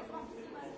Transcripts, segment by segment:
la France.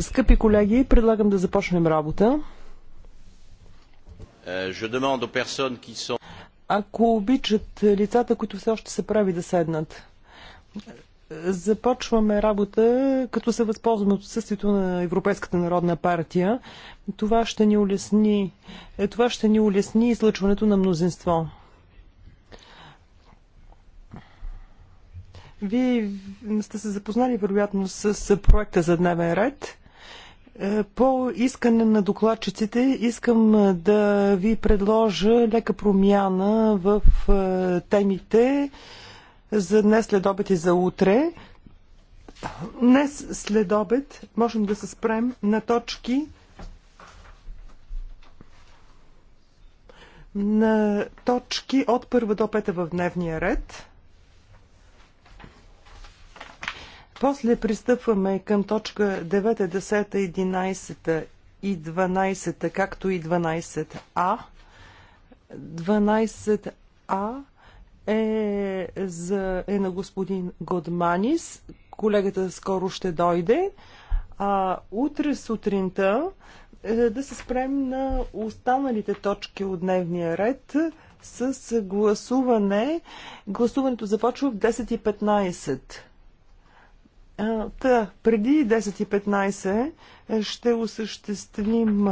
Скъпи колеги, предлагам да започнем работа. Euh, Ако обичат лицата, които все още се прави да седнат. Започваме работа, като се възползваме от отсъствието на Европейската народна партия. Това ще ни улесни, това ще ни улесни излъчването на мнозинство. Вие сте се запознали, вероятно, с проекта за дневен ред. Е, по искане на докладчиците искам е, да ви предложа лека промяна в е, темите за днес след обед и за утре. Днес след обед можем да се спрем на точки на точки от първа до пета в дневния ред. После пристъпваме към точка 9, 10, 11 и 12, както и 12а. 12а е, за, е на господин Годманис. Колегата скоро ще дойде. А утре сутринта е, да се спрем на останалите точки от дневния ред с гласуване. Гласуването започва в 10.15. Та, преди 10.15 ще осъществим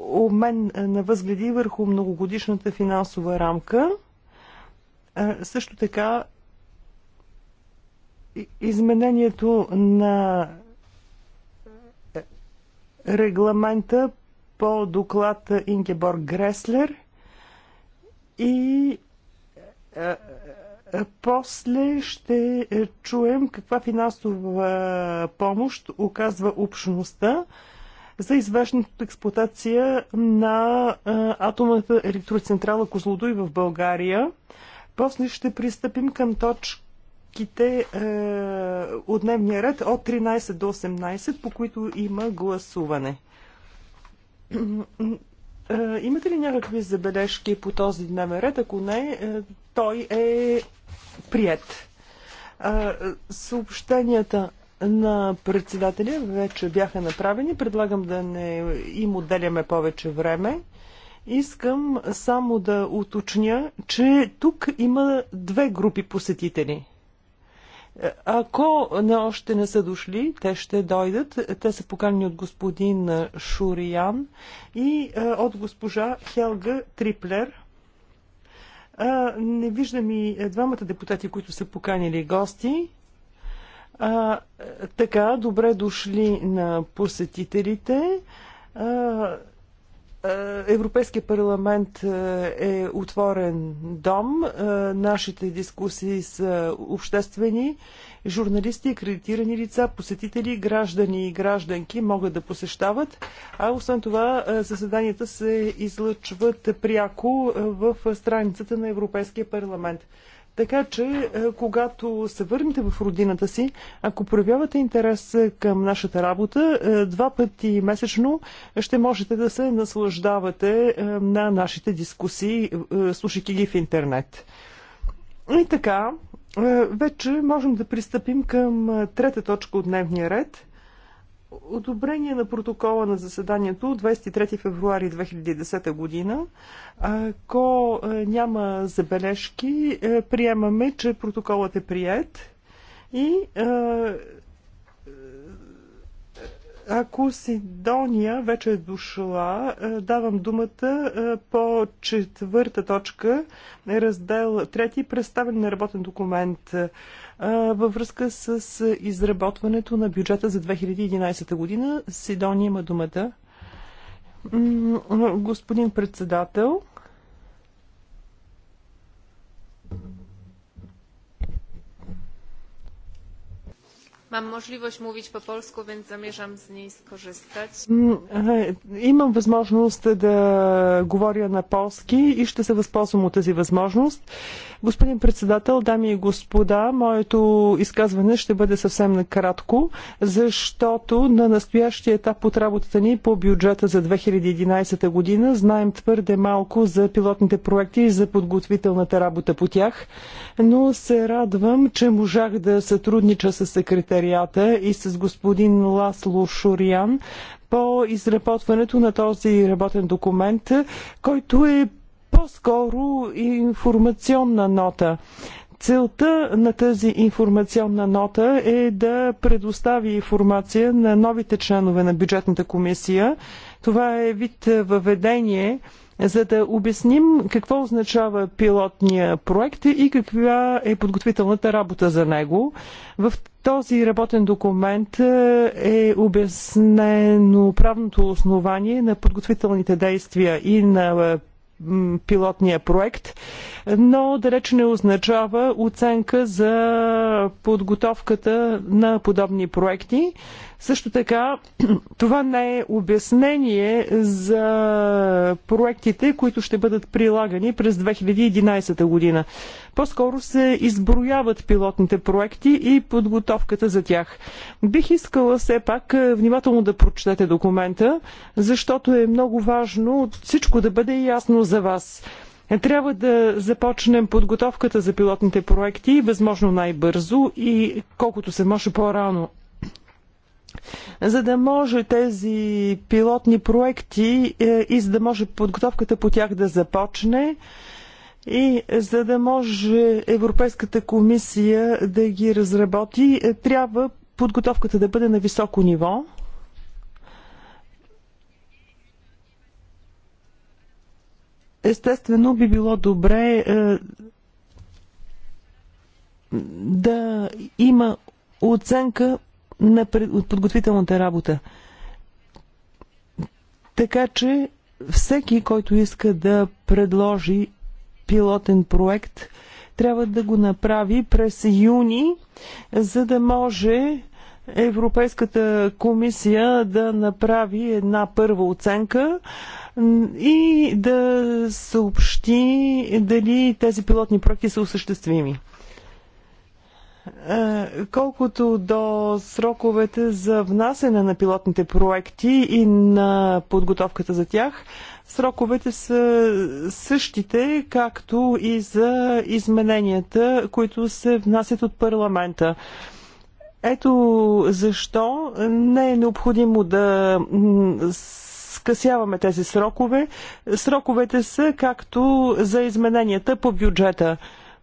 обмен на възгледи върху многогодишната финансова рамка. Също така изменението на е, регламента по доклад Ингеборг Греслер и е, е, после ще е, чуем каква финансова е, помощ оказва общността за извършването от експлуатация на е, атомната електроцентрала Козлодуй в България. После ще пристъпим към точките от дневния ред от 13 до 18, по които има гласуване. Е, имате ли някакви забележки по този дневен ред? Ако не, е, той е прият. Е, съобщенията на председателя вече бяха направени. Предлагам да не им отделяме повече време. Искам само да уточня, че тук има две групи посетители. Ако не още не са дошли, те ще дойдат. Те са поканени от господин Шуриян и е, от госпожа Хелга Триплер. Е, не виждам и двамата депутати, които са поканили гости. А, е, така, добре дошли на посетителите. А, е, Европейския парламент е, е отворен дом. Е, нашите дискусии са обществени. Журналисти, акредитирани лица, посетители, граждани и гражданки могат да посещават. А освен това, заседанията се излъчват пряко в страницата на Европейския парламент. Така че, е, когато се върнете в родината си, ако проявявате интерес е, към нашата работа, е, два пъти месечно ще можете да се наслаждавате на нашите дискусии, слушайки ги в интернет. И така, вече можем да пристъпим към трета точка от дневния ред одобрение на протокола на заседанието 23 февруари 2010 година. Ако е, няма забележки, е, приемаме, че протоколът е прият и е, ако Сидония вече е дошла, давам думата по четвърта точка, раздел трети, представен на работен документ във връзка с изработването на бюджета за 2011 година. Сидония има думата. Господин председател, Имам възможност да говоря на полски и ще се възползвам от тази възможност. Господин председател, дами и господа, моето изказване ще бъде съвсем накратко, защото на настоящия етап от работата ни по бюджета за 2011 година знаем твърде малко за пилотните проекти и за подготвителната работа по тях, но се радвам, че можах да сътруднича с секретаря секретариата и с господин Ласло Шурян по изработването на този работен документ, който е по-скоро информационна нота. Целта на тази информационна нота е да предостави информация на новите членове на бюджетната комисия. Това е вид въведение, за да обясним какво означава пилотния проект и каква е подготвителната работа за него. В този работен документ е, е обяснено правното основание на подготвителните действия и на е, пилотния проект, но далеч не означава оценка за подготовката на подобни проекти. Също така, това не е обяснение за проектите, които ще бъдат прилагани през 2011 година. По-скоро се изброяват пилотните проекти и подготовката за тях. Бих искала все пак е, внимателно да прочетете документа, защото е много важно всичко да бъде ясно за вас. Е, трябва да започнем подготовката за пилотните проекти възможно най-бързо и колкото се може по-рано за да може тези пилотни проекти е, и за да може подготовката по тях да започне и за да може Европейската комисия да ги разработи, е, трябва подготовката да бъде на високо ниво. Естествено би било добре е, да има оценка на подготвителната работа. Така че всеки, който иска да предложи пилотен проект, трябва да го направи през юни, за да може Европейската комисия да направи една първа оценка и да съобщи дали тези пилотни проекти са осъществими. Е, колкото до сроковете за внасене на пилотните проекти и на подготовката за тях, сроковете са същите, както и за измененията, които се внасят от парламента. Ето защо не е необходимо да скъсяваме тези срокове. Сроковете са както за измененията по бюджета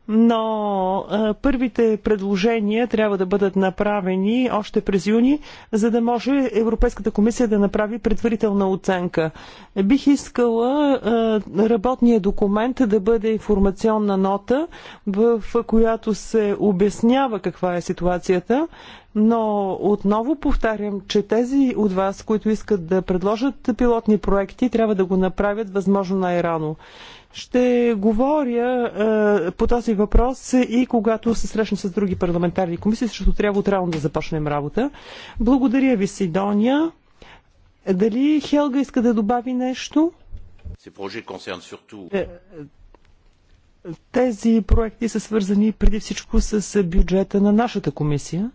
но а, първите предложения трябва да бъдат направени още през юни, за да може Европейската комисия да направи предварителна оценка. Бих искала а, работния документ да бъде информационна нота, в която се обяснява каква е ситуацията, но отново повтарям, че тези от вас, които искат да предложат пилотни проекти, трябва да го направят възможно най-рано. Ще говоря е, по този въпрос и когато се срещна с други парламентарни комисии, защото трябва отравно да започнем работа. Благодаря ви, Сидония. Дали Хелга иска да добави нещо? Е, тези проекти са свързани преди всичко с бюджета на нашата комисия.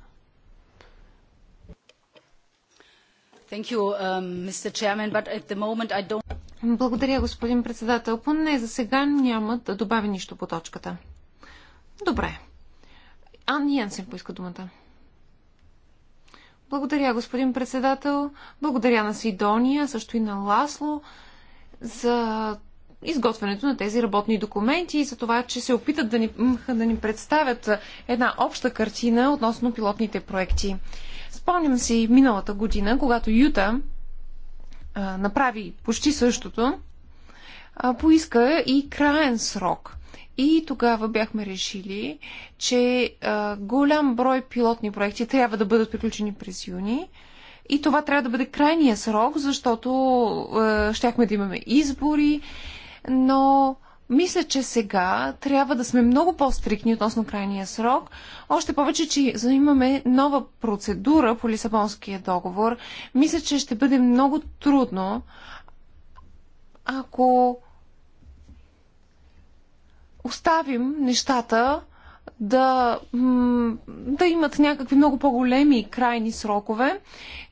Thank you, um, Mr. Chairman, but at the moment I don't... Благодаря, господин председател. Поне за сега няма да добави нищо по точката. Добре. Ан Янсен поиска думата. Благодаря, господин председател. Благодаря на Сидония, също и на Ласло за изготвянето на тези работни документи и за това, че се опитат да ни, да ни представят една обща картина относно пилотните проекти. Спомням си миналата година, когато Юта направи почти същото, поиска и краен срок. И тогава бяхме решили, че голям брой пилотни проекти трябва да бъдат приключени през юни. И това трябва да бъде крайния срок, защото щяхме да имаме избори, но мисля, че сега трябва да сме много по-стрикни относно крайния срок. Още повече, че имаме нова процедура по Лисабонския договор. Мисля, че ще бъде много трудно, ако оставим нещата да, да имат някакви много по-големи крайни срокове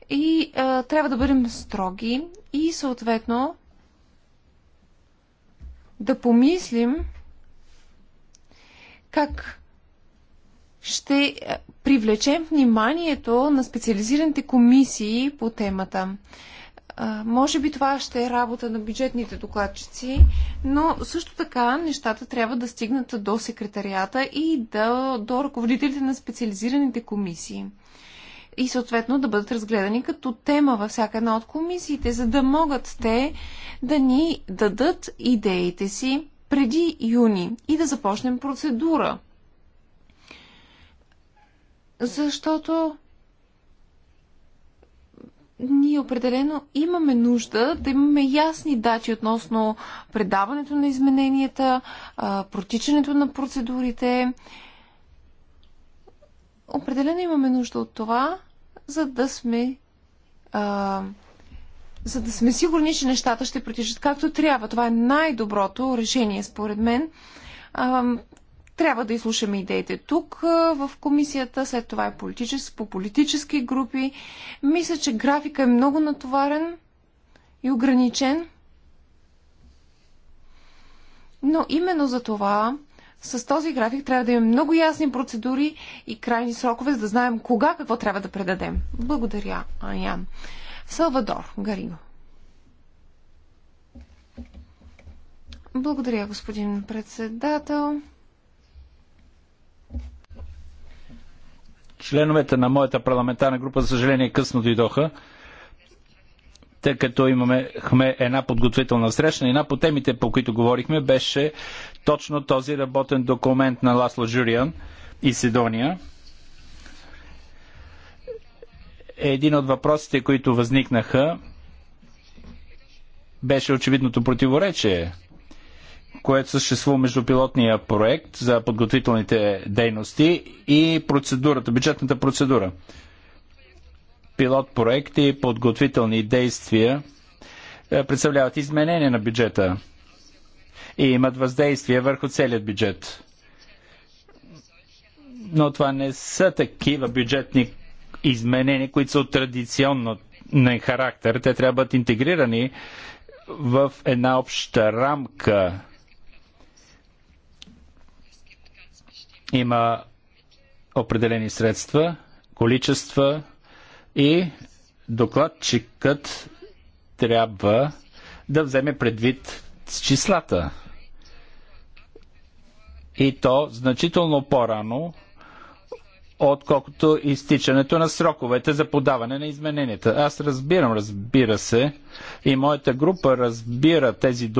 и а, трябва да бъдем строги и съответно да помислим как ще е, привлечем вниманието на специализираните комисии по темата. Е, може би това ще е работа на бюджетните докладчици, но също така нещата трябва да стигнат до секретарията и да, до ръководителите на специализираните комисии и съответно да бъдат разгледани като тема във всяка една от комисиите, за да могат те да ни дадат идеите си преди юни и да започнем процедура. Защото ние определено имаме нужда да имаме ясни дати относно предаването на измененията, протичането на процедурите. Определено имаме нужда от това за да сме а, за да сме сигурни, че нещата ще протичат както трябва. Това е най-доброто решение, според мен. А, трябва да изслушаме идеите тук в комисията, след това е политичес, по политически групи. Мисля, че графика е много натоварен и ограничен. Но именно за това с този график трябва да имаме много ясни процедури и крайни срокове, за да знаем кога какво трябва да предадем. Благодаря, Аян. Салвадор Гарино. Благодаря, господин председател. Членовете на моята парламентарна група, за съжаление, късно дойдоха тъй като имахме една подготвителна среща. Една по темите, по които говорихме, беше точно този работен документ на Ласло Жюриан и Седония. Един от въпросите, които възникнаха, беше очевидното противоречие, което съществува между пилотния проект за подготвителните дейности и процедурата, бюджетната процедура пилот проекти и подготвителни действия е, представляват изменение на бюджета и имат въздействие върху целият бюджет. Но това не са такива бюджетни изменения, които са от традиционно характер. Те трябва да бъдат интегрирани в една обща рамка. Има определени средства, количества, и докладчикът трябва да вземе предвид числата. И то значително по-рано, отколкото изтичането на сроковете за подаване на измененията. Аз разбирам, разбира се, и моята група разбира тези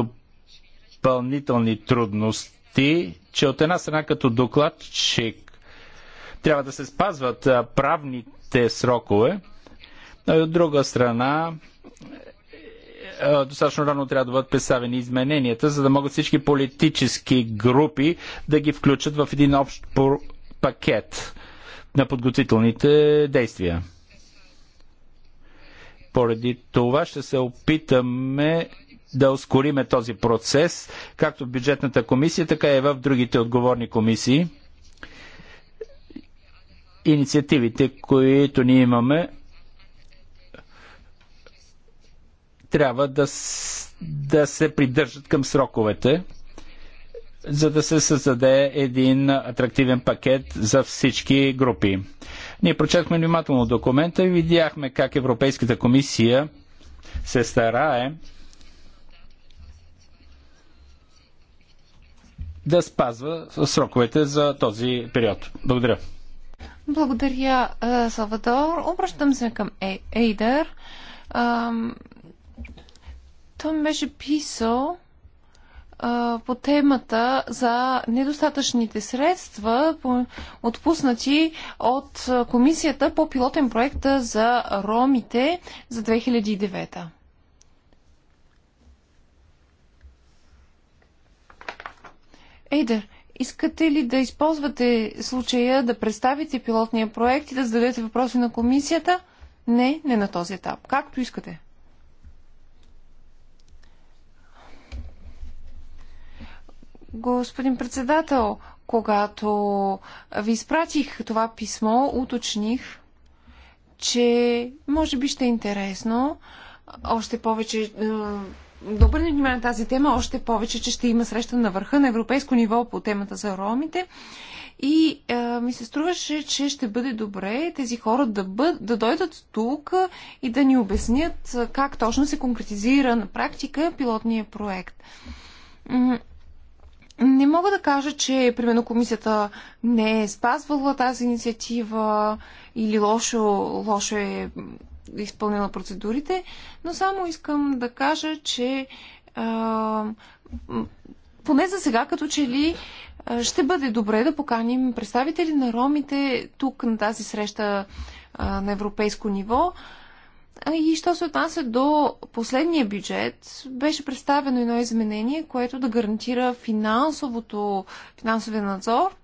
допълнителни трудности, че от една страна като докладчик трябва да се спазват правните те срокове. и От друга страна, достатъчно рано трябва да бъдат представени измененията, за да могат всички политически групи да ги включат в един общ пакет на подготвителните действия. Поради това ще се опитаме да ускориме този процес, както в бюджетната комисия, така и в другите отговорни комисии – инициативите, които ние имаме, трябва да, да се придържат към сроковете, за да се създаде един атрактивен пакет за всички групи. Ние прочетахме внимателно документа и видяхме как Европейската комисия се старае да спазва сроковете за този период. Благодаря. Благодаря, Салвадор. Обръщам се към е- Ейдер. Той ми беше писал по темата за недостатъчните средства, отпуснати от комисията по пилотен проект за ромите за 2009. Ейдер, Искате ли да използвате случая да представите пилотния проект и да зададете въпроси на комисията? Не, не на този етап. Както искате. Господин председател, когато ви изпратих това писмо, уточних, че може би ще е интересно, още повече е, да обърнем внимание на тази тема, още повече, че ще има среща на върха на европейско ниво по темата за ромите. И а, е, ми се струваше, че ще бъде добре тези хора да, бъд, да дойдат тук и да ни обяснят е, как точно се конкретизира на практика пилотния проект. Не мога да кажа, че примерно комисията не е спазвала тази инициатива или лошо, лошо е изпълнила процедурите, но само искам да кажа, че а, поне за сега, като че ли ще бъде добре да поканим представители на ромите тук на тази среща а, на европейско ниво. И що се отнася до последния бюджет, беше представено едно изменение, което да гарантира финансовото, финансовия надзор.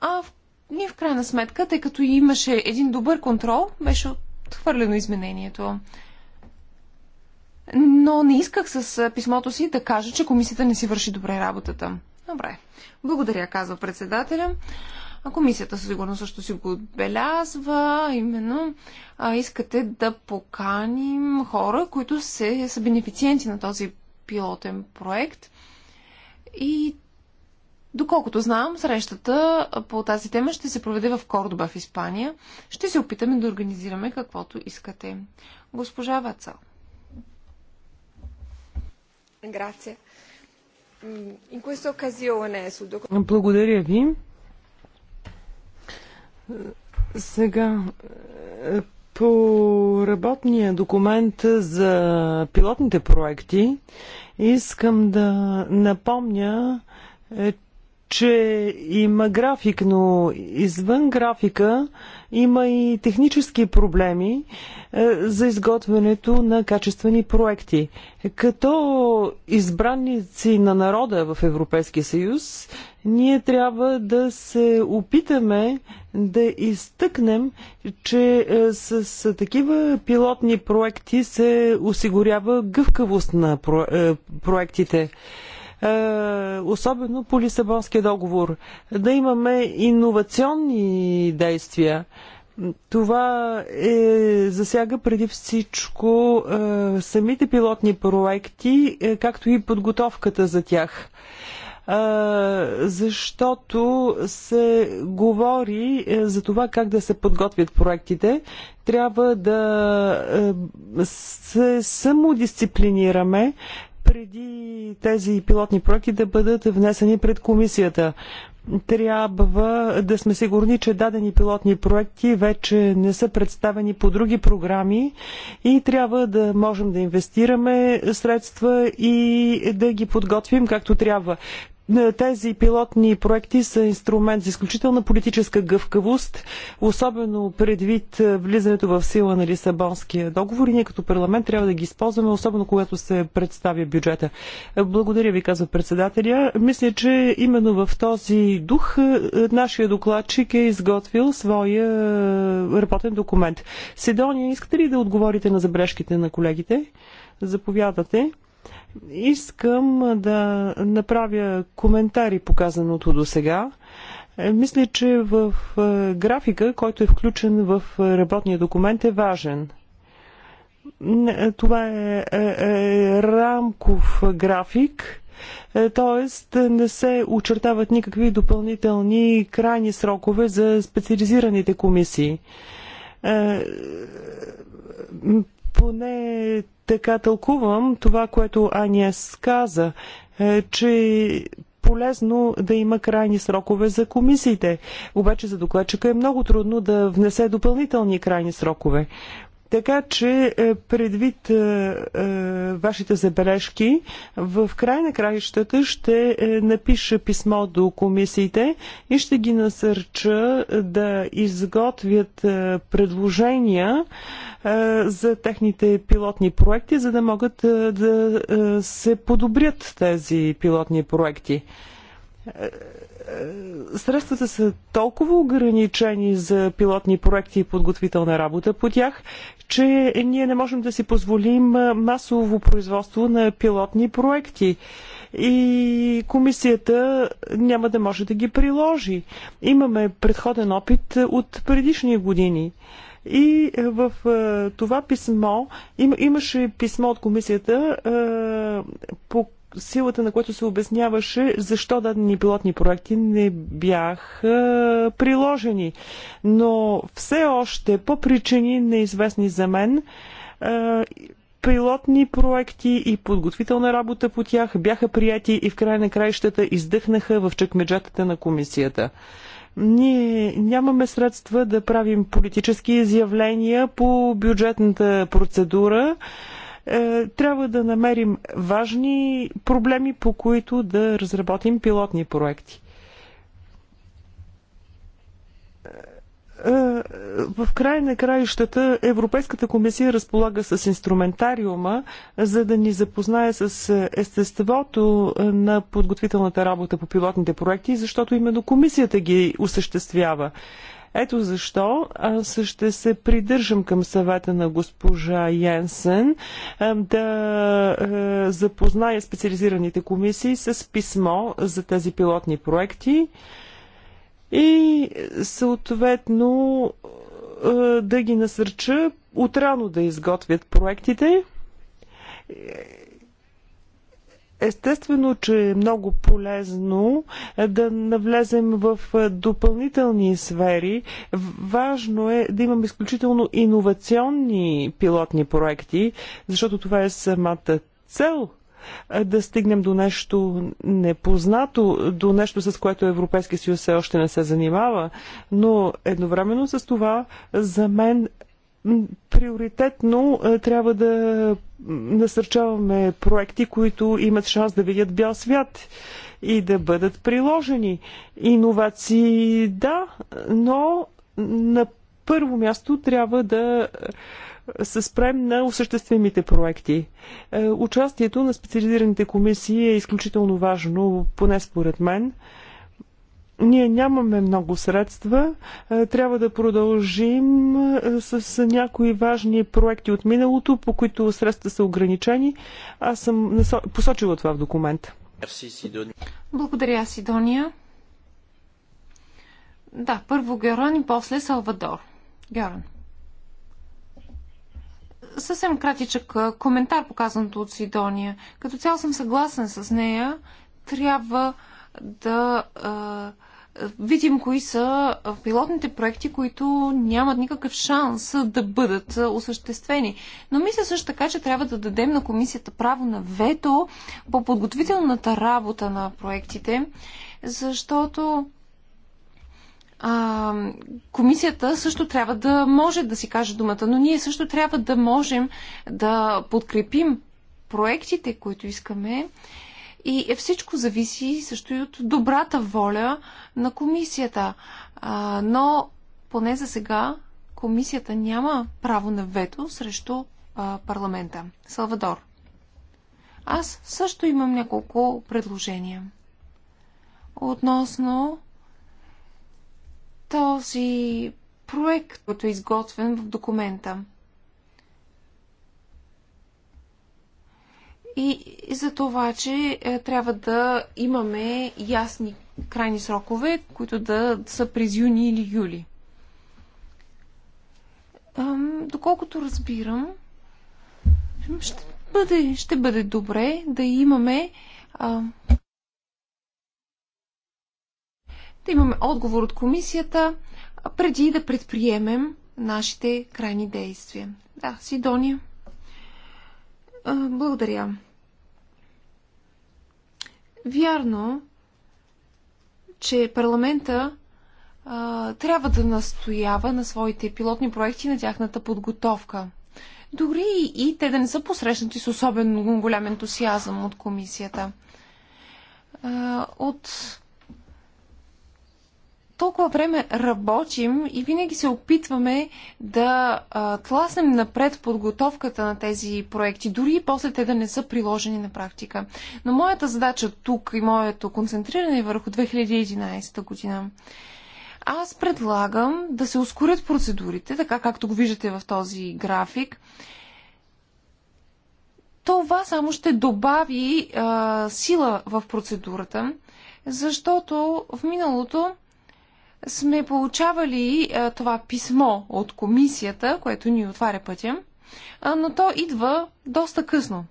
А в ние в крайна сметка, тъй като имаше един добър контрол, беше отхвърлено изменението. Но не исках с писмото си да кажа, че комисията не си върши добре работата. Добре. Благодаря, казва председателя. А комисията сигурно също си го отбелязва. Именно а, искате да поканим хора, които се, са бенефициенти на този пилотен проект. И Доколкото знам, срещата по тази тема ще се проведе в Кордоба в Испания. Ще се опитаме да организираме каквото искате. Госпожа Вацал. Благодаря ви. Сега, е, по работния документ за пилотните проекти искам да напомня, е, че има график, но извън графика има и технически проблеми е, за изготвянето на качествени проекти. Като избранници на народа в Европейския съюз, ние трябва да се опитаме да изтъкнем, че е, с такива пилотни проекти се осигурява гъвкавост на е, проектите. Е, особено по Лисабонския договор. Да имаме иновационни действия. Това е, засяга преди всичко е, самите пилотни проекти, е, както и подготовката за тях. Е, защото се говори е, за това как да се подготвят проектите. Трябва да е, се самодисциплинираме, преди тези пилотни проекти да бъдат внесени пред комисията. Трябва да сме сигурни, че дадени пилотни проекти вече не са представени по други програми и трябва да можем да инвестираме средства и да ги подготвим както трябва. Е, тези пилотни проекти са инструмент за изключителна политическа гъвкавост, особено предвид е, влизането в сила на Лисабонския договор и ние като парламент трябва да ги използваме, особено когато се представя бюджета. Е, благодаря ви, казва председателя. Мисля, че именно в този дух нашия докладчик е изготвил своя работен документ. Седония, искате ли да отговорите на забележките на колегите? Заповядате. Искам да направя коментари показаното до сега. Е, мисля, че в е, графика, който е включен в е, работния документ, е важен. Това е, рамков график, т.е. не се очертават никакви допълнителни крайни срокове за специализираните комисии. поне така тълкувам това, което Аниес каза, е, че полезно да има крайни срокове за комисиите. Обаче за докладчика е много трудно да внесе допълнителни крайни срокове. Така че, е, предвид е, е, вашите забележки, в край на краищата ще напиша писмо до комисиите и ще ги насърча да изготвят предложения за техните пилотни проекти, за да могат да се подобрят тези пилотни проекти средствата са толкова ограничени за пилотни проекти и подготвителна работа по тях, че ние не можем да си позволим масово производство на пилотни проекти и комисията няма да може да ги приложи. Имаме предходен опит от предишни години. И в това писмо, имаше писмо от комисията, по силата на което се обясняваше защо дадени пилотни проекти не бяха приложени. Но все още по причини неизвестни за мен е, пилотни проекти и подготвителна работа по тях бяха прияти и в край на краищата издъхнаха в чекмеджатата на комисията. Ние нямаме средства да правим политически изявления по бюджетната процедура. Е, трябва да намерим важни проблеми, по които да разработим пилотни проекти. Е, е, в края на краищата Европейската комисия разполага с инструментариума, за да ни запознае с естеството на подготвителната работа по пилотните проекти, защото именно комисията ги осъществява. Ето защо аз ще се придържам към съвета на госпожа Янсен да запозная специализираните комисии с писмо за тези пилотни проекти и съответно да ги насърча отрано да изготвят проектите Естествено, че е много полезно е, да навлезем в е, допълнителни сфери. Важно е да имаме изключително иновационни пилотни проекти, защото това е самата цел е, да стигнем до нещо непознато, до нещо, с което Европейския съюз все още не се занимава, но едновременно с това за мен приоритетно е, трябва да насърчаваме проекти, които имат шанс да видят бял свят и да бъдат приложени. Иновации, да, но на първо място трябва да е, се спрем на осъществимите проекти. Е, участието на специализираните комисии е изключително важно, поне според мен. Ние нямаме много средства. Е, трябва да продължим е, с някои важни проекти от миналото, по които средства са ограничени. Аз съм посочила това в документа. Благодаря, Сидония. Да, първо Герон и после Салвадор. Герон. Съвсем кратичък е, коментар показаното от Сидония. Като цяло съм съгласен с нея. Трябва да а, видим кои са пилотните проекти, които нямат никакъв шанс да бъдат осъществени. Но мисля също така, че трябва да дадем на комисията право на вето по подготвителната работа на проектите, защото а, комисията също трябва да може да си каже думата, но ние също трябва да можем да подкрепим проектите, които искаме и всичко зависи също и от добрата воля на комисията. А, но поне за сега комисията няма право на вето срещу а, парламента. Салвадор. Аз също имам няколко предложения. Относно този проект, който е изготвен в документа. и за това, че е, трябва да имаме ясни крайни срокове, които да са през юни или юли. Доколкото разбирам, ще бъде, ще бъде добре да имаме да имаме отговор от комисията преди да предприемем нашите крайни действия. Да, Сидония. Благодаря. Вярно, че парламента а, трябва да настоява на своите пилотни проекти, на тяхната подготовка. Дори и те да не са посрещнати с особено голям ентусиазъм от комисията. А, от толкова време работим и винаги се опитваме да а, тласнем напред подготовката на тези проекти, дори и после те да не са приложени на практика. Но моята задача тук и моето концентриране е върху 2011 година. Аз предлагам да се ускорят процедурите, така както го виждате в този график. Това само ще добави а, сила в процедурата, защото в миналото сме получавали а, е, това писмо от комисията, което ни отваря пътя, а, но то идва доста късно.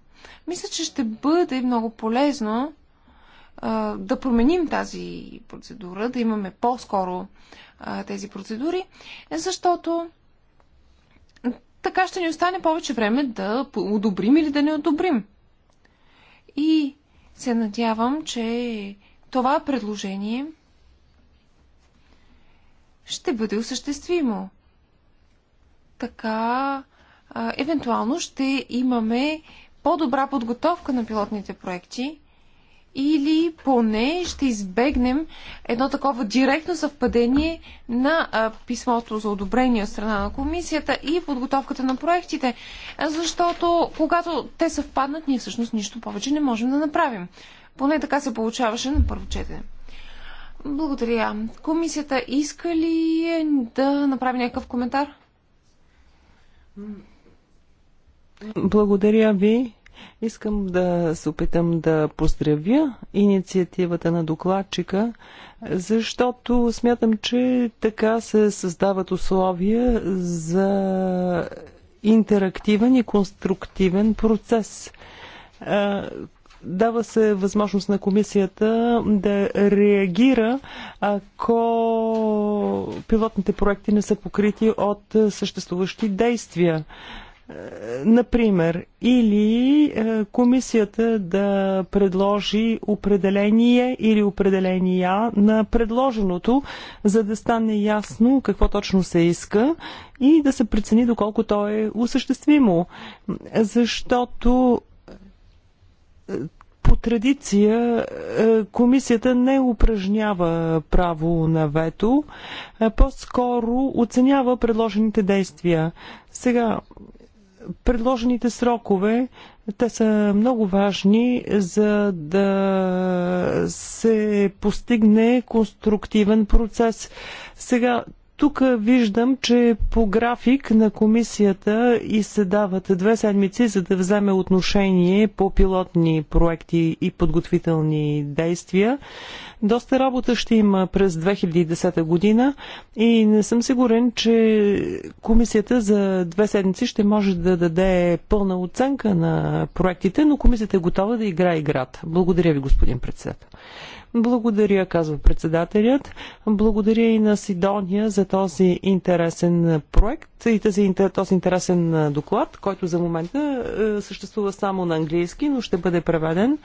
Мисля, че ще бъде много полезно а, е, да променим тази процедура, да имаме по-скоро е, тези процедури, защото така ще ни остане повече време да одобрим или да не одобрим. И се надявам, че това предложение ще бъде осъществимо. Така, а, евентуално ще имаме по-добра подготовка на пилотните проекти или поне ще избегнем едно такова директно съвпадение на а, писмото за одобрение от страна на комисията и подготовката на проектите, защото когато те съвпаднат, ние всъщност нищо повече не можем да направим. Поне така се получаваше на първо четене. Благодаря. Комисията иска ли е да направи някакъв коментар? Благодаря ви. Искам да се опитам да поздравя инициативата на докладчика, защото смятам, че така се създават условия за интерактивен и конструктивен процес дава се възможност на комисията да реагира, ако пилотните проекти не са покрити от съществуващи действия. Например, или е, комисията да предложи определение или определения на предложеното, за да стане ясно какво точно се иска и да се прецени доколко то е осъществимо. Защото по традиция е, комисията не упражнява право на вето, по-скоро оценява предложените действия. Сега, предложените срокове, те са много важни, за да се постигне конструктивен процес. Сега, тук виждам, че по график на комисията и се дават две седмици, за да вземе отношение по пилотни проекти и подготвителни действия. Доста работа ще има през 2010 година и не съм сигурен, че комисията за две седмици ще може да даде пълна оценка на проектите, но комисията е готова да играе играта. Благодаря ви, господин председател. Благодаря, казва председателят. Благодаря и на Сидония за този интересен проект и този, този интересен доклад, който за момента съществува само на английски, но ще бъде преведен.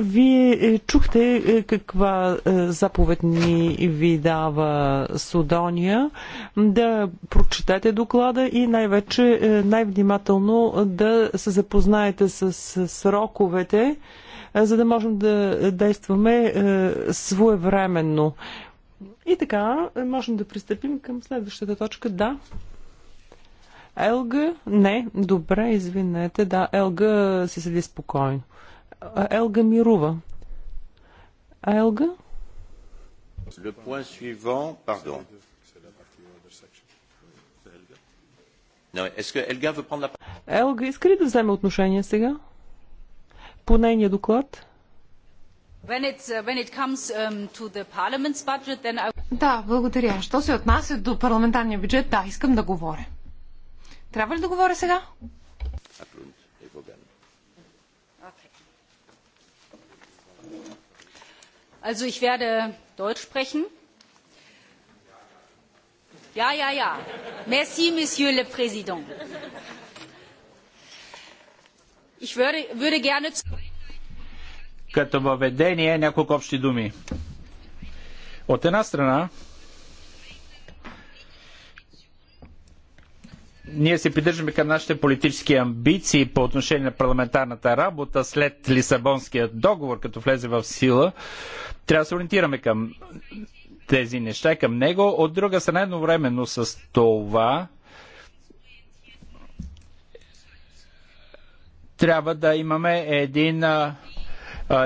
Вие е, чухте е, каква е, заповед ни ви дава Содония да прочетете доклада и най-вече най-внимателно да се запознаете с сроковете, е, за да можем да действаме е, своевременно. И така, е, можем да пристъпим към следващата точка. Да. Елга, не, добре, извинете, да, Елга си седи спокойно. Елга мирува. Елга? Le point suivant, pardon. Елга иска ли да вземе отношение сега? по нейния доклад. I... Да, благодаря. Що се отнася до парламентарния бюджет, да, искам да говоря. Трябва ли да говоря сега? Also ich werde Deutsch sprechen. Ja, ja, ja. Merci, Monsieur le Président. Като въведение няколко общи думи. От една страна, ние се придържаме към нашите политически амбиции по отношение на парламентарната работа след Лисабонския договор, като влезе в сила, трябва да се ориентираме към тези неща, към него. От друга страна, едновременно с това, трябва да имаме един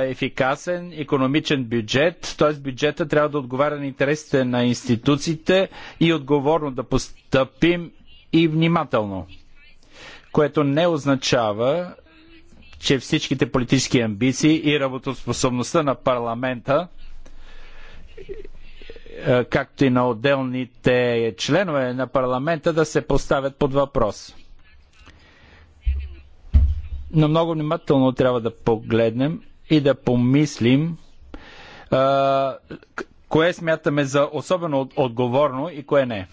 ефикасен економичен бюджет, т.е. бюджета трябва да отговаря на интересите на институциите и отговорно да постъпим и внимателно. Което не означава, че всичките политически амбиции и работоспособността на парламента, както и на отделните членове на парламента, да се поставят под въпрос но много внимателно трябва да погледнем и да помислим а, кое смятаме за особено отговорно и кое не.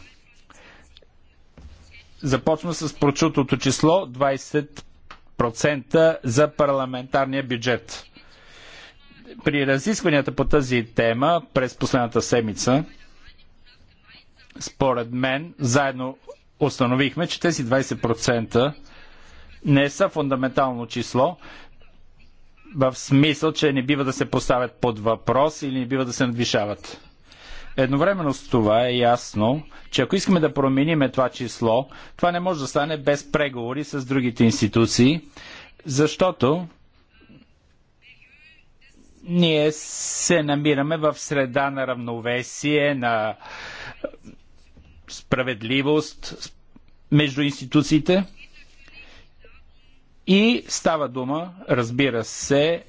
Започна с прочутото число 20% за парламентарния бюджет. При разискванията по тази тема през последната седмица, според мен, заедно установихме, че тези 20% не са фундаментално число, в смисъл, че не бива да се поставят под въпрос или не бива да се надвишават. Едновременно с това е ясно, че ако искаме да променим това число, това не може да стане без преговори с другите институции, защото ние се намираме в среда на равновесие, на справедливост между институциите – и става дума, разбира се,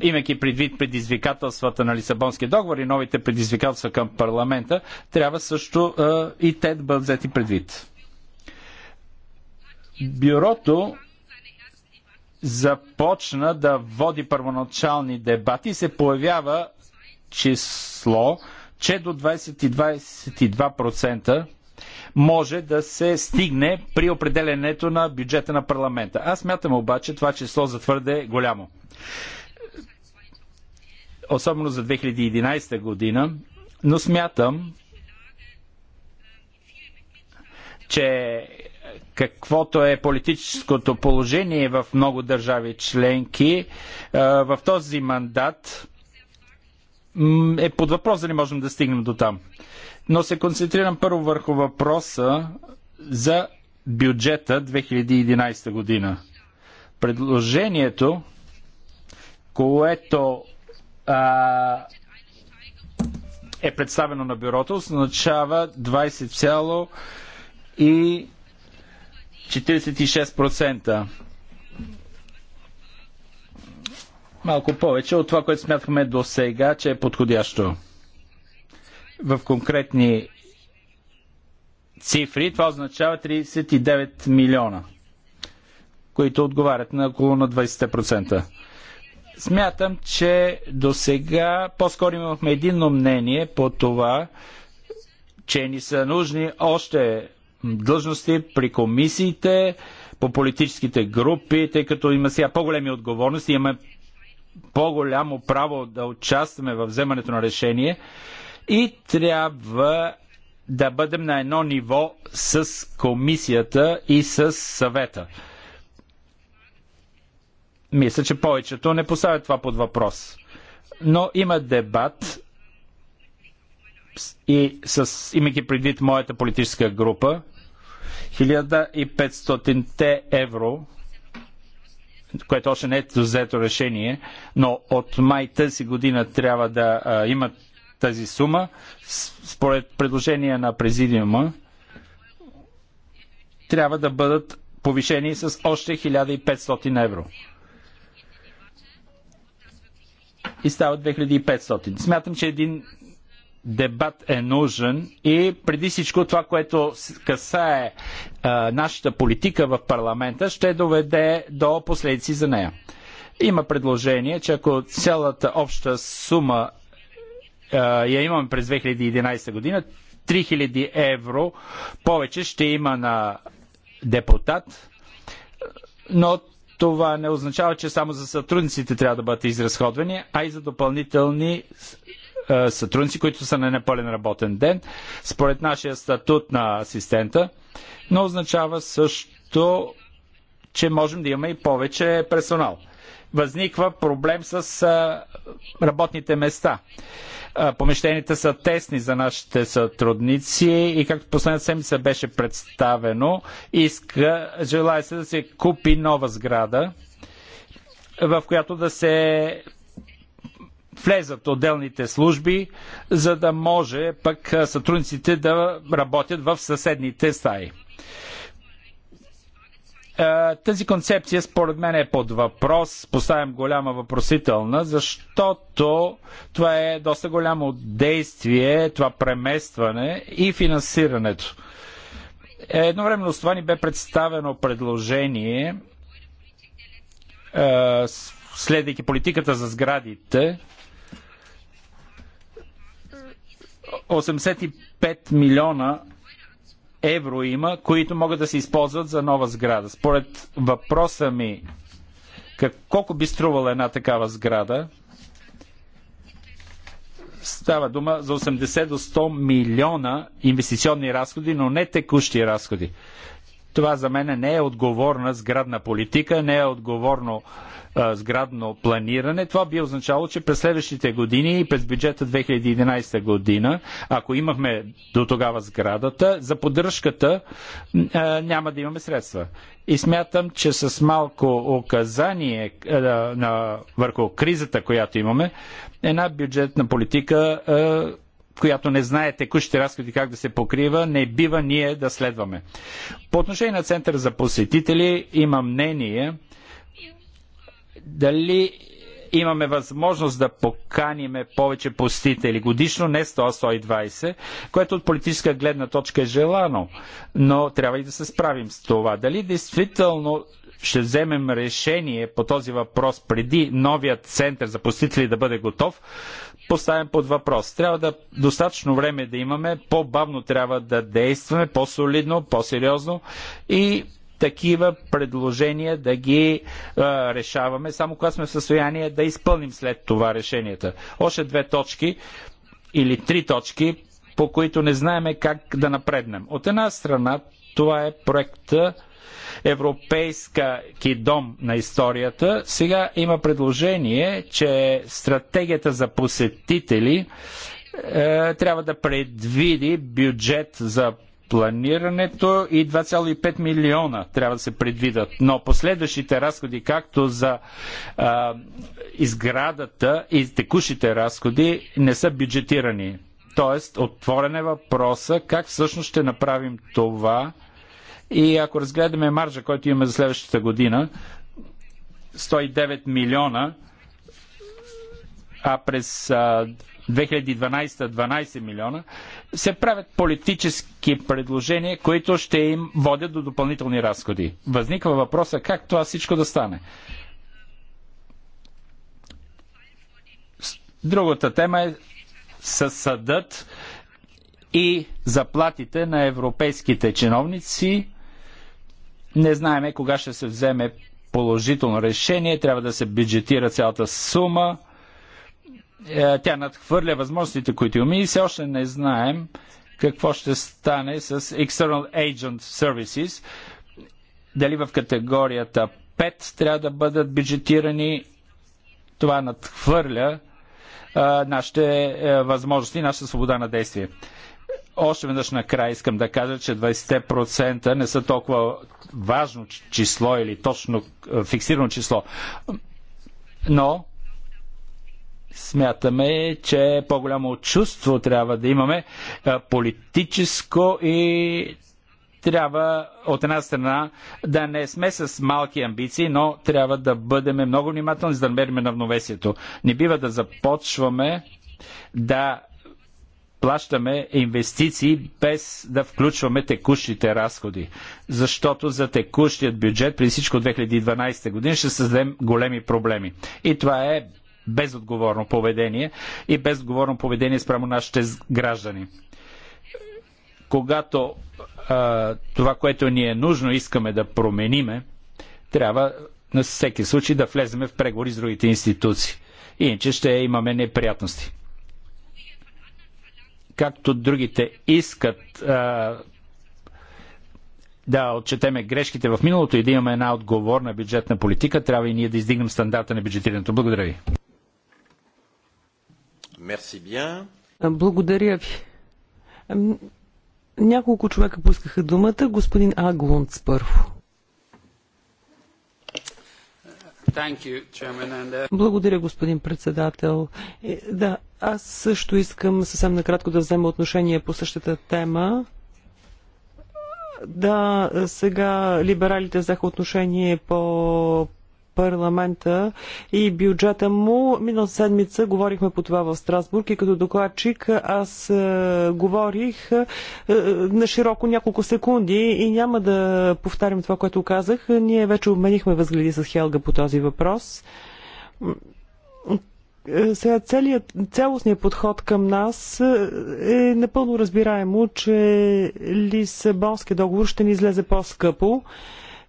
имайки предвид предизвикателствата на Лисабонския договор и новите предизвикателства към парламента, трябва също а, и те да бъдат взети предвид. Бюрото започна да води първоначални дебати и се появява число, че до 20-22% може да се стигне при определенето на бюджета на парламента. Аз мятам обаче това число за твърде голямо. Особено за 2011 година, но смятам, че каквото е политическото положение в много държави членки, е, в този мандат е под въпрос дали можем да стигнем до там но се концентрирам първо върху въпроса за бюджета 2011 година. Предложението, което а, е представено на бюрото, означава 20,46%. Малко повече от това, което смятахме до сега, че е подходящо в конкретни цифри, това означава 39 милиона, които отговарят на около на 20%. Смятам, че до сега по-скоро имахме единно мнение по това, че ни са нужни още длъжности при комисиите, по политическите групи, тъй като има сега по-големи отговорности, имаме по-голямо право да участваме в вземането на решение и трябва да бъдем на едно ниво с комисията и с съвета. Мисля, че повечето не поставят това под въпрос. Но има дебат и с, имайки предвид моята политическа група, 1500 евро, което още не е взето решение, но от май тази година трябва да а, имат тази сума. Според предложения на президиума трябва да бъдат повишени с още 1500 евро. И стават 2500. Смятам, че един дебат е нужен и преди всичко това, което касае а, нашата политика в парламента, ще доведе до последици за нея. Има предложение, че ако цялата обща сума е, я имаме през 2011 година, 3000 евро повече ще има на депутат, но това не означава, че само за сътрудниците трябва да бъдат изразходвани, а и за допълнителни е, сътрудници, които са на непълен работен ден, според нашия статут на асистента, но означава също, че можем да имаме и повече персонал възниква проблем с работните места. Помещенията са тесни за нашите сътрудници и както последната седмица беше представено, иска, желая се да се купи нова сграда, в която да се влезат отделните служби, за да може пък сътрудниците да работят в съседните стаи. Е, тази концепция според мен е под въпрос. Поставям голяма въпросителна, защото това е доста голямо действие, това преместване и финансирането. Е, едновременно с това ни бе представено предложение, е, следвайки политиката за сградите, 85 милиона евро има, които могат да се използват за нова сграда. Според въпроса ми, как, колко би струвала една такава сграда, става дума за 80 до 100 милиона инвестиционни разходи, но не текущи разходи. Това за мен не е отговорна сградна политика, не е отговорно сградно планиране. Това би означало, че през следващите години и през бюджета 2011 година, ако имахме до тогава сградата, за поддръжката няма да имаме средства. И смятам, че с малко указание а, на, върху кризата, която имаме, една бюджетна политика която не знае текущите разходи как да се покрива, не бива ние да следваме. По отношение на Център за посетители има мнение дали имаме възможност да поканиме повече посетители. Годишно не 100-120, което от политическа гледна точка е желано, но трябва и да се справим с това. Дали действително ще вземем решение по този въпрос преди новият център за посетители да бъде готов, поставен под въпрос. Трябва да достатъчно време да имаме, по-бавно трябва да действаме, по-солидно, по-сериозно и такива предложения да ги а, решаваме, само когато сме в състояние да изпълним след това решенията. Още две точки или три точки, по които не знаеме как да напреднем. От една страна, това е проекта европейска кидом на историята, сега има предложение, че стратегията за посетители е, трябва да предвиди бюджет за планирането и 2,5 милиона трябва да се предвидат. Но последващите разходи, както за а, изградата и текущите разходи, не са бюджетирани. Тоест, отворен е въпроса как всъщност ще направим това, и ако разгледаме маржа, който имаме за следващата година, 109 милиона, а през 2012 12 милиона, се правят политически предложения, които ще им водят до допълнителни разходи. Възниква въпроса как това всичко да стане. Другата тема е със съдът и заплатите на европейските чиновници не знаеме кога ще се вземе положително решение, трябва да се бюджетира цялата сума. Е, тя надхвърля възможностите, които имаме и все още не знаем какво ще стане с External Agent Services. Дали в категорията 5 трябва да бъдат бюджетирани. Това надхвърля е, нашите е, възможности, нашата свобода на действие още веднъж накрая искам да кажа, че 20% не са толкова важно число или точно е, фиксирано число. Но смятаме, че по-голямо чувство трябва да имаме е, политическо и трябва от една страна да не сме с малки амбиции, но трябва да бъдем много внимателни, за да намерим равновесието. Не бива да започваме да плащаме инвестиции без да включваме текущите разходи. Защото за текущият бюджет, при всичко 2012 година, ще създадем големи проблеми. И това е безотговорно поведение и безотговорно поведение спрямо нашите граждани. Когато а, това, което ни е нужно, искаме да промениме, трябва на всеки случай да влеземе в преговори с другите институции. Иначе ще имаме неприятности както другите искат а, да отчетеме грешките в миналото и да имаме една отговорна бюджетна политика, трябва и ние да издигнем стандарта на бюджетирането. Благодаря ви. Мерси, Благодаря ви. Няколко човека поискаха думата. Господин Аглунц първо. Uh, Благодаря, господин председател. Е, да, аз също искам съвсем накратко да взема отношение по същата тема. Да, сега либералите взеха отношение по парламента и бюджета му. Минал седмица говорихме по това в Страсбург и като докладчик аз е, говорих е, е, на широко няколко секунди и няма да повтарям това, което казах. Ние вече обменихме възгледи с Хелга по този въпрос сега целият, цялостният подход към нас е напълно разбираемо, че Лисабонския договор ще ни излезе по-скъпо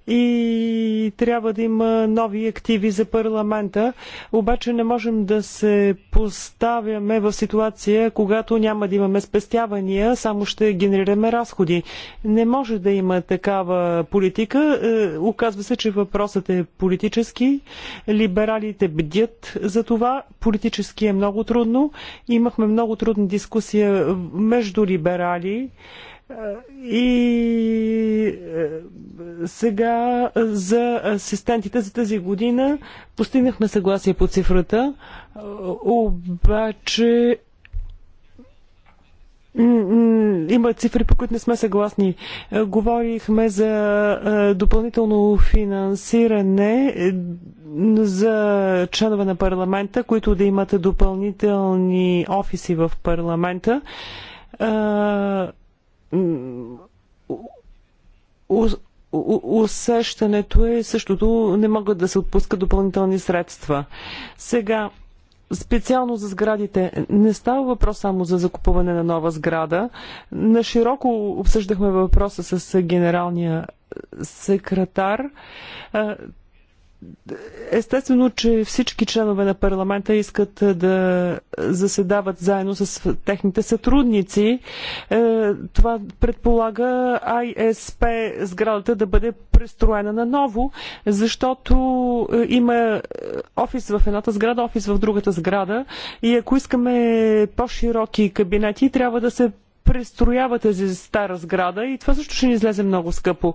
и трябва да има нови активи за парламента. Обаче не можем да се поставяме в ситуация, когато няма да имаме спестявания, само ще генерираме разходи. Не може да има такава политика. Е, оказва се, че въпросът е политически. Либералите бдят за това. Политически е много трудно. Имахме много трудна дискусия между либерали. И е, сега за асистентите за тази година постигнахме съгласие по цифрата, е, обаче има цифри, по които не сме съгласни. Е, говорихме за допълнително финансиране за членове на парламента, които да имат допълнителни офиси в парламента усещането е същото, не могат да се отпускат допълнителни средства. Сега, специално за сградите, не става въпрос само за закупуване на нова сграда. На широко обсъждахме въпроса с генералния е, секретар. Е, Естествено, че всички членове на парламента искат е, да заседават заедно с техните сътрудници. Е, това предполага ISP сградата да бъде престроена наново, защото е, има офис в едната сграда, офис в другата сграда и ако искаме по-широки кабинети, трябва да се престроява тази стара сграда и това също ще ни излезе много скъпо.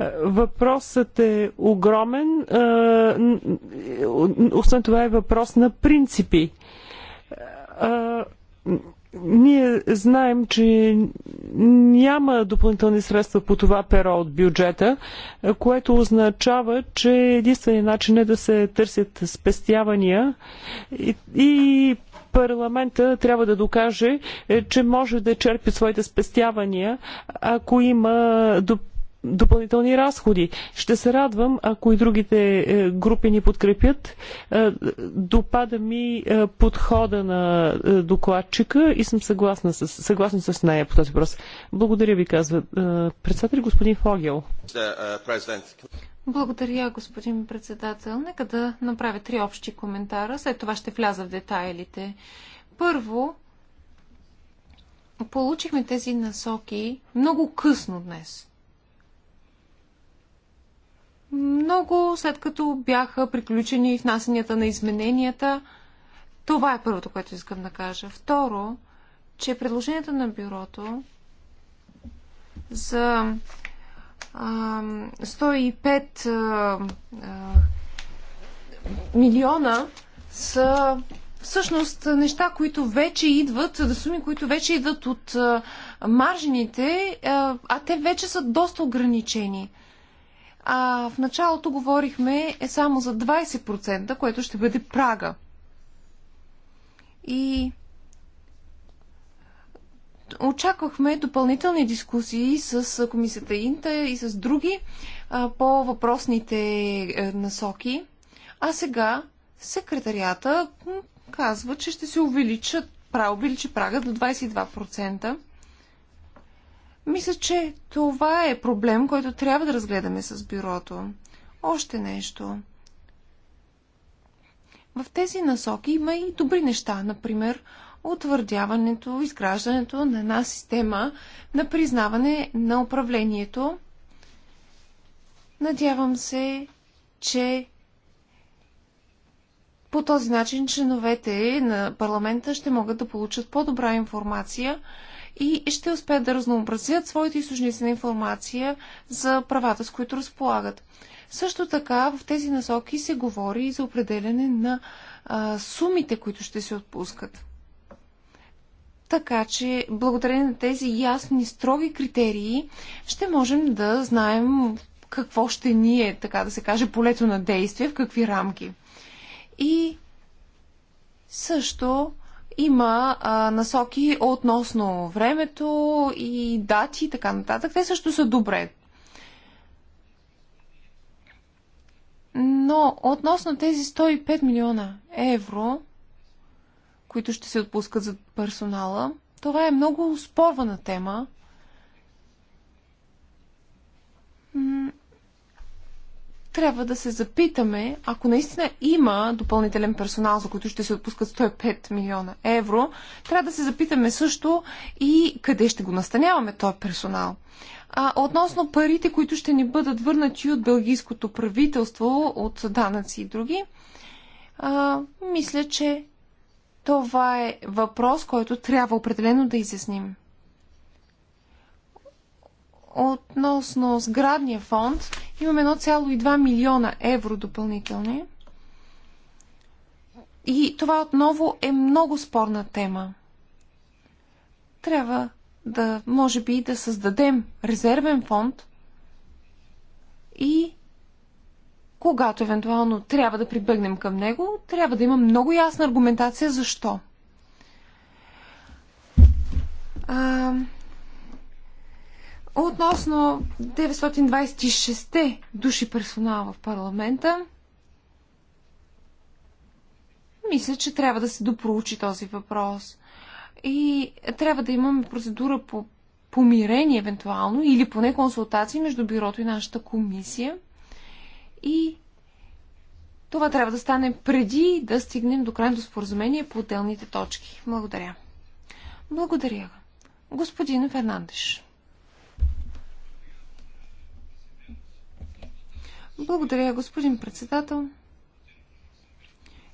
Е, въпросът е огромен. Е, освен това е въпрос на принципи. Е, ние знаем, че няма допълнителни средства по това перо от бюджета, което означава, че единственият начин е да се търсят спестявания и, и парламента трябва да докаже, е, че може да черпи своите спестявания, ако има допълнителни разходи. Ще се радвам, ако и другите е, групи ни подкрепят. Е, допада ми подхода на докладчика и съм съгласна с, съгласна с нея по този въпрос. Благодаря ви, казва председател господин Фогел. Благодаря, господин председател. Нека да направя три общи коментара. След това ще вляза в детайлите. Първо, получихме тези насоки много късно днес. Много след като бяха приключени внасянията на измененията. Това е първото, което искам да кажа. Второ, че предложението на бюрото за 105 милиона са всъщност неща, които вече идват, да суми, които вече идват от маржините, а те вече са доста ограничени. А в началото говорихме е само за 20%, което ще бъде прага. И Очаквахме допълнителни дискусии с комисията Инта и с други по въпросните е, насоки. А сега секретарията казва, че ще се увеличат, право увеличи прага до 22%. Мисля, че това е проблем, който трябва да разгледаме с бюрото. Още нещо. В тези насоки има и добри неща, например утвърдяването, изграждането на една система на признаване на управлението. Надявам се, че по този начин членовете на парламента ще могат да получат по-добра информация и ще успеят да разнообразят своите източници на информация за правата, с които разполагат. Също така в тези насоки се говори и за определене на а, сумите, които ще се отпускат. Така че, благодарение на тези ясни, строги критерии, ще можем да знаем какво ще ни е, така да се каже, полето на действие, в какви рамки. И също има а, насоки относно времето и дати и така нататък. Те също са добре. Но относно тези 105 милиона евро, които ще се отпускат за персонала. Това е много спорвана тема. Трябва да се запитаме, ако наистина има допълнителен персонал, за който ще се отпускат 105 милиона евро, трябва да се запитаме също и къде ще го настаняваме този персонал. А, относно парите, които ще ни бъдат върнати от белгийското правителство, от данъци и други, а, мисля, че това е въпрос, който трябва определено да изясним. Относно сградния фонд, имаме 1,2 милиона евро допълнителни. И това отново е много спорна тема. Трябва да, може би, да създадем резервен фонд и когато евентуално трябва да прибъгнем към него, трябва да има много ясна аргументация защо. А, относно 926 души персонал в парламента, мисля, че трябва да се допроучи този въпрос. И трябва да имаме процедура по помирение, евентуално, или поне консултации между бюрото и нашата комисия – и това трябва да стане преди да стигнем до крайното споразумение по отделните точки. Благодаря. Благодаря. Господин Фернандеш. Благодаря, господин председател.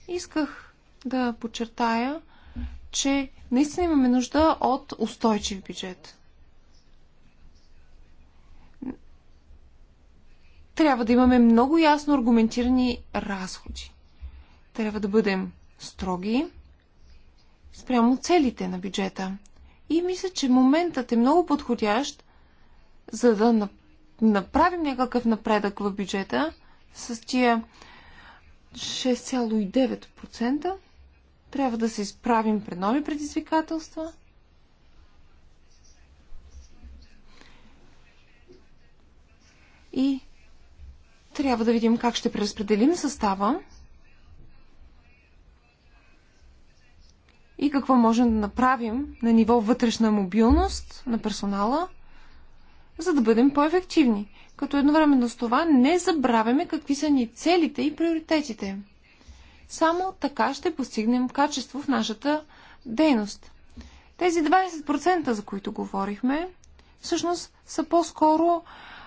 Исках да подчертая, че наистина имаме нужда от устойчив бюджет. трябва да имаме много ясно аргументирани разходи. Трябва да бъдем строги спрямо целите на бюджета. И мисля, че моментът е много подходящ, за да направим някакъв напредък в бюджета с тия 6,9%. Трябва да се изправим пред нови предизвикателства. И трябва да видим как ще преразпределим състава и какво можем да направим на ниво вътрешна мобилност на персонала, за да бъдем по-ефективни. Като едновременно с това не забравяме какви са ни целите и приоритетите. Само така ще постигнем качество в нашата дейност. Тези 20%, за които говорихме, всъщност са по-скоро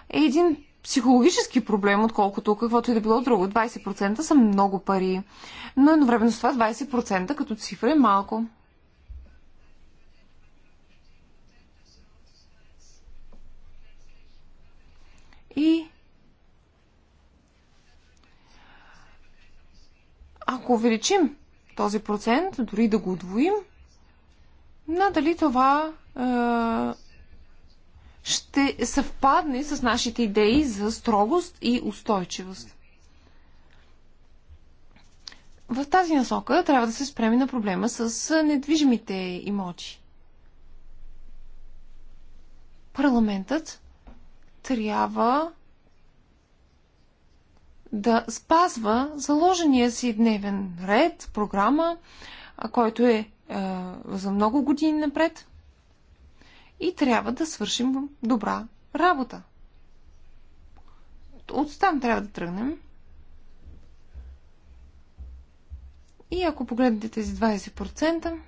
един психологически проблем, отколкото каквото и да било друго. 20% са много пари, но едновременно с това 20% като цифра е малко. И ако увеличим този процент, дори да го удвоим, надали това е ще съвпадне с нашите идеи за строгост и устойчивост. В тази насока трябва да се спреме на проблема с недвижимите имоти. Парламентът трябва да спазва заложения си дневен ред, програма, който е, е за много години напред – и трябва да свършим добра работа. Оттам трябва да тръгнем. И ако погледнете тези 20%,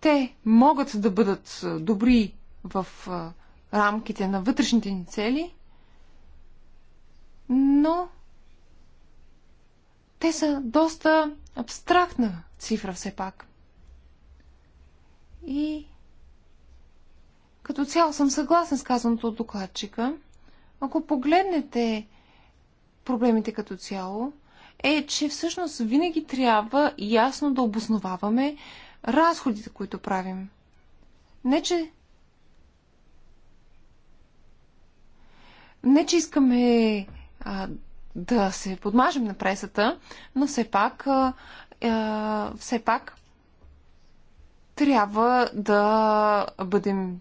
те могат да бъдат добри в рамките на вътрешните ни цели, но те са доста абстрактна цифра все пак. И като цяло съм съгласен с казаното от докладчика. Ако погледнете проблемите като цяло, е, че всъщност винаги трябва ясно да обосноваваме разходите, които правим. Не, че не, че искаме а, да се подмажем на пресата, но все пак, е, все пак трябва да бъдем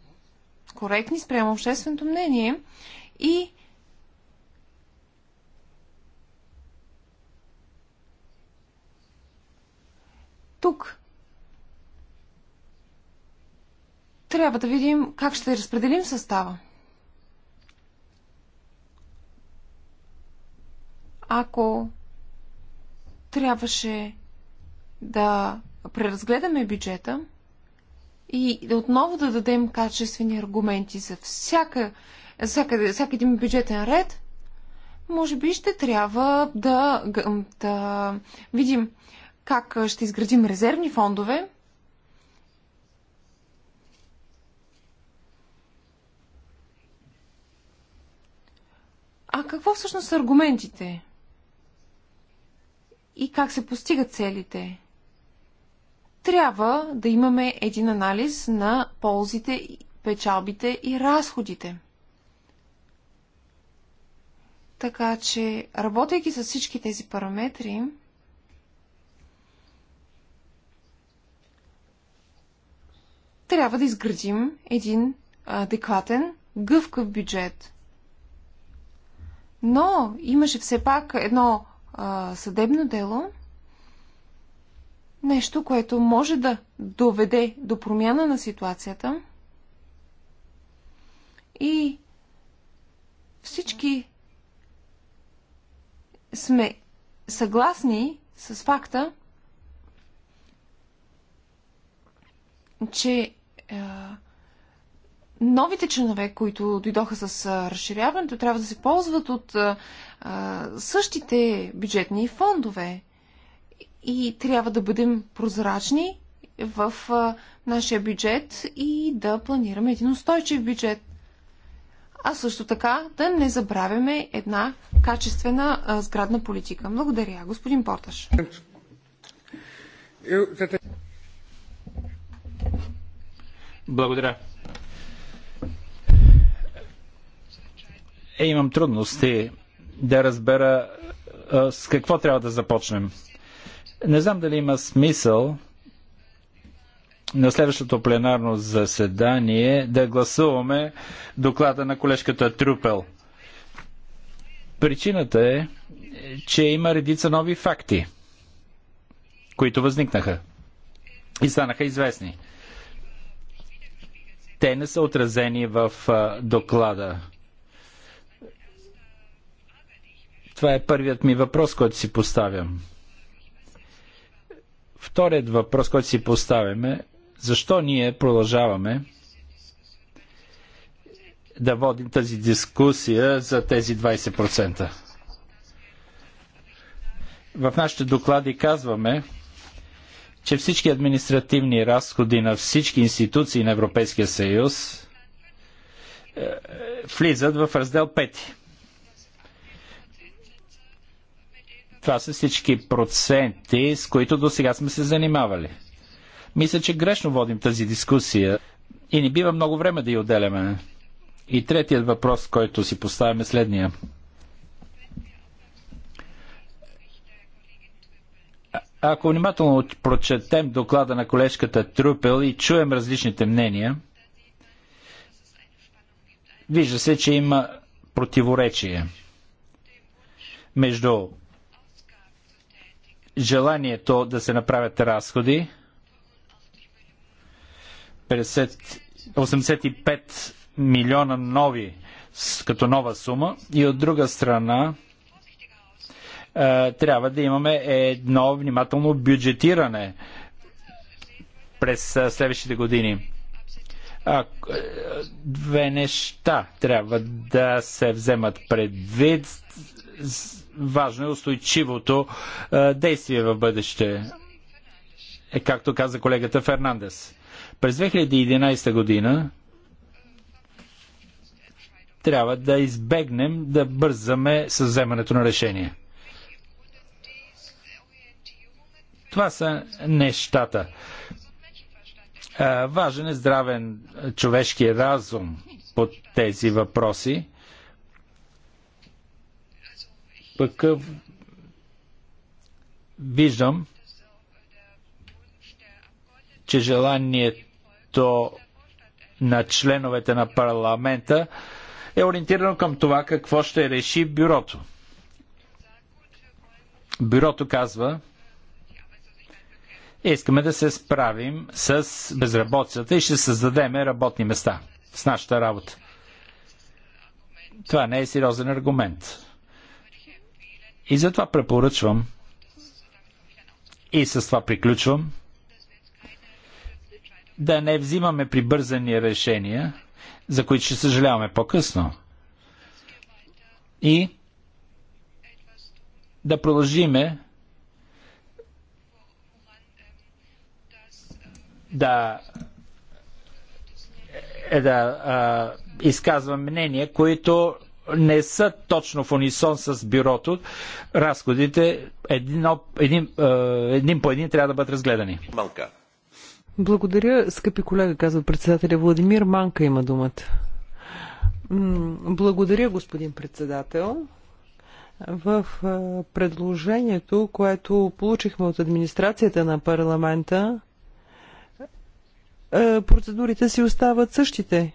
коректни спрямо общественото мнение и тук трябва да видим как ще разпределим състава. ако трябваше да преразгледаме бюджета и отново да дадем качествени аргументи за всяка, всяка, всяка един бюджетен ред, може би ще трябва да, да видим как ще изградим резервни фондове, А какво всъщност са аргументите? и как се постигат целите. Трябва да имаме един анализ на ползите, печалбите и разходите. Така че, работейки с всички тези параметри, трябва да изградим един адекватен, гъвкав бюджет. Но имаше все пак едно а, съдебно дело, нещо, което може да доведе до промяна на ситуацията и всички сме съгласни с факта, че а, новите членове, които дойдоха с разширяването, трябва да се ползват от а, същите бюджетни фондове. И трябва да бъдем прозрачни в а, нашия бюджет и да планираме един устойчив бюджет. А също така да не забравяме една качествена а, сградна политика. Благодаря, господин Порташ. Благодаря. е, имам трудности да разбера с какво трябва да започнем. Не знам дали има смисъл на следващото пленарно заседание да гласуваме доклада на колежката Трупел. Причината е, че има редица нови факти, които възникнаха и станаха известни. Те не са отразени в доклада. Това е първият ми въпрос, който си поставям. Вторият въпрос, който си поставяме, защо ние продължаваме да водим тази дискусия за тези 20%? В нашите доклади казваме, че всички административни разходи на всички институции на Европейския съюз е, е, влизат в раздел 5. Това са всички проценти, с които до сега сме се занимавали. Мисля, че грешно водим тази дискусия и не бива много време да я отделяме. И третият въпрос, който си поставяме следния. Ако внимателно прочетем доклада на колежката Трупел и чуем различните мнения, вижда се, че има противоречие между желанието да се направят разходи. 50, 85 милиона нови като нова сума и от друга страна е, трябва да имаме едно внимателно бюджетиране през е, следващите години. А, е, две неща трябва да се вземат предвид важно е устойчивото действие в бъдеще, Е както каза колегата Фернандес. През 2011 година трябва да избегнем да бързаме с вземането на решение. Това са нещата. Важен е здравен човешки разум по тези въпроси. Пък виждам, че желанието на членовете на парламента е ориентирано към това какво ще реши бюрото. Бюрото казва, искаме да се справим с безработицата и ще създадем работни места с нашата работа. Това не е сериозен аргумент. И затова препоръчвам и с това приключвам да не взимаме прибързани решения, за които ще съжаляваме по-късно. И да продължиме да е, да а, изказвам мнения, които не са точно в унисон с бюрото, разходите едно, един, е, един по един трябва да бъдат разгледани. Малка. Благодаря, скъпи колега, казва председателя. Владимир Манка има думата. Благодаря, господин председател. В е, предложението, което получихме от администрацията на парламента, е, процедурите си остават същите.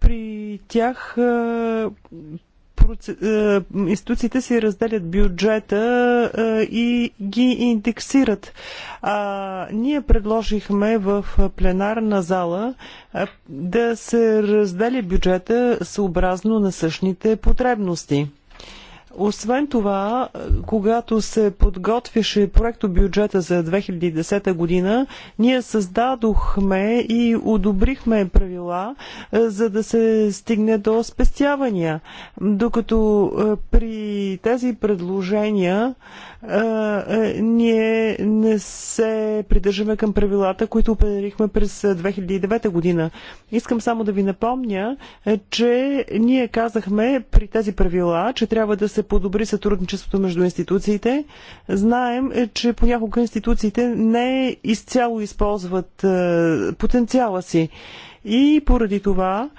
При тях институциите си разделят бюджета и ги индексират. А, ние предложихме в пленарна зала да се раздели бюджета съобразно на същните потребности. Освен това, когато се подготвяше проекто бюджета за 2010 година, ние създадохме и одобрихме правила, е, за да се стигне до спестявания. Докато е, при тези предложения, ние не се придържаме към правилата, които определихме през 2009 година. Искам само да ви напомня, че ние казахме при тези правила, че трябва да се подобри сътрудничеството между институциите. Знаем, е, че понякога институциите не изцяло използват потенциала си. И поради това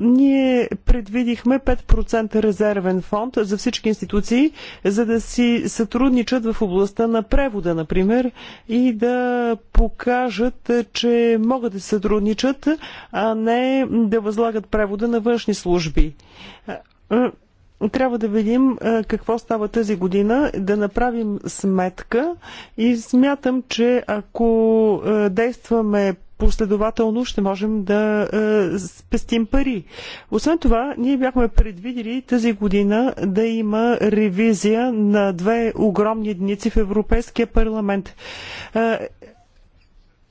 ние предвидихме 5% резервен фонд за всички институции, за да си сътрудничат в областта на превода, например, и да покажат, че могат да се сътрудничат, а не да възлагат превода на външни служби. Трябва да видим какво става тази година, да направим сметка и смятам, че ако действаме последователно ще можем да е, спестим пари. Освен това, ние бяхме предвидели тази година да има ревизия на две огромни единици в Европейския парламент. Е,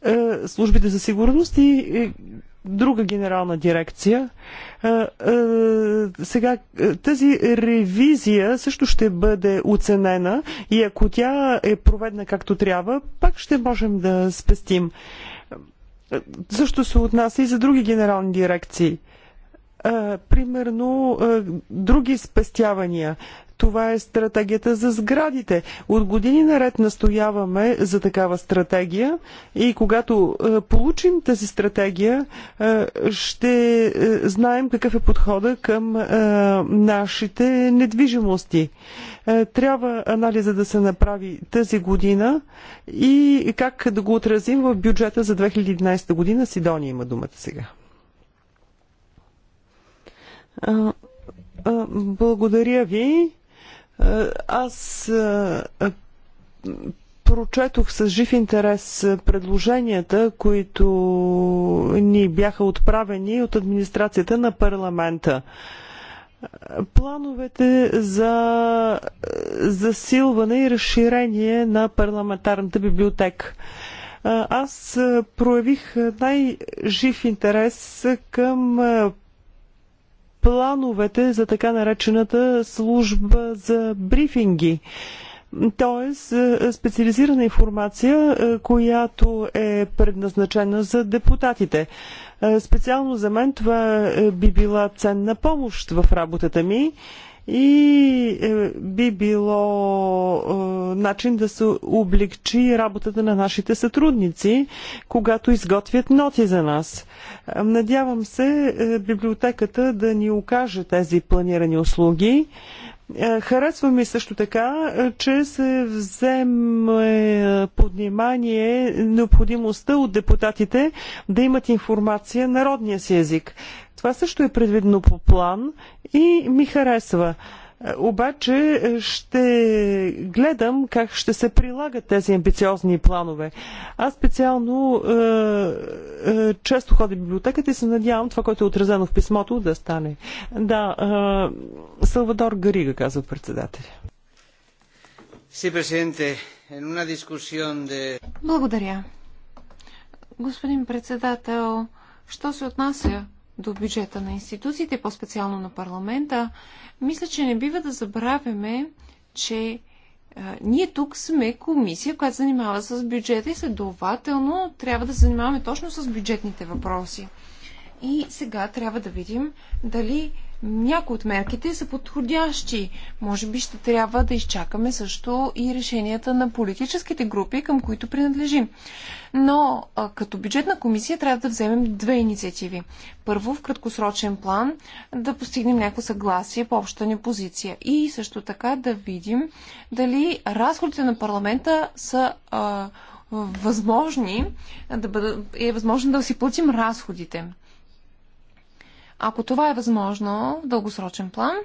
е, службите за сигурност и друга генерална дирекция. Е, е, сега е, тази ревизия също ще бъде оценена и ако тя е проведена както трябва, пак ще можем да спестим. Също се отнася и за други генерални дирекции примерно други спестявания. Това е стратегията за сградите. От години наред настояваме за такава стратегия и когато получим тази стратегия, ще знаем какъв е подхода към нашите недвижимости. Трябва анализа да се направи тази година и как да го отразим в бюджета за 2011 година. Сидония има думата сега. Благодаря ви. Аз прочетох с жив интерес предложенията, които ни бяха отправени от администрацията на парламента. Плановете за засилване и разширение на парламентарната библиотека аз проявих най-жив интерес към плановете за така наречената служба за брифинги т.е. Е, специализирана информация, е, която е предназначена за депутатите. Е, специално за мен това би била ценна помощ в работата ми и е, би било е, начин да се облегчи работата на нашите сътрудници, когато изготвят ноти за нас. Е, надявам се библиотеката да ни окаже тези планирани услуги. Харесва ми също така, че се вземе под внимание необходимостта от депутатите да имат информация народния си език. Това също е предвидено по план и ми харесва. Е, обаче е, ще гледам как ще се прилагат тези амбициозни планове. Аз специално е, е, често ходя в библиотеката и се надявам това, което е отразено в писмото, да стане. Да, е, Салвадор Гарига, казва председателя. Си, президенте, една дискусия Благодаря. Господин председател, що се отнася до бюджета на институциите, по-специално на парламента, мисля, че не бива да забравяме, че а, ние тук сме комисия, която занимава с бюджета и следователно трябва да занимаваме точно с бюджетните въпроси. И сега трябва да видим дали някои от мерките са подходящи. Може би ще трябва да изчакаме също и решенията на политическите групи, към които принадлежим. Но а, като бюджетна комисия трябва да вземем две инициативи. Първо, в краткосрочен план да постигнем някакво съгласие по общата ни позиция. И също така да видим дали разходите на парламента са а, възможни, да бъдат, е възможно да си платим разходите. Ако това е възможно в дългосрочен план,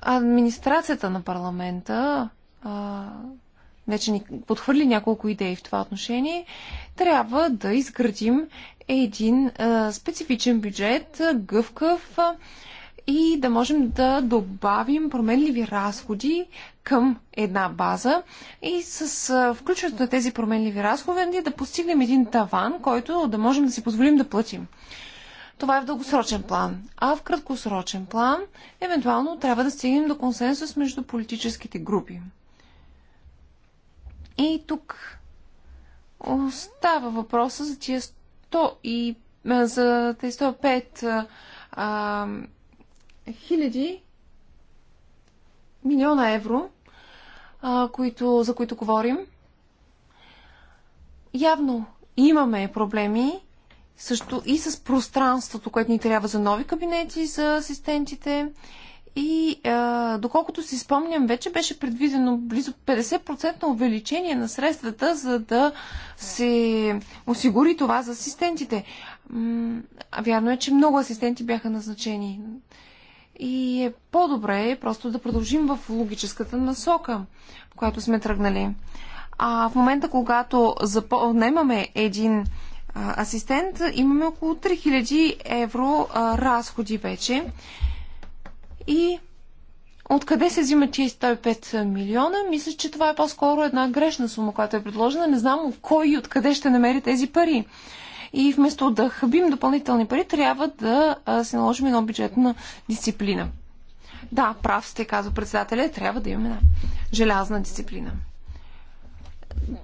администрацията на парламента а, вече ни подхвърли няколко идеи в това отношение, трябва да изградим един а, специфичен бюджет, гъвкав а, и да можем да добавим променливи разходи към една база и с а, включването на тези променливи разходи да постигнем един таван, който да можем да си позволим да платим. Това е в дългосрочен план. А в краткосрочен план, евентуално, трябва да стигнем до консенсус между политическите групи. И тук остава въпроса за тия 100 и за тези 105 а, хиляди милиона евро, а, които, за които говорим. Явно имаме проблеми също и с пространството, което ни трябва за нови кабинети за асистентите. И а, доколкото си спомням, вече беше предвидено близо 50% увеличение на средствата, за да се осигури това за асистентите. А вярно е, че много асистенти бяха назначени. И е по-добре просто да продължим в логическата насока, в която сме тръгнали. А в момента, когато запълнемаме един асистент, имаме около 3000 евро разходи вече. И Откъде се взимат тези 105 милиона? Мисля, че това е по-скоро една грешна сума, която е предложена. Не знам кой и откъде ще намери тези пари. И вместо да хабим допълнителни пари, трябва да се наложим едно бюджетна дисциплина. Да, прав сте, казва председателя, трябва да имаме една желязна дисциплина.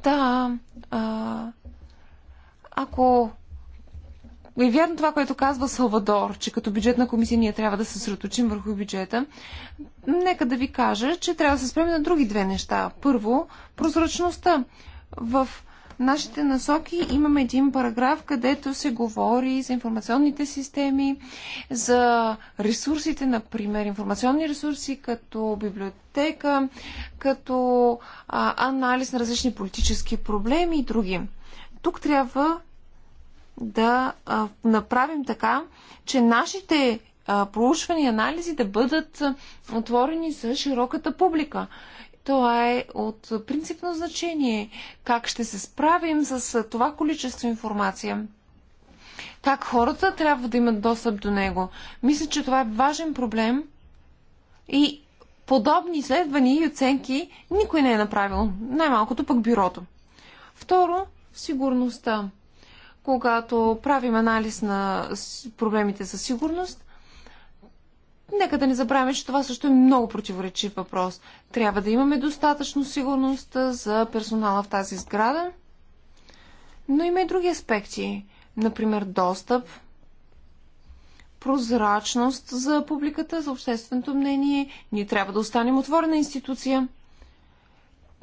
Да, а, ако е вярно това, което казва Салвадор, че като бюджетна комисия ние трябва да се съсредоточим върху бюджета, нека да ви кажа, че трябва да се спреме на други две неща. Първо, прозрачността. В нашите насоки имаме един параграф, където се говори за информационните системи, за ресурсите, например, информационни ресурси, като библиотека, като а, анализ на различни политически проблеми и други. Тук трябва да направим така, че нашите проучвания и анализи да бъдат отворени за широката публика. Това е от принципно значение как ще се справим с това количество информация. Как хората трябва да имат достъп до него. Мисля, че това е важен проблем и подобни изследвания и оценки никой не е направил. Най-малкото пък бюрото. Второ, сигурността когато правим анализ на проблемите със сигурност, нека да не забравяме, че това също е много противоречив въпрос. Трябва да имаме достатъчно сигурност за персонала в тази сграда, но има и други аспекти. Например, достъп, прозрачност за публиката, за общественото мнение. Ние трябва да останем отворена институция.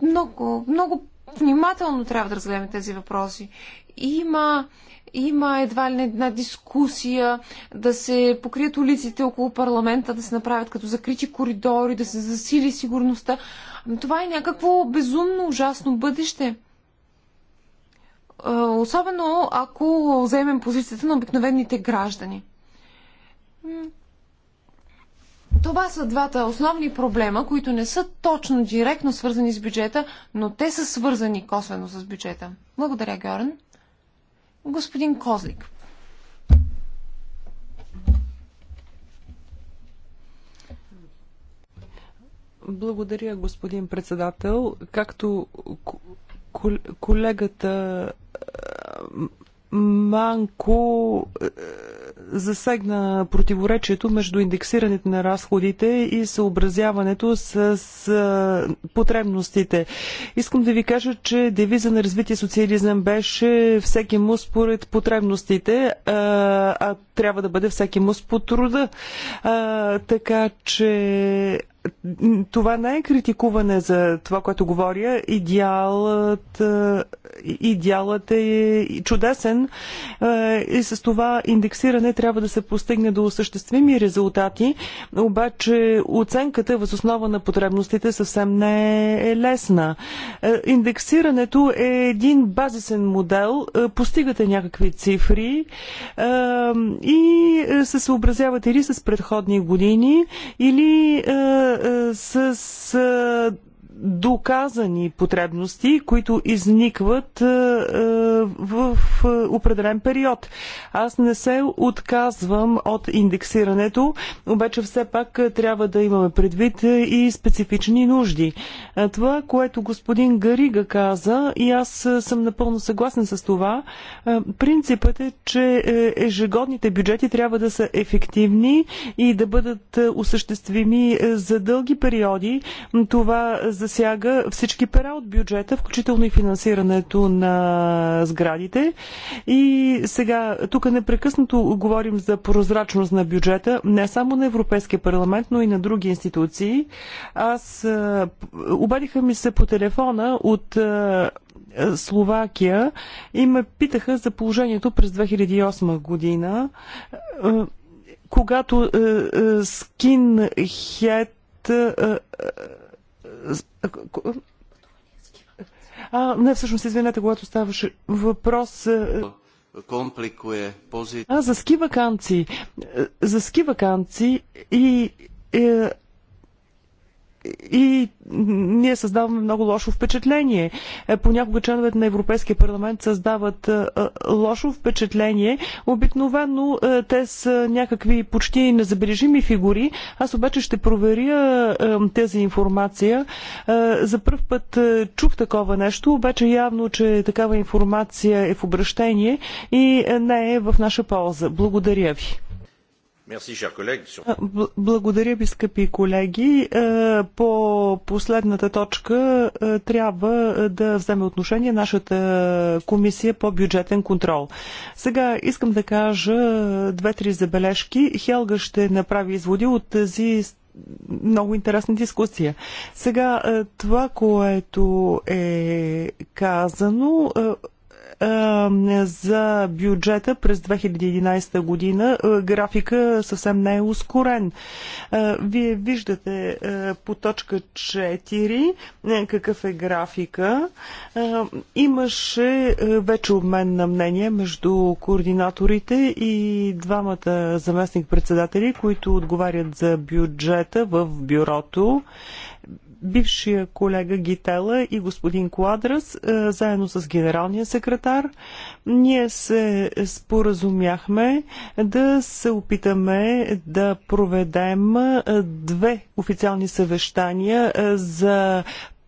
Много, много внимателно трябва да разгледаме тези въпроси. Има, има едва ли една дискусия да се покрият улиците около парламента, да се направят като закрити коридори, да се засили сигурността. Това е някакво безумно ужасно бъдеще. Особено ако вземем позицията на обикновените граждани. Това са двата основни проблема, които не са точно директно свързани с бюджета, но те са свързани косвено с бюджета. Благодаря, Георен. Господин Козлик. Благодаря, господин председател. Както колегата Манко засегна противоречието между индексирането на разходите и съобразяването с, с потребностите. Искам да ви кажа, че девиза на развитие социализъм беше всеки му според потребностите, а, а трябва да бъде всеки му по труда. А, така че това не е критикуване за това, което говоря. Идеалът, е, идеалът е чудесен е, и с това индексиране трябва да се постигне до осъществими резултати, обаче оценката въз основа на потребностите съвсем не е лесна. Е, индексирането е един базисен модел, постигате някакви цифри и се съобразявате или с предходни години, или е, с е, доказани потребности, които изникват е, е, в определен период. Аз не се отказвам от индексирането, обаче все пак е, трябва да имаме предвид и специфични нужди. Това, което господин Гарига каза, и аз съм напълно съгласен с това, принципът е, че ежегодните бюджети трябва да са ефективни и да бъдат осъществими за дълги периоди. Това за засяга всички пера от бюджета, включително и финансирането на сградите. И сега, тук непрекъснато говорим за прозрачност на бюджета, не само на Европейския парламент, но и на други институции. Аз обадиха ми се по телефона от Словакия и ме питаха за положението през 2008 година, когато Скин Хет а, не, всъщност, извинете, когато ставаше въпрос... Е, Компликуе А, за ски вакансии. Е, за ски вакансии и... Е, и ние създаваме много лошо впечатление. Е, понякога членовете на Европейския парламент създават е, е, лошо впечатление. Обикновено те са някакви почти незабележими фигури. Аз обаче ще проверя тази информация. За първ път чух такова нещо, обаче явно, че такава информация е в обращение и не е в наша полза. Благодаря ви. Е, благодаря ви, скъпи колеги. Е, по последната точка е, трябва да вземе отношение нашата комисия по бюджетен контрол. Сега искам да кажа две-три забележки. Хелга ще направи изводи от тази много интересна дискусия. Сега това, което е казано, е, за бюджета през 2011 година е, графика съвсем не е ускорен. Е, вие виждате по точка 4 какъв е графика. Имаше вече обмен на мнение между координаторите и двамата заместник-председатели, които отговарят за бюджета в бюрото бившия колега Гитела и господин Куадрас, е, заедно с генералния секретар, ние се споразумяхме да се опитаме да проведем е, две официални съвещания е, за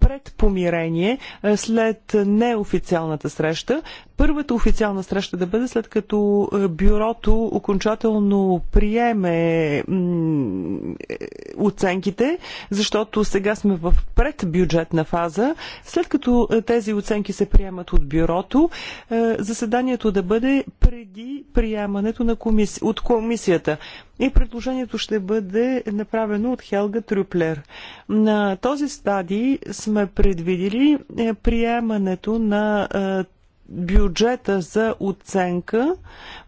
пред помирение, е, след неофициалната среща. Първата официална среща да бъде след като е, бюрото окончателно приеме е, оценките, защото сега сме в предбюджетна фаза. След като тези оценки се приемат от бюрото, заседанието да бъде преди приемането на от комисията и предложението ще бъде направено от Хелга Трюплер. На този стадий сме предвидили е, приемането на е, бюджета за оценка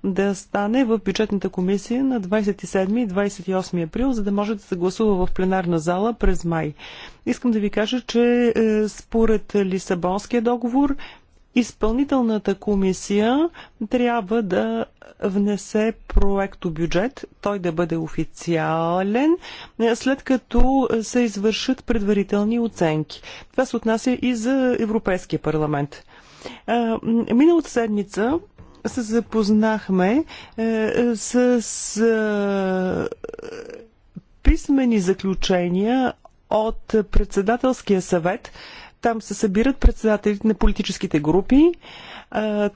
да стане в бюджетната комисия на 27 и 28 април, за да може да се гласува в пленарна зала през май. Искам да ви кажа, че е, според Лисабонския договор Изпълнителната комисия трябва да внесе проекто бюджет, той да бъде официален, след като се извършат предварителни оценки. Това се отнася и за Европейския парламент. Миналата седмица се запознахме е, с е, писмени заключения от председателския съвет там се събират председателите на политическите групи.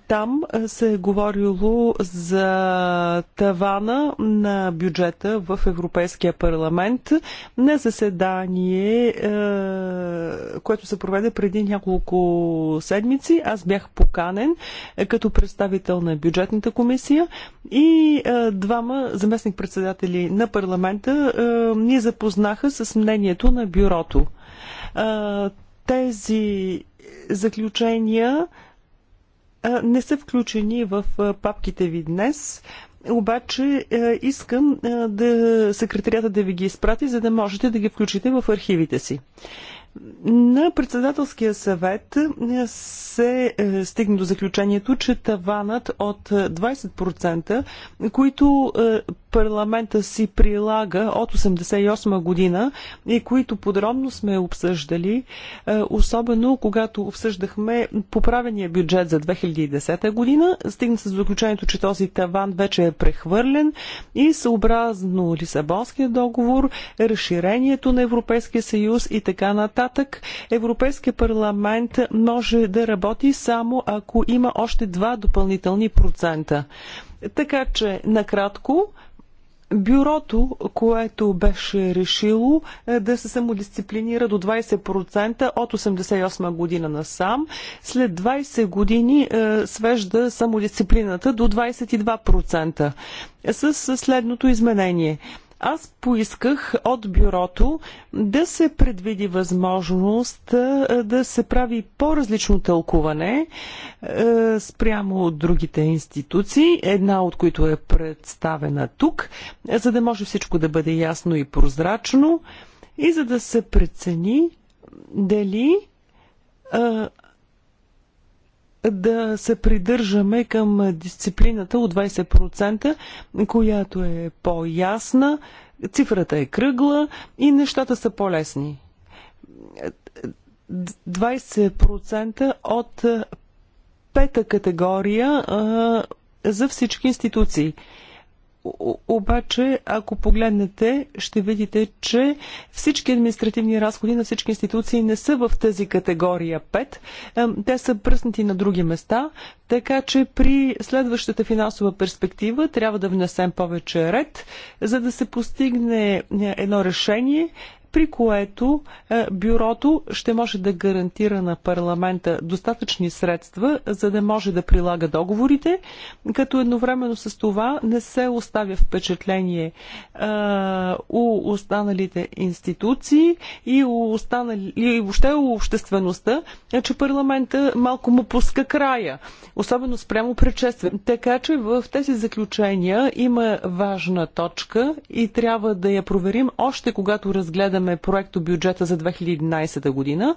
Там се е говорило за тавана на бюджета в Европейския парламент на заседание, което се проведе преди няколко седмици. Аз бях поканен като представител на бюджетната комисия и двама заместник-председатели на парламента ни запознаха с мнението на бюрото. Тези заключения не са включени в папките ви днес, обаче искам да секретарията да ви ги изпрати, за да можете да ги включите в архивите си. На председателския съвет се стигна до заключението, че таванът от 20%, които парламента си прилага от 1988 година и които подробно сме обсъждали, е, особено когато обсъждахме поправения бюджет за 2010 година. Стигна се с заключението, че този таван вече е прехвърлен и съобразно Лисабонския договор, разширението на Европейския съюз и така нататък, Европейския парламент може да работи само ако има още два допълнителни процента. Така че, накратко, Бюрото, което беше решило е, да се самодисциплинира до 20% от 88 година насам, след 20 години е, свежда самодисциплината до 22% с следното изменение – аз поисках от бюрото да се предвиди възможност да се прави по-различно тълкуване спрямо от другите институции, една от които е представена тук, за да може всичко да бъде ясно и прозрачно и за да се прецени дали да се придържаме към дисциплината от 20%, която е по-ясна, цифрата е кръгла и нещата са по-лесни. 20% от пета категория а, за всички институции. Обаче, ако погледнете, ще видите, че всички административни разходи на всички институции не са в тази категория 5. Те са пръснати на други места, така че при следващата финансова перспектива трябва да внесем повече ред, за да се постигне е, едно решение, при което е, бюрото ще може да гарантира на парламента достатъчни средства, за да може да прилага договорите, като едновременно с това не се оставя впечатление е, у останалите институции и, у останали, и въобще у обществеността, е, че парламента малко му пуска края, особено спрямо предшествие. Така че в тези заключения има важна точка и трябва да я проверим още когато разгледаме разгледаме проекто бюджета за 2011 година.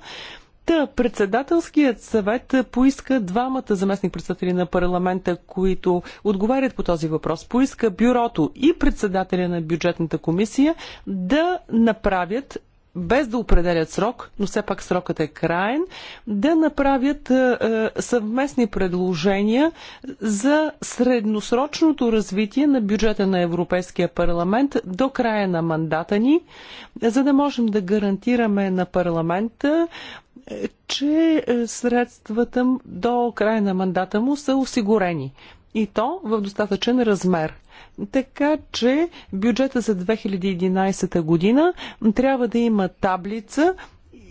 Та председателският съвет поиска двамата заместник председатели на парламента, които отговарят по този въпрос. Поиска бюрото и председателя на бюджетната комисия да направят без да определят срок, но все пак срокът е краен, да направят съвместни предложения за средносрочното развитие на бюджета на Европейския парламент до края на мандата ни, за да можем да гарантираме на парламента че средствата до края на мандата му са осигурени. И то в достатъчен размер. Така че бюджета за 2011 година трябва да има таблица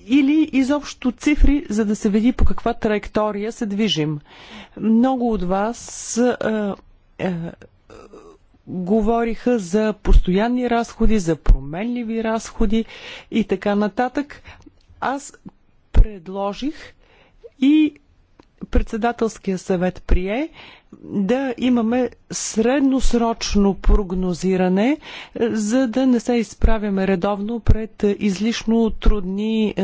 или изобщо цифри, за да се види по каква траектория се движим. Много от вас е, е, говориха за постоянни разходи, за променливи разходи и така нататък. Аз предложих и председателския съвет прие да имаме средносрочно прогнозиране, е, за да не се изправяме редовно пред излишно трудни е,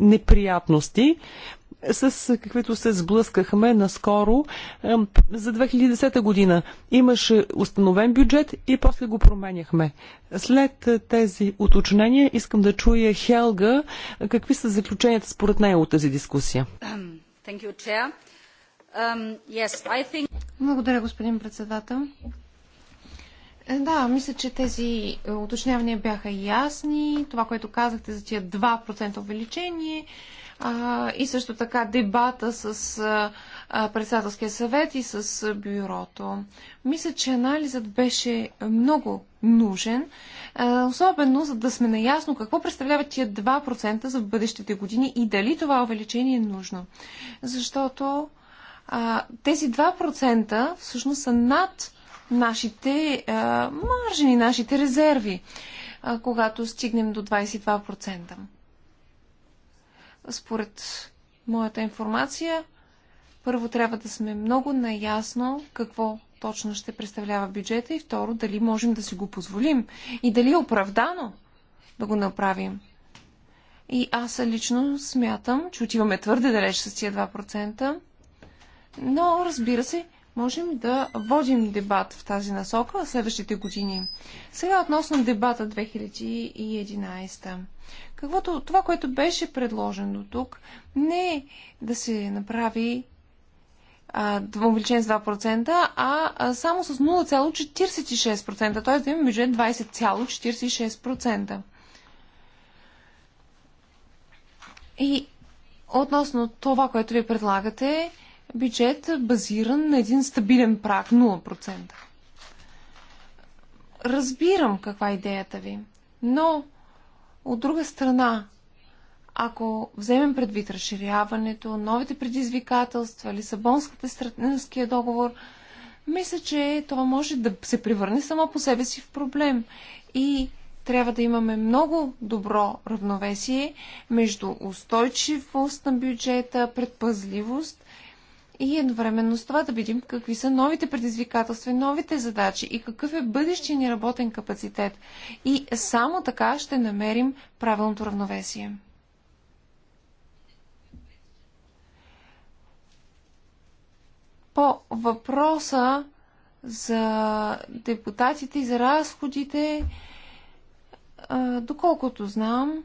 неприятности с каквито се сблъскахме наскоро. Е, за 2010 година имаше установен бюджет и после го променяхме. След е, тези уточнения искам да чуя Хелга какви са заключенията според нея от тази дискусия. Thank you, Chair. Um, Благодаря, господин председател. Е, да, мисля, че тези е, уточнявания бяха ясни. Това, което казахте за тия 2% увеличение а, и също така дебата с а, е, председателския съвет и с бюрото. Мисля, че анализът беше много нужен, а, особено за да сме наясно какво представляват тия 2% за бъдещите години и дали това увеличение е нужно. Защото а, тези 2% всъщност са над нашите а, маржини, нашите резерви, а, когато стигнем до 22%. Според моята информация, първо трябва да сме много наясно какво точно ще представлява бюджета и второ, дали можем да си го позволим и дали е оправдано да го направим. И аз лично смятам, че отиваме твърде далеч с тия 2%. Но, разбира се, можем да водим дебат в тази насока в следващите години. Сега относно дебата 2011. Каквото, това, което беше предложено тук, не е да се направи а, увеличен с 2%, а, а само с 0,46%, т.е. да имаме бюджет 20,46%. И относно това, което ви предлагате, бюджет базиран на един стабилен прак 0%. Разбирам каква е идеята ви, но от друга страна, ако вземем предвид разширяването, новите предизвикателства, Лисабонската стратегическия договор, мисля, че това може да се превърне само по себе си в проблем. И трябва да имаме много добро равновесие между устойчивост на бюджета, предпазливост и едновременно с това да видим какви са новите предизвикателства и новите задачи и какъв е бъдещия ни работен капацитет. И само така ще намерим правилното равновесие. По въпроса за депутатите и за разходите, доколкото знам,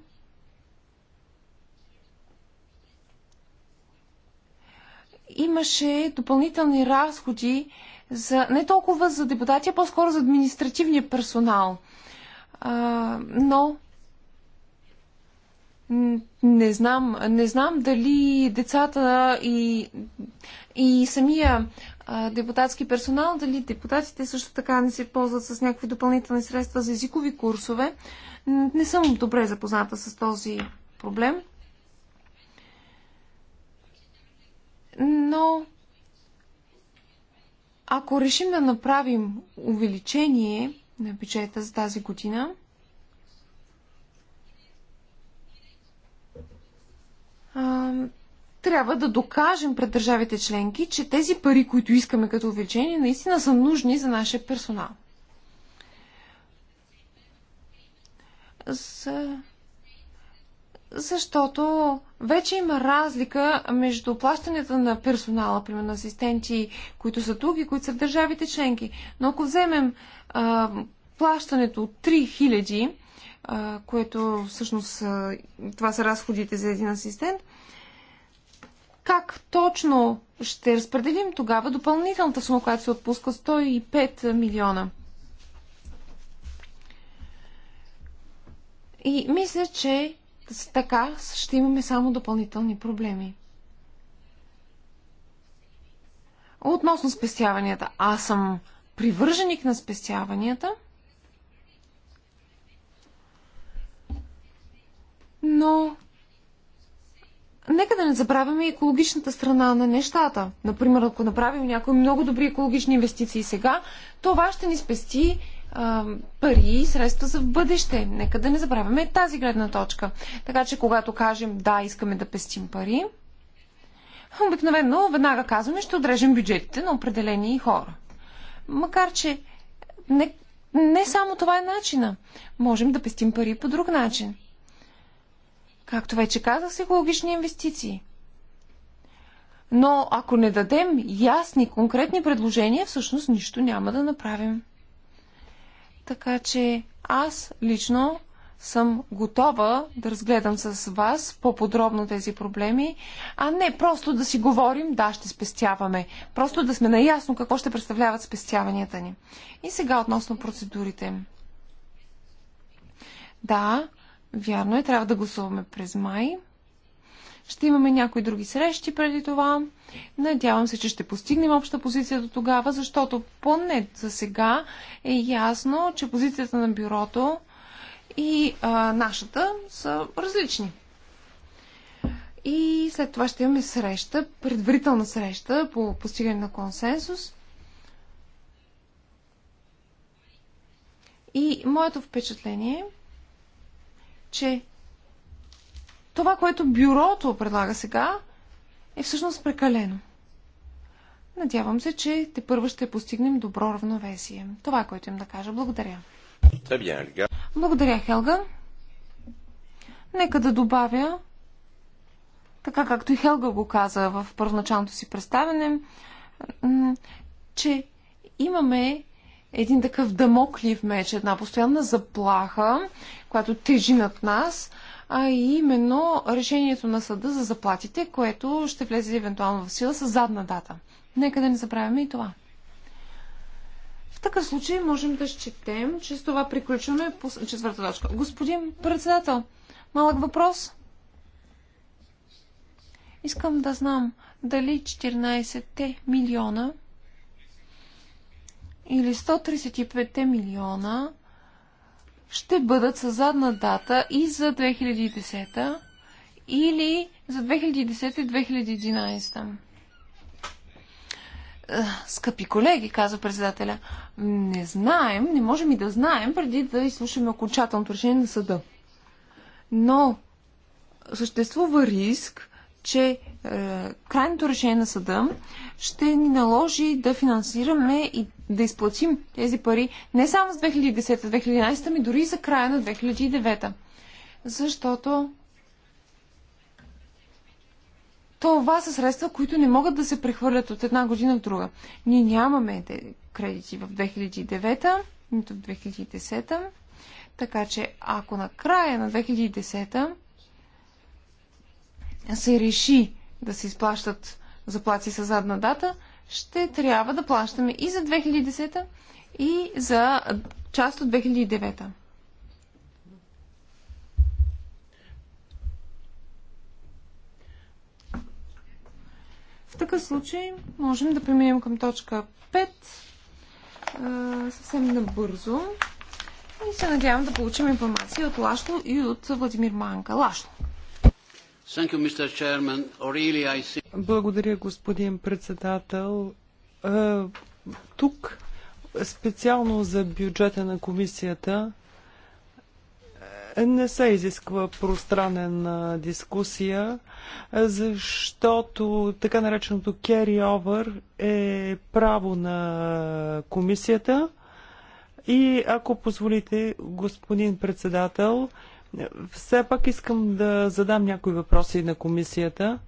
имаше допълнителни разходи за, не толкова за депутати, а по-скоро за административния персонал. А, но не знам, не знам дали децата и, и самия а, депутатски персонал, дали депутатите също така не се ползват с някакви допълнителни средства за езикови курсове. Не съм добре запозната с този проблем. но ако решим да направим увеличение на бюджета за тази година, трябва да докажем пред държавите членки, че тези пари, които искаме като увеличение, наистина са нужни за нашия персонал. За защото вече има разлика между плащането на персонала, примерно асистенти, които са тук и които са в държавите членки. Но ако вземем а, плащането от 3000, а, което всъщност а, това са разходите за един асистент, как точно ще разпределим тогава допълнителната сума, която се отпуска 105 милиона? И мисля, че така ще имаме само допълнителни проблеми. Относно спестяванията, аз съм привърженик на спестяванията, но нека да не забравяме екологичната страна на нещата. Например, ако направим някои много добри екологични инвестиции сега, това ще ни спести пари и средства за в бъдеще. Нека да не забравяме тази гледна точка. Така че, когато кажем да, искаме да пестим пари, обикновено веднага казваме, ще отрежем бюджетите на определени хора. Макар, че не, не само това е начина. Можем да пестим пари по друг начин. Както вече казах, с екологични инвестиции. Но ако не дадем ясни, конкретни предложения, всъщност нищо няма да направим. Така че аз лично съм готова да разгледам с вас по-подробно тези проблеми, а не просто да си говорим, да, ще спестяваме. Просто да сме наясно какво ще представляват спестяванията ни. И сега относно процедурите. Да, вярно е, трябва да гласуваме през май. Ще имаме някои други срещи преди това. Надявам се, че ще постигнем обща позиция до тогава, защото поне за сега е ясно, че позицията на бюрото и а, нашата са различни. И след това ще имаме среща, предварителна среща по постигане на консенсус. И моето впечатление е, че това, което бюрото предлага сега, е всъщност прекалено. Надявам се, че те първо ще постигнем добро равновесие. Това, което им да кажа. Благодаря. Благодаря, Хелга. Нека да добавя, така както и Хелга го каза в първоначалното си представене, че имаме един такъв дамоклив меч, една постоянна заплаха, която тежи над нас – а именно решението на съда за заплатите, което ще влезе евентуално в сила с задна дата. Нека да не забравяме и това. В такъв случай можем да счетем, че с това приключваме по четвърта точка. Господин председател, малък въпрос. Искам да знам дали 14 милиона или 135 милиона ще бъдат с задна дата и за 2010 или за 2010 и 2011. Е, скъпи колеги, каза председателя, не знаем, не можем и да знаем преди да изслушаме окончателното решение на съда. Но съществува риск, че е, крайното решение на съда ще ни наложи да финансираме и да изплатим тези пари не само с 2010-2011, ами дори и за края на 2009. Защото това са средства, които не могат да се прехвърлят от една година в друга. Ние нямаме кредити в 2009, нито в 2010. Така че ако на края на 2010 се реши да се изплащат заплати с задна дата, ще трябва да плащаме и за 2010 и за част от 2009. -та. В такъв случай можем да преминем към точка 5 съвсем набързо и се надявам да получим информация от Лашло и от Владимир Манка. Лашло. Благодаря, господин председател. Е, тук, специално за бюджета на комисията, е, не се изисква пространен дискусия, е, защото така нареченото carry over е право на комисията. И ако позволите, господин председател, все пак искам да задам някои въпроси на комисията.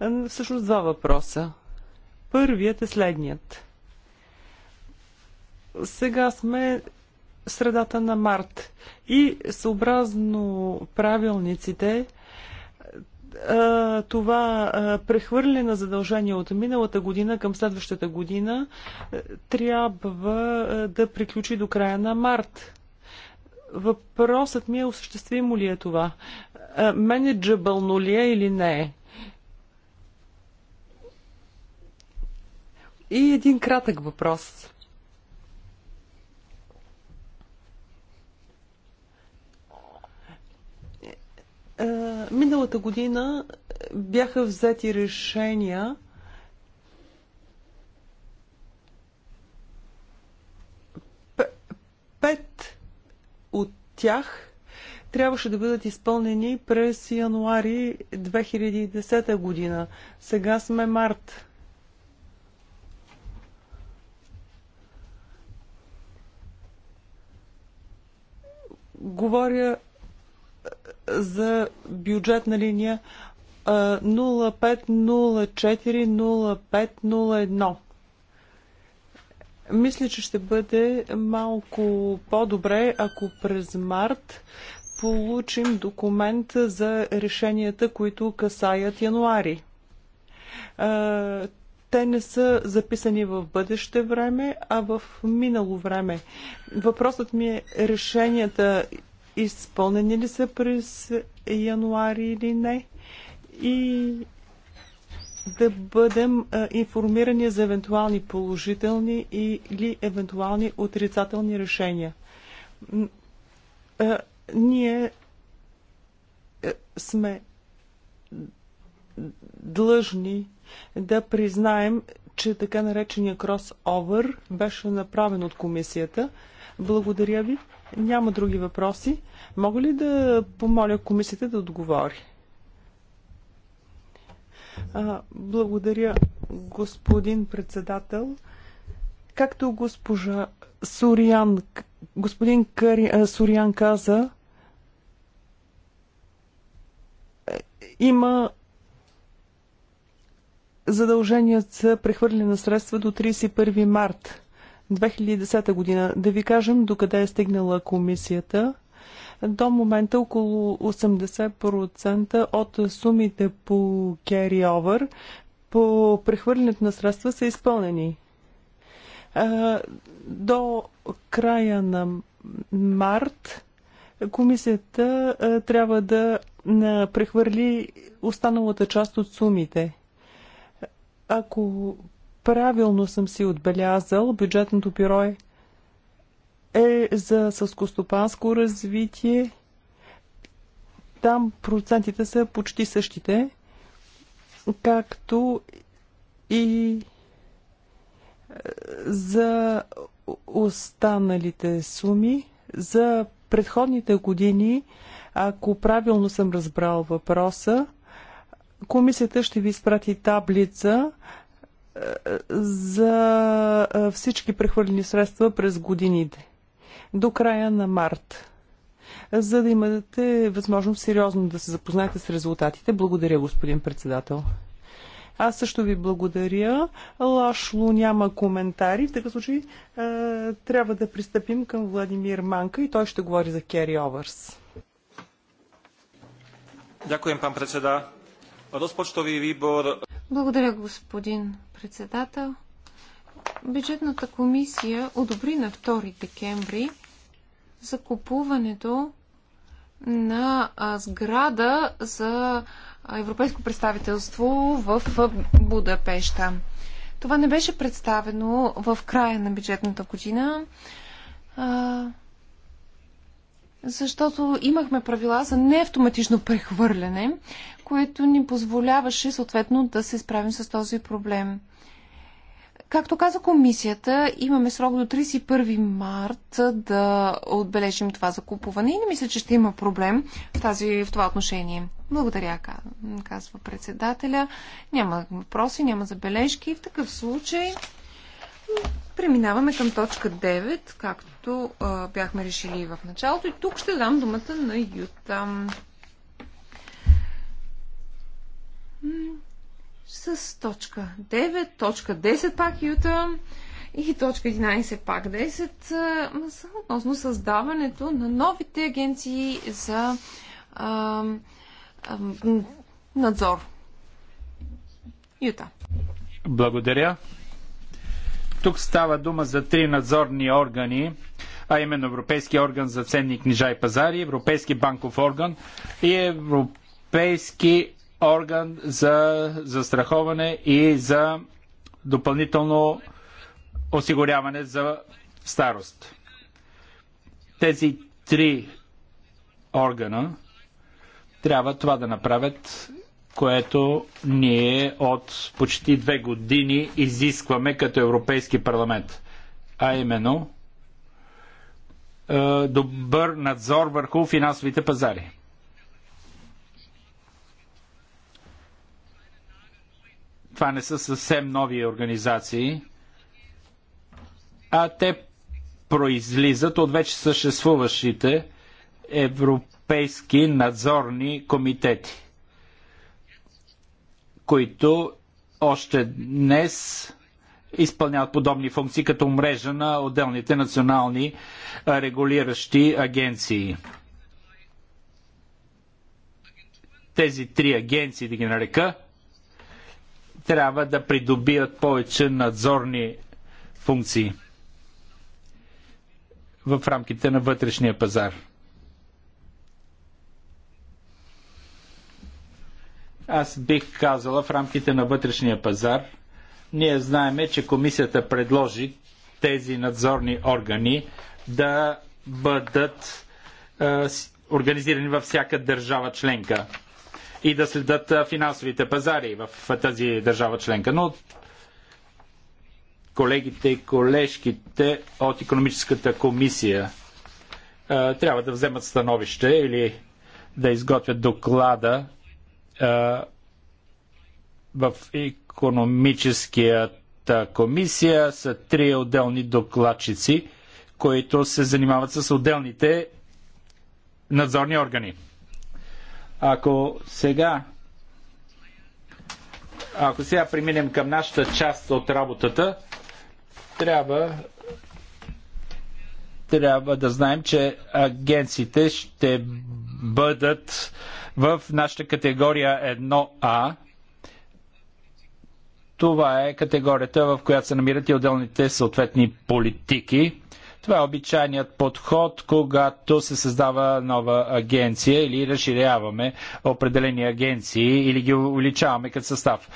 Е, всъщност два въпроса. Първият е следният. Сега сме средата на март и съобразно правилниците е, това е, прехвърляне на задължения от миналата година към следващата година трябва да приключи до края на март. Въпросът ми е осъществимо ли е това? Е, Менеджабълно ли е или не е? И един кратък въпрос. Е, миналата година бяха взети решения от тях трябваше да бъдат изпълнени през януари 2010 година. Сега сме март. Говоря за бюджетна линия 0504-0501. Мисля, че ще бъде малко по-добре, ако през март получим документ за решенията, които касаят януари. Те не са записани в бъдеще време, а в минало време. Въпросът ми е решенията изпълнени ли са през януари или не? И да бъдем информирани за евентуални положителни или евентуални отрицателни решения. Ние сме длъжни да признаем, че така наречения кросовър беше направен от комисията. Благодаря ви. Няма други въпроси. Мога ли да помоля комисията да отговори? Благодаря, господин председател. Както госпожа Сориан, господин Кари, Сориан каза, е, има задължения за прехвърляне на средства до 31 март 2010 година. Да ви кажем докъде е стигнала комисията. До момента около 80% от сумите по carry over по прехвърлянето на средства са изпълнени. До края на март комисията трябва да прехвърли останалата част от сумите. Ако правилно съм си отбелязал, бюджетното бюро е е за съскостопанско развитие. Там процентите са почти същите, както и е, за останалите суми. За предходните години, ако правилно съм разбрал въпроса, комисията ще ви изпрати таблица е, за е, всички прехвърлени средства през годините до края на март, за да имате възможност сериозно да се запознаете с резултатите. Благодаря, господин председател. Аз също ви благодаря. Лашло няма коментари. В такъв случай е, трябва да пристъпим към Владимир Манка и той ще говори за Кери Овърс. Дякуем, пан председател. вибор... Благодаря, господин председател бюджетната комисия одобри на 2 декември закупуването на сграда за европейско представителство в Будапешта. Това не беше представено в края на бюджетната година, защото имахме правила за неавтоматично прехвърляне, което ни позволяваше съответно да се справим с този проблем. Както каза комисията, имаме срок до 31 март да отбележим това закупуване и не мисля, че ще има проблем в, тази, в това отношение. Благодаря, казва председателя. Няма въпроси, няма забележки. В такъв случай преминаваме към точка 9, както а, бяхме решили в началото. И тук ще дам думата на Юта с точка 9, точка 10 пак Юта и точка 11 пак 10 са относно създаването на новите агенции за а, а, надзор. Юта. Благодаря. Тук става дума за три надзорни органи, а именно Европейски орган за ценни книжа и пазари, Европейски банков орган и Европейски орган за застраховане и за допълнително осигуряване за старост. Тези три органа трябва това да направят, което ние от почти две години изискваме като Европейски парламент. А именно е, добър надзор върху финансовите пазари. Това не са съвсем нови организации, а те произлизат от вече съществуващите европейски надзорни комитети, които още днес изпълняват подобни функции като мрежа на отделните национални регулиращи агенции. Тези три агенции, да ги нарека, трябва да придобият повече надзорни функции в рамките на вътрешния пазар. Аз бих казала в рамките на вътрешния пазар. Ние знаеме, че комисията предложи тези надзорни органи да бъдат е, организирани във всяка държава членка и да следят финансовите пазари в тази държава членка. Но колегите и колежките от економическата комисия трябва да вземат становище или да изготвят доклада в економическата комисия са три отделни докладчици, които се занимават с отделните надзорни органи. Ако сега ако сега преминем към нашата част от работата, трябва трябва да знаем, че агенциите ще бъдат в нашата категория 1А. Това е категорията, в която се намират и отделните съответни политики. Това е обичайният подход, когато се създава нова агенция или разширяваме определени агенции или ги увеличаваме като състав.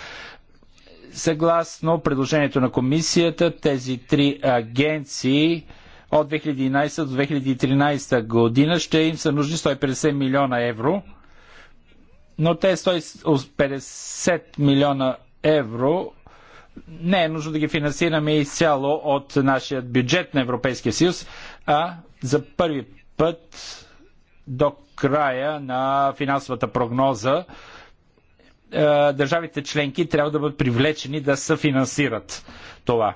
Съгласно предложението на комисията, тези три агенции от 2011 до 2013 година ще им са нужни 150 милиона евро, но те 150 милиона евро не е нужно да ги финансираме изцяло от нашия бюджет на Европейския съюз, а за първи път до края на финансовата прогноза е, държавите членки трябва да бъдат привлечени да се финансират това.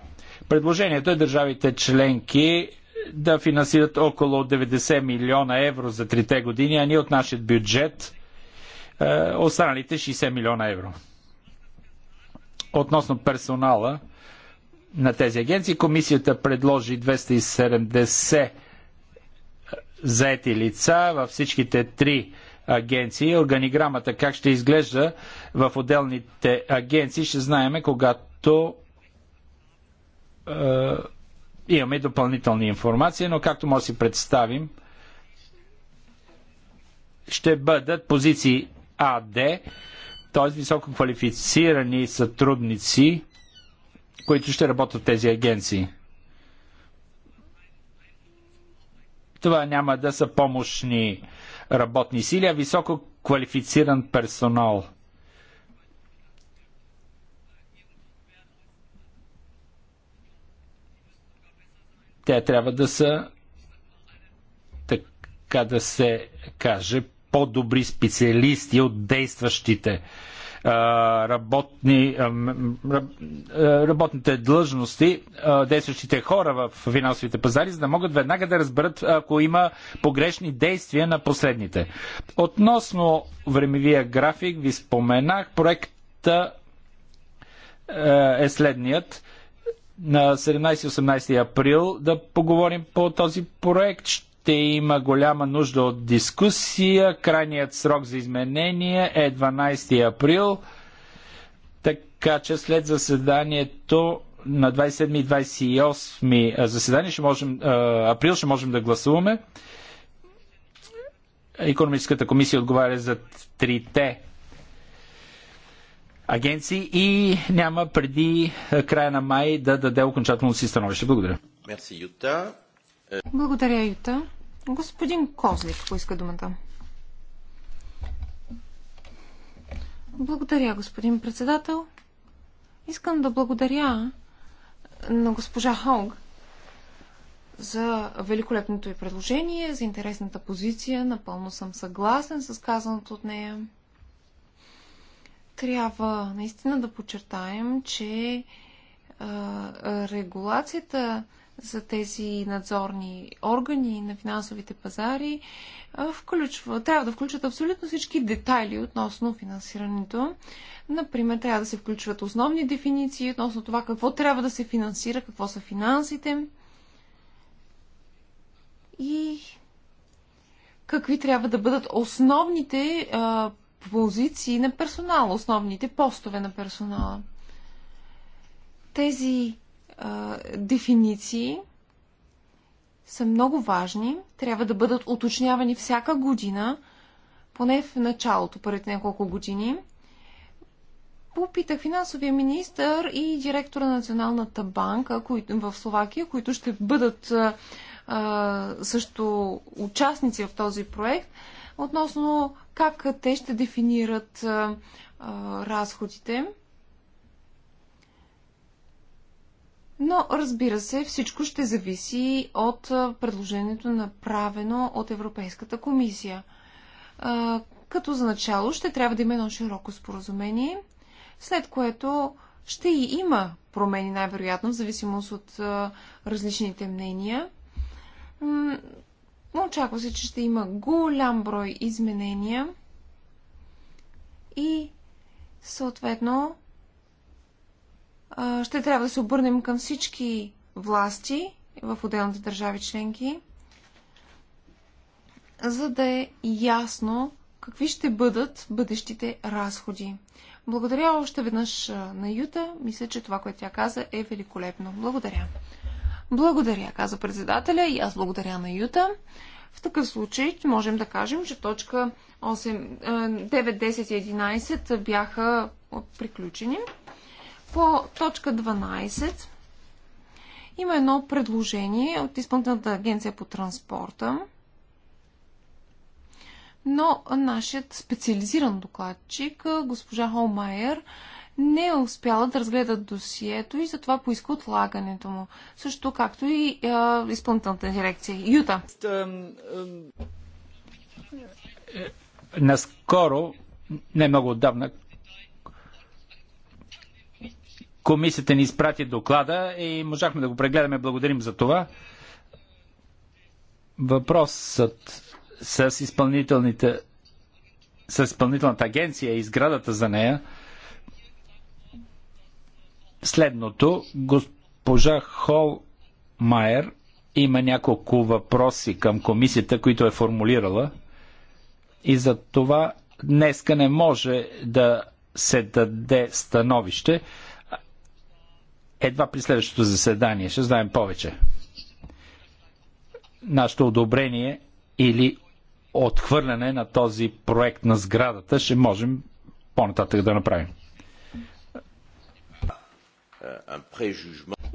Предложението е държавите членки да финансират около 90 милиона евро за трите години, а ние от нашия бюджет е, останалите 60 милиона евро. Относно персонала на тези агенции, комисията предложи 270 е, заети лица във всичките три агенции. Органиграмата как ще изглежда в отделните агенции ще знаеме, когато е, имаме допълнителни информации, но както може да си представим, ще бъдат позиции АД, т.е. висококвалифицирани сътрудници, които ще работят в тези агенции. Това няма да са помощни работни сили, а високо квалифициран персонал. Те трябва да са така да се каже по-добри специалисти от действащите работни, работните длъжности, действащите хора в финансовите пазари, за да могат веднага да разберат, ако има погрешни действия на последните. Относно времевия график, ви споменах, проекта е, е следният. На 17-18 април да поговорим по този проект ще има голяма нужда от дискусия. Крайният срок за изменение е 12 април. Така че след заседанието на 27 и 28 заседание ще можем, април ще можем да гласуваме. Економическата комисия отговаря за трите агенции и няма преди края на май да даде окончателно си становище. Благодаря. Мерси, Юта. Благодаря, Юта. Господин Козлик поиска думата. Благодаря, господин председател. Искам да благодаря на госпожа Хонг за великолепното й предложение, за интересната позиция. Напълно съм съгласен с казаното от нея. Трябва наистина да подчертаем, че а, регулацията за тези надзорни органи на финансовите пазари включва, трябва да включат абсолютно всички детайли относно финансирането. Например, трябва да се включват основни дефиниции относно това какво трябва да се финансира, какво са финансите и какви трябва да бъдат основните а, позиции на персонала, основните постове на персонала. Тези дефиниции са много важни, трябва да бъдат уточнявани всяка година, поне в началото, преди няколко години. Попитах финансовия министр и директора на Националната банка в Словакия, които ще бъдат също участници в този проект, относно как те ще дефинират разходите. Но, разбира се, всичко ще зависи от предложението направено от Европейската комисия. Като за начало ще трябва да има едно широко споразумение, след което ще и има промени, най-вероятно, в зависимост от различните мнения. Очаква се, че ще има голям брой изменения и съответно ще трябва да се обърнем към всички власти в отделните държави членки, за да е ясно какви ще бъдат бъдещите разходи. Благодаря още веднъж на Юта. Мисля, че това, което тя каза, е великолепно. Благодаря. Благодаря, каза председателя и аз благодаря на Юта. В такъв случай можем да кажем, че точка 8, 9, 10 и 11 бяха приключени. По точка 12 има едно предложение от Изпълнителната агенция по транспорта, но нашият специализиран докладчик, госпожа Холмайер, не е успяла да разгледа досието и затова поиска отлагането му. Също както и а, изпълнителната дирекция. Юта. Е, е, наскоро, не много отдавна, Комисията ни изпрати доклада и можахме да го прегледаме. Благодарим за това. Въпросът с изпълнителните с изпълнителната агенция и сградата за нея следното. Госпожа Хол Майер има няколко въпроси към комисията, които е формулирала и за това днеска не може да се даде становище. Едва при следващото заседание ще знаем повече. Нашето одобрение или отхвърляне на този проект на сградата ще можем по-нататък да направим.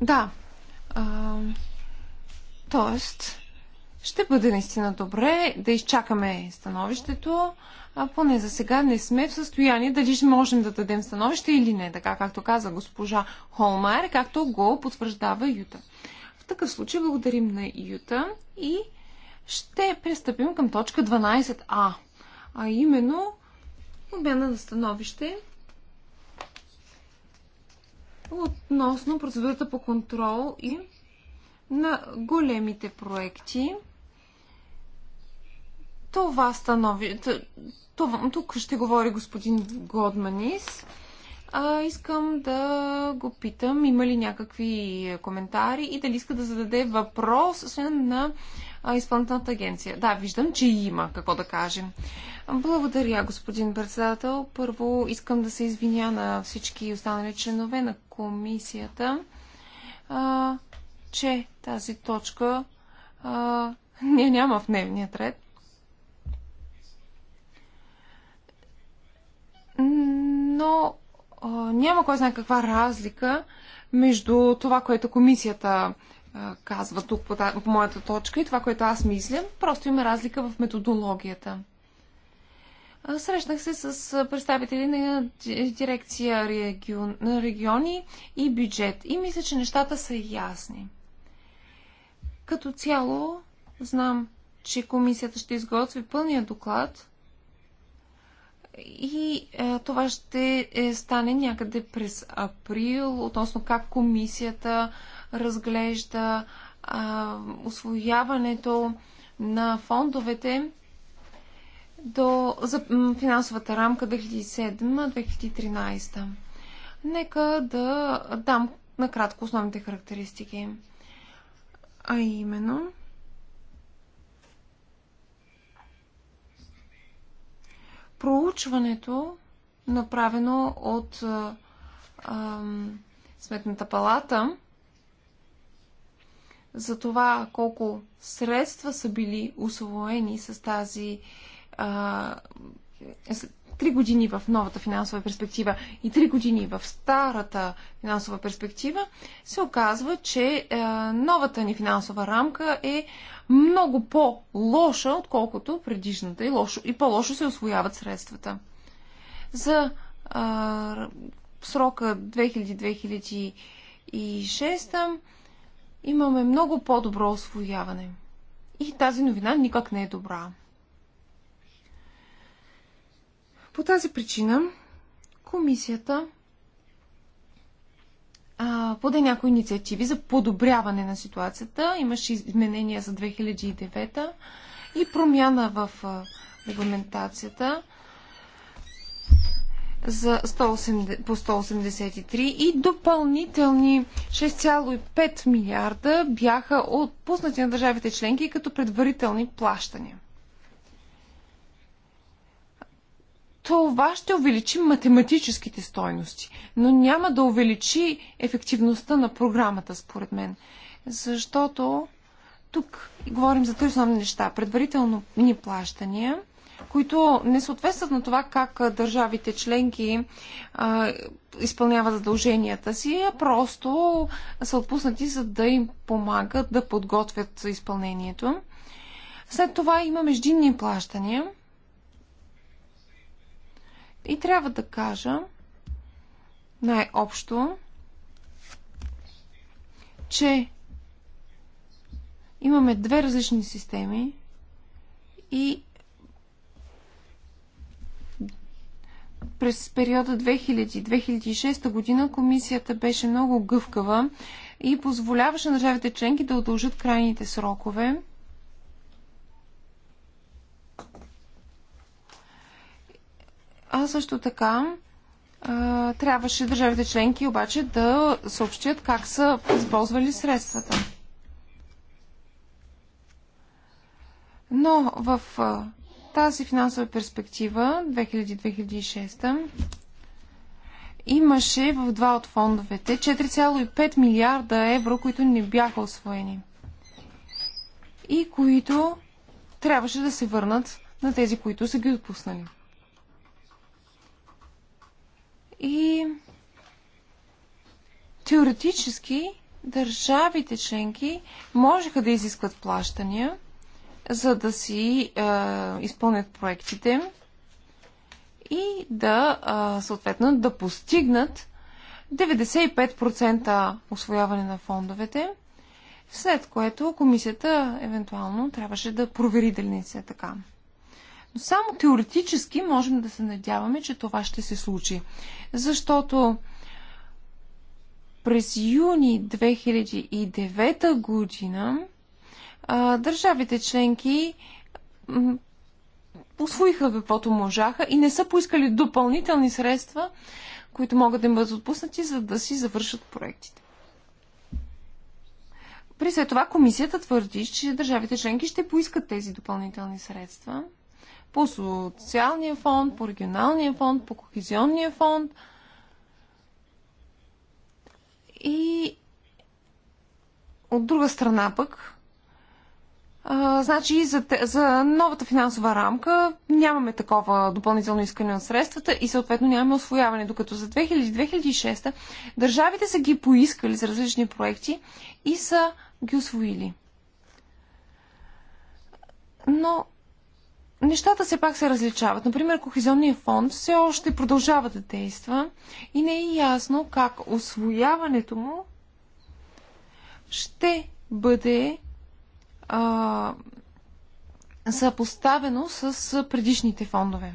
Да. А, тоест, ще бъде наистина добре да изчакаме становището, а поне за сега не сме в състояние дали ще можем да дадем становище или не, така както каза госпожа Холмайер, както го потвърждава Юта. В такъв случай благодарим на Юта и ще пристъпим към точка 12а, а именно обмяна на становище относно процедурата по контрол и на големите проекти – това станови... Това... Тук ще говори господин Годманис. А, искам да го питам, има ли някакви е, коментари и дали иска да зададе въпрос освен на изпълнителната агенция. Да, виждам, че има какво да кажем. Благодаря, господин председател. Първо искам да се извиня на всички останали членове на комисията, а, че тази точка а, не, няма в дневният ред. но а, няма кой знае каква разлика между това, което комисията а, казва тук по, та, по моята точка и това, което аз мисля. Просто има разлика в методологията. А, срещнах се с представители на дирекция регион, на региони и бюджет и мисля, че нещата са ясни. Като цяло знам, че комисията ще изготви пълния доклад и е, това ще е, стане някъде през април, относно как комисията разглежда е, освояването на фондовете до, за финансовата рамка 2007-2013. Нека да дам накратко основните характеристики. А именно, проучването, направено от а, а, Сметната палата, за това колко средства са били освоени с тази а, Три години в новата финансова перспектива и 3 години в старата финансова перспектива, се оказва, че е, новата ни финансова рамка е много по-лоша, отколкото предишната и, лошо, и по-лошо се освояват средствата. За а, срока 2000-2006 имаме много по-добро освояване. И тази новина никак не е добра. По тази причина комисията а, поде някои инициативи за подобряване на ситуацията. Имаше изменения за 2009 и промяна в регламентацията за 180, по 183 и допълнителни 6,5 милиарда бяха отпуснати на държавите членки като предварителни плащания. това ще увеличи математическите стойности, но няма да увеличи ефективността на програмата, според мен. Защото тук говорим за три основни неща. Предварително ни плащания, които не съответстват на това как държавите членки а, изпълняват задълженията си, а просто са отпуснати за да им помагат да подготвят изпълнението. След това има междинни плащания – и трябва да кажа най-общо, че имаме две различни системи и през периода 2000-2006 година комисията беше много гъвкава и позволяваше на държавите членки да удължат крайните срокове А също така а, трябваше държавите членки обаче да съобщят как са използвали средствата. Но в а, тази финансова перспектива 2000-2006 имаше в два от фондовете 4,5 милиарда евро, които не бяха освоени и които трябваше да се върнат на тези, които са ги отпуснали. И теоретически държавите членки можеха да изискват плащания, за да си е, изпълнят проектите и да е, съответно да постигнат 95% освояване на фондовете, след което комисията евентуално трябваше да провери дали не се е така. Но само теоретически можем да се надяваме, че това ще се случи. Защото през юни 2009 година а, държавите членки освоиха каквото можаха и не са поискали допълнителни средства, които могат да им бъдат отпуснати, за да си завършат проектите. При след това комисията твърди, че държавите членки ще поискат тези допълнителни средства – по социалния фонд, по регионалния фонд, по кохезионния фонд. И от друга страна пък, а, значи за, за новата финансова рамка нямаме такова допълнително искане на средствата и съответно нямаме освояване, докато за 2000-2006 държавите са ги поискали за различни проекти и са ги освоили. Но нещата все пак се различават. Например, Кохизионния фонд все още продължава да действа и не е ясно как освояването му ще бъде а, съпоставено с предишните фондове.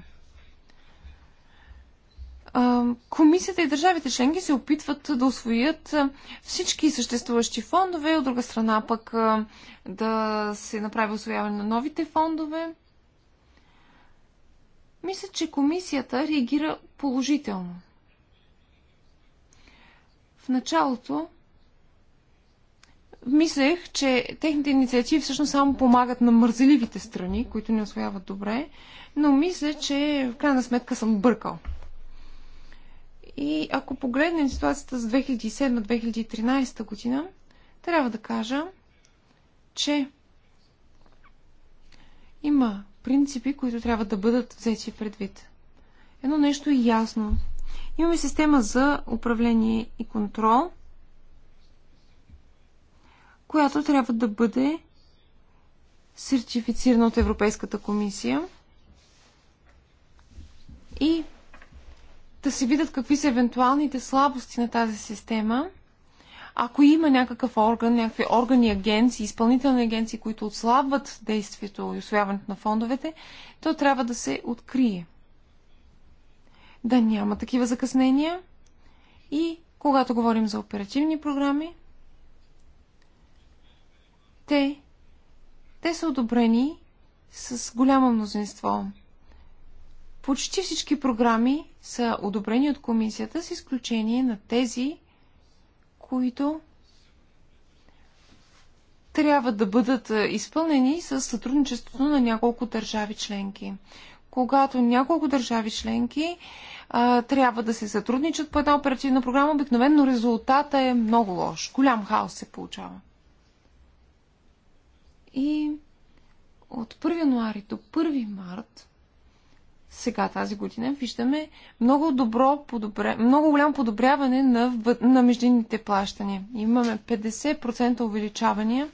комисията и държавите членки се опитват да освоят всички съществуващи фондове, от друга страна пък да се направи освояване на новите фондове. Мисля, че комисията реагира положително. В началото мислех, че техните инициативи всъщност само помагат на мързеливите страни, които не освояват добре, но мисля, че в крайна сметка съм бъркал. И ако погледнем ситуацията с 2007-2013 година, трябва да кажа, че има принципи, които трябва да бъдат взети предвид. Едно нещо е ясно. Имаме система за управление и контрол, която трябва да бъде сертифицирана от Европейската комисия и да се видят какви са евентуалните слабости на тази система – ако има някакъв орган, някакви органи, агенции, изпълнителни агенции, които отслабват действието и освояването на фондовете, то трябва да се открие. Да няма такива закъснения. И когато говорим за оперативни програми, те, те са одобрени с голямо мнозинство. Почти всички програми са одобрени от комисията, с изключение на тези, които трябва да бъдат е, изпълнени с сътрудничеството на няколко държави членки. Когато няколко държави членки а, трябва да се сътрудничат по една оперативна програма, обикновено резултата е много лош. Голям хаос се получава. И от 1 януари до 1 март сега тази година виждаме много добро подобря... много голямо подобряване на, на междинните плащания. Имаме 50% увеличавания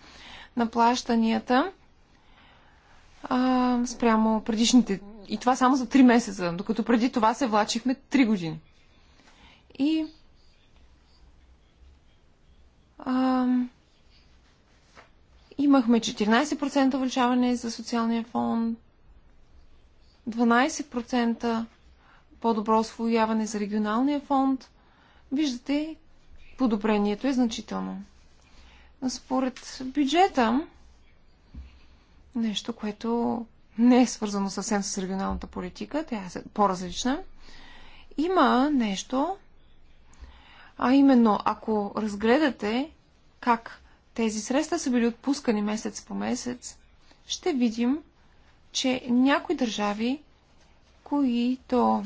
на плащанията а, спрямо предишните. И това само за 3 месеца, докато преди това се влачихме 3 години. И а, имахме 14% увеличаване за социалния фонд, 12% по-добро освояване за регионалния фонд. Виждате, подобрението е значително. Според бюджета, нещо, което не е свързано съвсем с регионалната политика, тя е по-различна, има нещо, а именно, ако разгледате как тези средства са били отпускани месец по месец, ще видим, че някои държави, които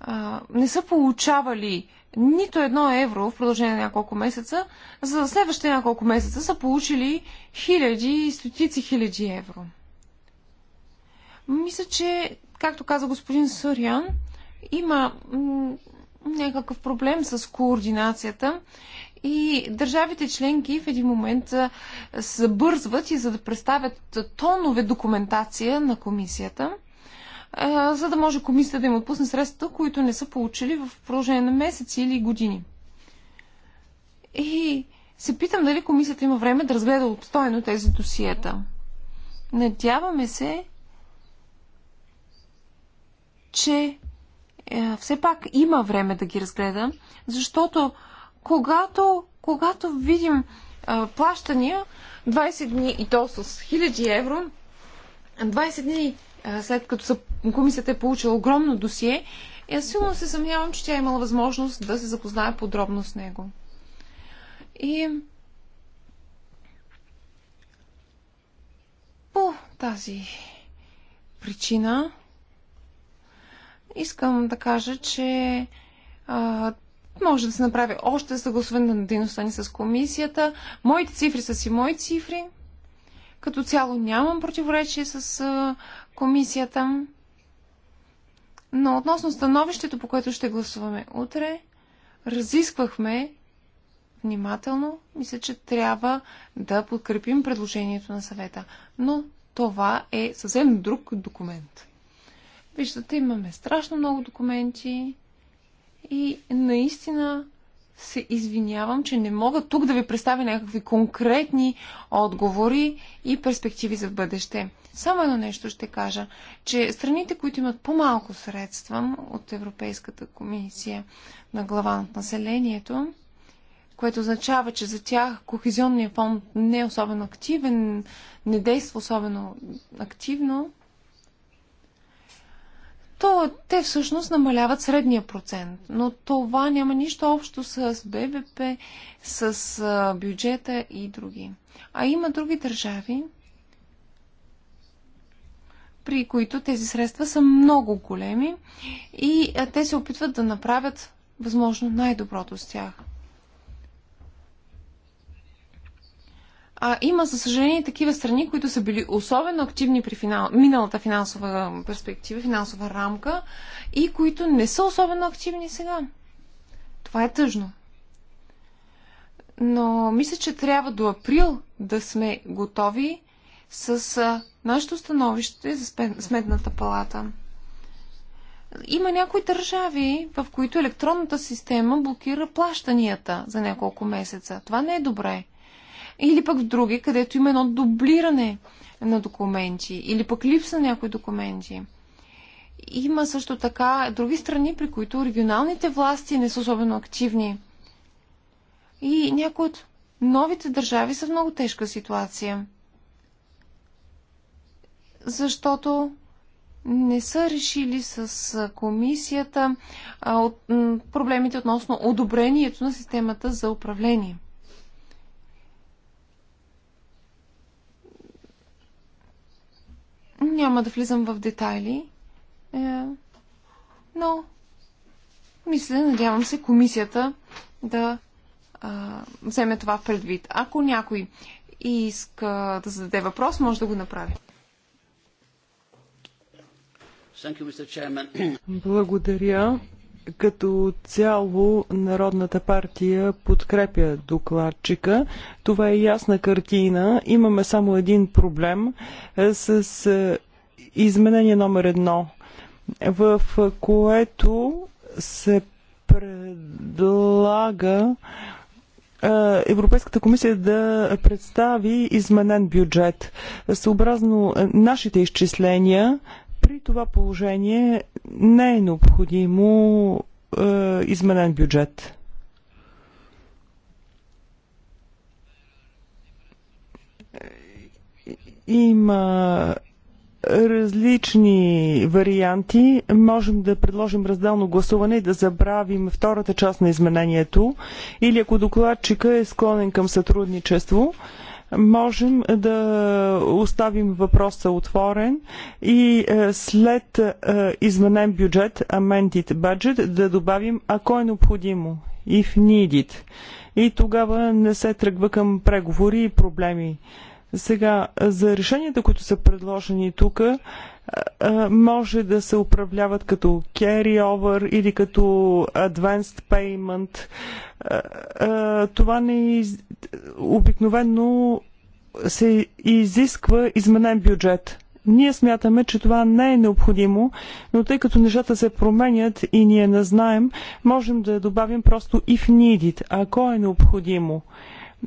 а, не са получавали нито едно евро в продължение на няколко месеца, за следващите няколко месеца са получили хиляди и стотици хиляди евро. Мисля, че, както каза господин Сориан, има някакъв проблем с координацията и държавите членки в един момент събързват и за да представят тонове документация на комисията, за да може комисията да им отпусне средства, които не са получили в продължение на месеци или години. И се питам дали комисията има време да разгледа обстойно тези досиета. Надяваме се, че е, все пак има време да ги разгледа, защото когато, когато видим а, плащания 20 дни и то с 1000 евро, 20 дни а, след като са, комисията е получила огромно досие, е, аз силно се съмнявам, че тя е имала възможност да се запознае подробно с него. И по тази причина искам да кажа, че а, може да се направи още съгласуване на дейността ни с комисията. Моите цифри са си мои цифри. Като цяло нямам противоречие с комисията. Но относно становището, по което ще гласуваме утре, разисквахме внимателно. Мисля, че трябва да подкрепим предложението на съвета. Но това е съвсем друг документ. Виждате, имаме страшно много документи. И наистина се извинявам, че не мога тук да ви представя някакви конкретни отговори и перспективи за бъдеще. Само едно нещо ще кажа, че страните, които имат по-малко средства от Европейската комисия на глава на населението, което означава, че за тях кохезионния фонд не е особено активен, не действа особено активно, то те всъщност намаляват средния процент. Но това няма нищо общо с БВП, с бюджета и други. А има други държави, при които тези средства са много големи и те се опитват да направят възможно най-доброто с тях. А, има, за съжаление, такива страни, които са били особено активни при финал, миналата финансова перспектива, финансова рамка и които не са особено активни сега. Това е тъжно. Но мисля, че трябва до април да сме готови с нашето становище за сметната палата. Има някои държави, в които електронната система блокира плащанията за няколко месеца. Това не е добре. Или пък в други, където има едно дублиране на документи или пък липса на някои документи. Има също така други страни, при които регионалните власти не са особено активни. И някои от новите държави са в много тежка ситуация. Защото не са решили с комисията проблемите относно одобрението на системата за управление. Няма да влизам в детайли, е, но мисля, надявам се, комисията да а, вземе това в предвид. Ако някой иска да зададе въпрос, може да го направи. Благодаря. Като цяло Народната партия подкрепя докладчика. Това е ясна картина. Имаме само един проблем е, с е, изменение номер едно, в което се предлага е, Европейската комисия да представи изменен бюджет. Съобразно нашите изчисления, при това положение не е необходимо е, изменен бюджет. Има различни варианти. Можем да предложим разделно гласуване и да забравим втората част на изменението или ако докладчика е склонен към сътрудничество, можем да оставим въпроса отворен и е, след е, изменен бюджет, amended budget, да добавим ако е необходимо, if needed. И тогава не се тръгва към преговори и проблеми. Сега, за решенията, които са предложени тук, е, може да се управляват като carry-over или като advanced payment. Това не, е, обикновено се изисква изменен бюджет. Ние смятаме, че това не е необходимо, но тъй като нещата се променят и ние не знаем, можем да добавим просто if needed, ако е необходимо.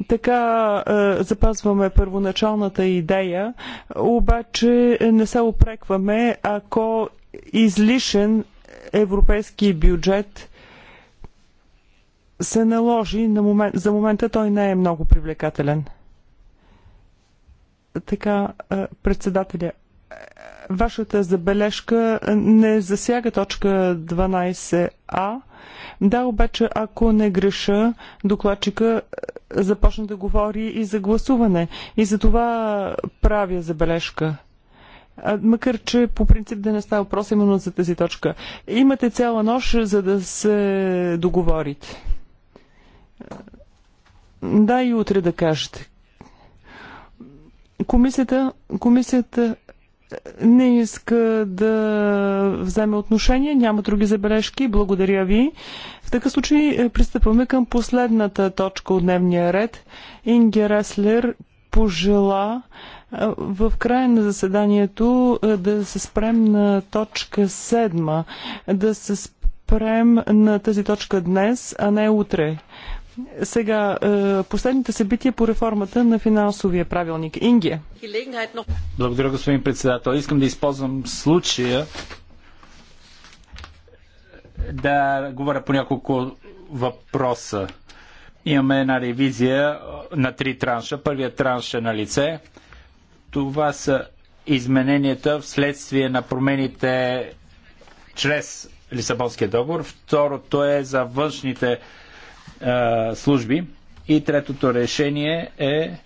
Така е, запазваме първоначалната идея, обаче не се опрекваме, ако излишен европейски бюджет се наложи, на момент, за момента той не е много привлекателен. Така, председателя, вашата забележка не засяга точка 12а. Да, обаче, ако не греша, докладчика започна да говори и за гласуване. И за това правя забележка. Макар, че по принцип да не става въпрос именно за тази точка. Имате цяла нощ, за да се договорите. Да, и утре да кажете. Комисията, комисията не иска да вземе отношение, няма други забележки. Благодаря ви. В такъв случай е, пристъпваме към последната точка от дневния ред. Инге Реслер пожела е, в края на заседанието е, да се спрем на точка 7, да се спрем на тази точка днес, а не утре. Сега, е, последните събития по реформата на финансовия правилник. Ингия. Благодаря, господин председател. Искам да използвам случая да говоря по няколко въпроса. Имаме една ревизия на три транша. Първият транш е на лице. Това са измененията вследствие на промените чрез Лисабонския договор. Второто е за външните а, служби. И третото решение е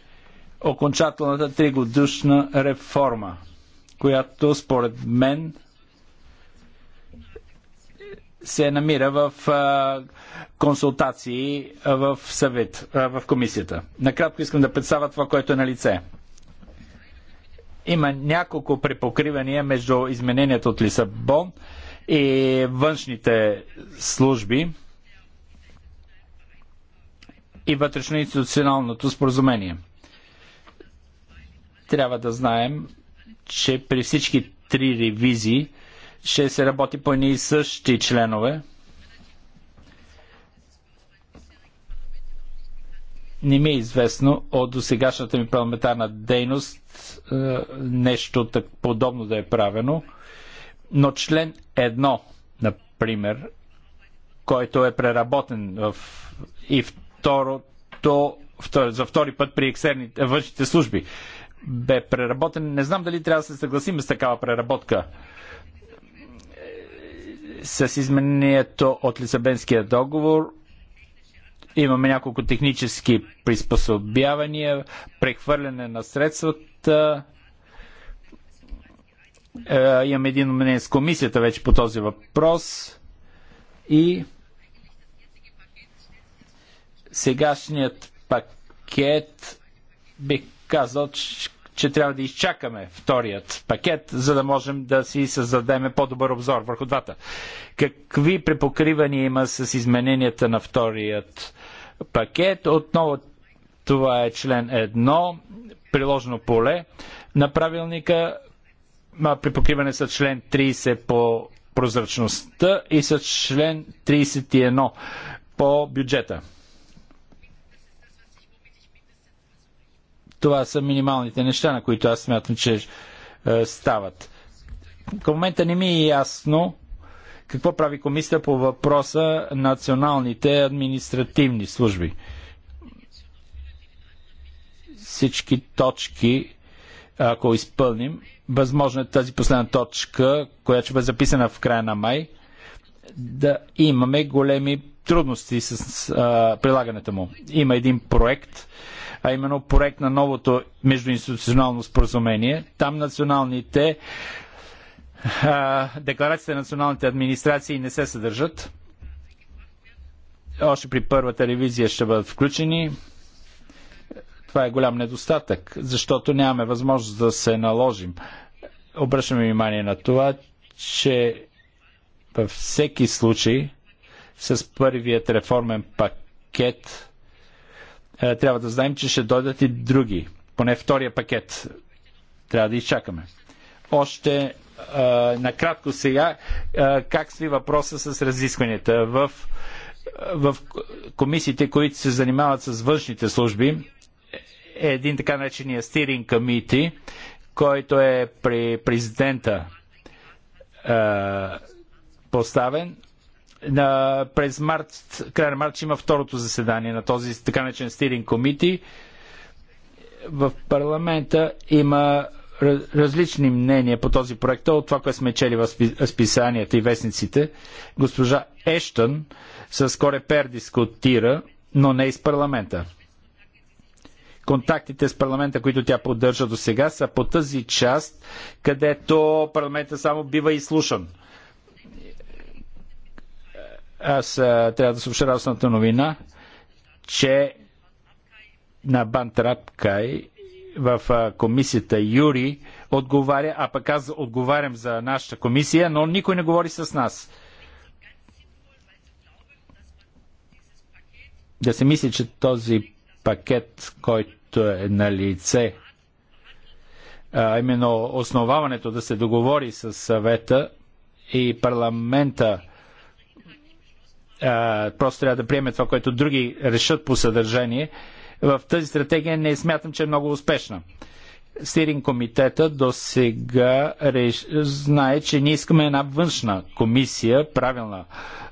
окончателната тригодушна реформа, която според мен се намира в а, консултации в съвет, а, в комисията. Накратко искам да представя това, което е на лице. Има няколко препокривания между изменението от Лисабон и външните служби и вътрешно-институционалното споразумение. Трябва да знаем, че при всички три ревизии ще се работи по едни и същи членове. Не ми е известно от досегашната ми парламентарна дейност е, нещо так подобно да е правено, но член едно, например, който е преработен в, и в второто, втор, за втори път при екстерните външните служби бе преработен. Не знам дали трябва да се съгласим с такава преработка. С изменението от Лисабенския договор имаме няколко технически приспособявания, прехвърляне на средствата. Е, Имам един мнение с комисията вече по този въпрос и сегашният пакет бих казал, че трябва да изчакаме вторият пакет, за да можем да си създадем по-добър обзор върху двата. Какви препокривания има с измененията на вторият пакет? Отново това е член 1, приложено поле на правилника, при покриване с член 30 по прозрачността и с член 31 по бюджета. Това са минималните неща, на които аз смятам, че е, стават. Към момента не ми е ясно какво прави комисията по въпроса националните административни служби. Всички точки, ако изпълним, възможно е тази последна точка, която ще бъде записана в края на май, да имаме големи трудности с а, прилагането му. Има един проект, а именно проект на новото междуинституционално споразумение. Там националните а, декларациите на националните администрации не се съдържат. Още при първата ревизия ще бъдат включени. Това е голям недостатък, защото нямаме възможност да се наложим. Обръщаме внимание на това, че във всеки случай с първият реформен пакет е, трябва да знаем, че ще дойдат и други. Поне втория пакет. Трябва да изчакаме. Още а, е, накратко сега, а, е, как стои въпроса с разискванията. В, в комисиите, които се занимават с външните служби, е един така наречения стиринг комити, който е при президента а, поставен на, през март, края на март ще има второто заседание на този така начин стиринг комити. В парламента има различни мнения по този проект от това, което сме чели в списанията и вестниците. Госпожа Ештън с Корепер дискутира, но не и с парламента. Контактите с парламента, които тя поддържа до сега, са по тази част, където парламента само бива изслушан. Аз а, трябва да съобща радостната новина, че на Бантрапкай в а, комисията Юри отговаря, а пък аз отговарям за нашата комисия, но никой не говори с нас. Да се мисли, че този пакет, който е на лице, а именно основаването да се договори с съвета и парламента а, просто трябва да приеме това, което други решат по съдържание, в тази стратегия не смятам, че е много успешна. Стиринг комитета до сега реш... знае, че ние искаме една външна комисия, правилна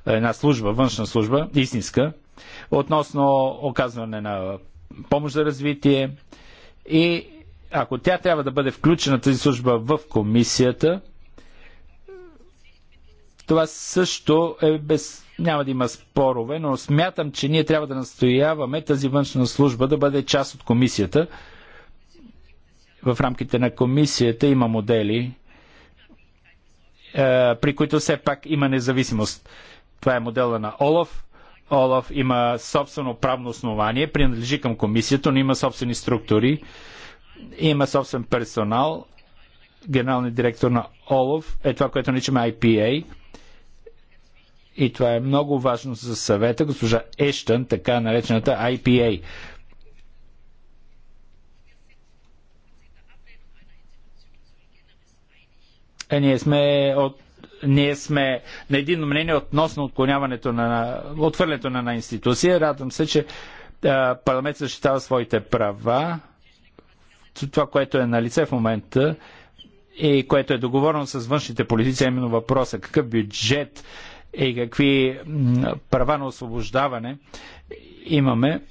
една служба, външна служба, истинска, относно оказване на помощ за развитие и ако тя трябва да бъде включена тази служба в комисията, това също е без... няма да има спорове, но смятам, че ние трябва да настояваме тази външна служба да бъде част от комисията. В рамките на комисията има модели, е, при които все пак има независимост. Това е модела на Олаф. Олаф има собствено правно основание, принадлежи към комисията, но има собствени структури, има собствен персонал. Генералният директор на Олаф е това, което наричаме IPA – и това е много важно за съвета, госпожа Ештън, така наречената IPA. Е, ние сме от ние сме на едино мнение относно отклоняването на, отвърлянето на една институция. Радвам се, че а, парламент защитава своите права. Това, което е на лице в момента и което е договорено с външните политици, е именно въпроса какъв бюджет и какви права на освобождаване имаме,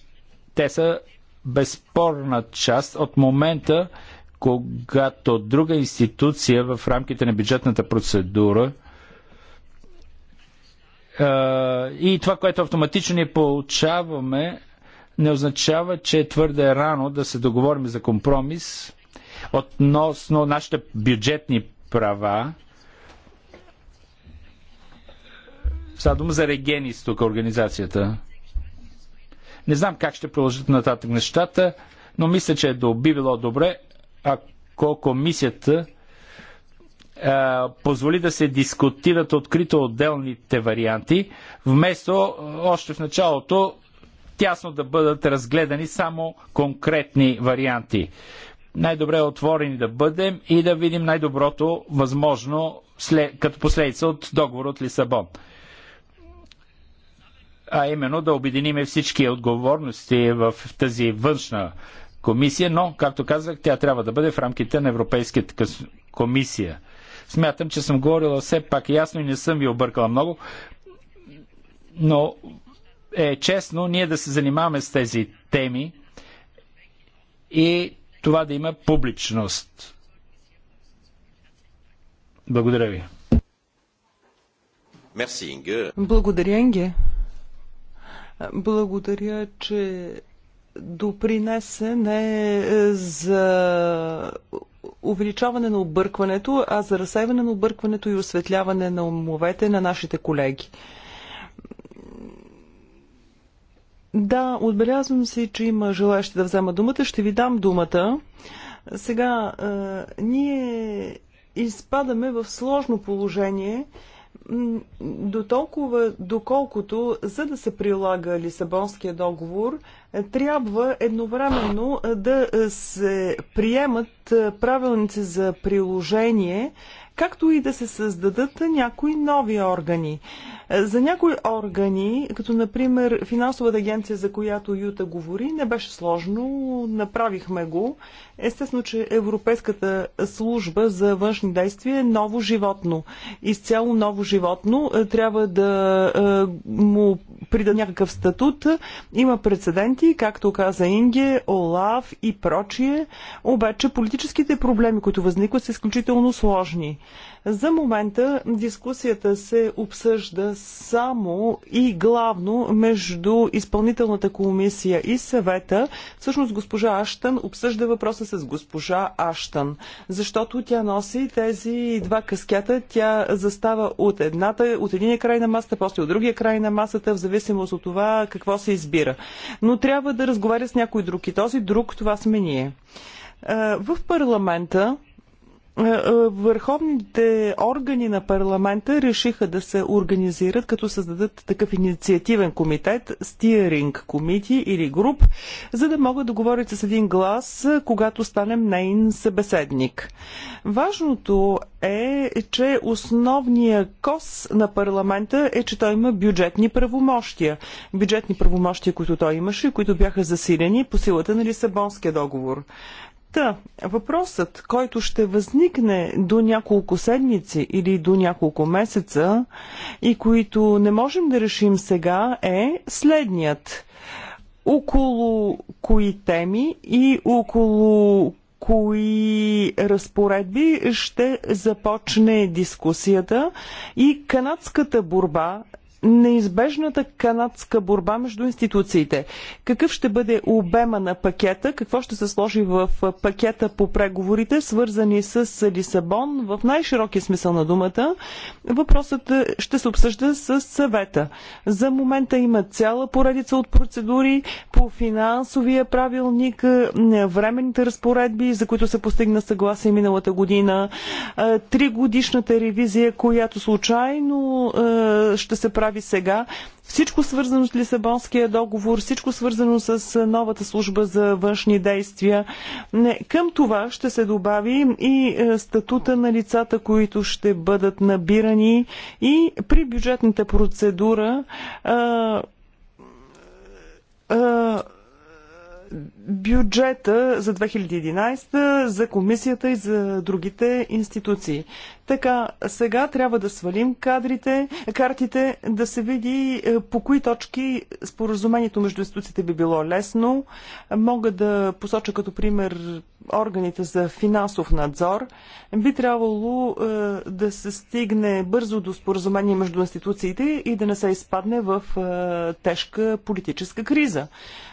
те са безспорна част от момента, когато друга институция в рамките на бюджетната процедура и това, което автоматично ни получаваме, не означава, че е твърде рано да се договорим за компромис относно нашите бюджетни права Става дума за Регенис тук, организацията. Не знам как ще продължат нататък нещата, но мисля, че би било добре, ако комисията позволи да се дискутират открито отделните варианти, вместо още в началото тясно да бъдат разгледани само конкретни варианти. Най-добре е отворени да бъдем и да видим най-доброто възможно след, като последица от договор от Лисабон а именно да обединиме всички отговорности в тази външна комисия, но, както казах, тя трябва да бъде в рамките на Европейската комисия. Смятам, че съм говорила все пак ясно и не съм ви объркала много, но е честно ние да се занимаваме с тези теми и това да има публичност. Благодаря ви. Благодаря, Инге. Благодаря, че допринесе не е, за увеличаване на объркването, а за разсейване на объркването и осветляване на умовете на нашите колеги. Да, отбелязвам си, че има желаящи да взема думата. Ще ви дам думата. Сега, е, ние изпадаме в сложно положение, до толкова, доколкото за да се прилага Лисабонския договор, трябва едновременно да се приемат е, правилници за приложение, както и да се създадат някои нови органи. Е, за някои органи, като например финансовата агенция, за която Юта говори, не беше сложно, направихме го. Естествено, че Европейската служба за външни действия е ново животно. Изцяло ново животно. Е, трябва да е, му прида някакъв статут. Има прецеденти, както каза Инге, ОЛАВ и прочие. Обаче политическите проблеми, които възникват, са изключително сложни. За момента дискусията се обсъжда само и главно между изпълнителната комисия и съвета. Всъщност госпожа Аштън обсъжда въпроса въпроса с госпожа Аштън, защото тя носи тези два каскета. Тя застава от едната, от единия край на масата, после от другия край на масата, в зависимост от това какво се избира. Но трябва да разговаря с някой друг и този друг това сме ние. Е, в парламента е, е, върховните органи на парламента решиха да се организират, като създадат такъв инициативен комитет, стиринг комити или груп, за да могат да говорят с един глас, е, когато станем нейн събеседник. Важното е, че основният кос на парламента е, че той има бюджетни правомощия. Бюджетни правомощия, които той имаше и които бяха засилени по силата на Лисабонския договор. Та, въпросът, който ще възникне до няколко седмици или до няколко месеца и които не можем да решим сега е следният. Около кои теми и около кои разпоредби ще започне дискусията и канадската борба неизбежната канадска борба между институциите. Какъв ще бъде обема на пакета? Какво ще се сложи в пакета по преговорите, свързани с Лисабон в най-широкия смисъл на думата? Въпросът е, ще се обсъжда с съвета. За момента има цяла поредица от процедури по финансовия правилник, е, временните разпоредби, за които се постигна съгласие миналата година, е, тригодишната ревизия, която случайно ще се прави прави сега. Всичко свързано с Лисабонския договор, всичко свързано с новата служба за външни действия. Не, към това ще се добави и статута на лицата, които ще бъдат набирани и при бюджетната процедура а, а, бюджета за 2011 за комисията и за другите институции. Така, сега трябва да свалим кадрите, картите, да се види е, по кои точки споразумението между институциите би било лесно. Мога да посоча като пример органите за финансов надзор. Би трябвало е, да се стигне бързо до споразумение между институциите и да не се изпадне в е, тежка политическа криза.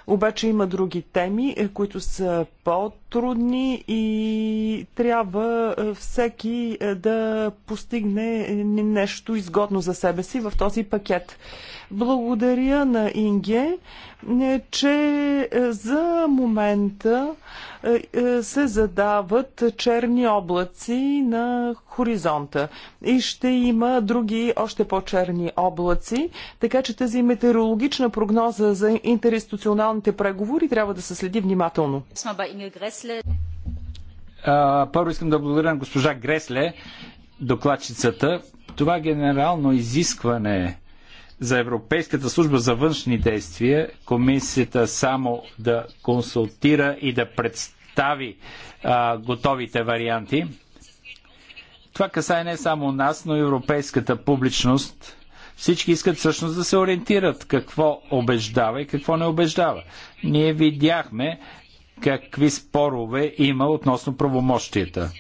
Обаче има други теми, теми, е, които са по-трудни и трябва е, всеки е, да постигне нещо изгодно за себе си в този пакет. Благодаря на Инге, че за момента е, е, се задават черни облаци на хоризонта. И ще има други още по-черни облаци, така че тази метеорологична прогноза за интерституционалните преговори трябва да се следи внимателно. А, първо искам да благодаря на госпожа Гресле, докладчицата. Това генерално изискване за Европейската служба за външни действия, комисията само да консултира и да представи а, готовите варианти. Това касае не само нас, но и европейската публичност. Всички искат всъщност да се ориентират какво обеждава и какво не обеждава. Ние видяхме какви спорове има относно правомощията.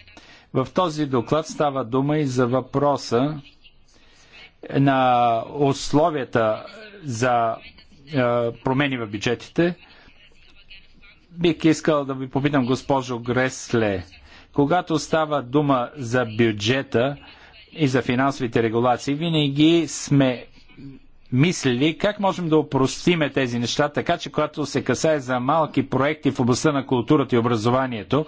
В този доклад става дума и за въпроса на условията за е, промени в бюджетите, бих искал да ви попитам, госпожо Гресле, когато става дума за бюджета и за финансовите регулации, винаги сме мислили как можем да упростиме тези неща, така че когато се касае за малки проекти в областта на културата и образованието,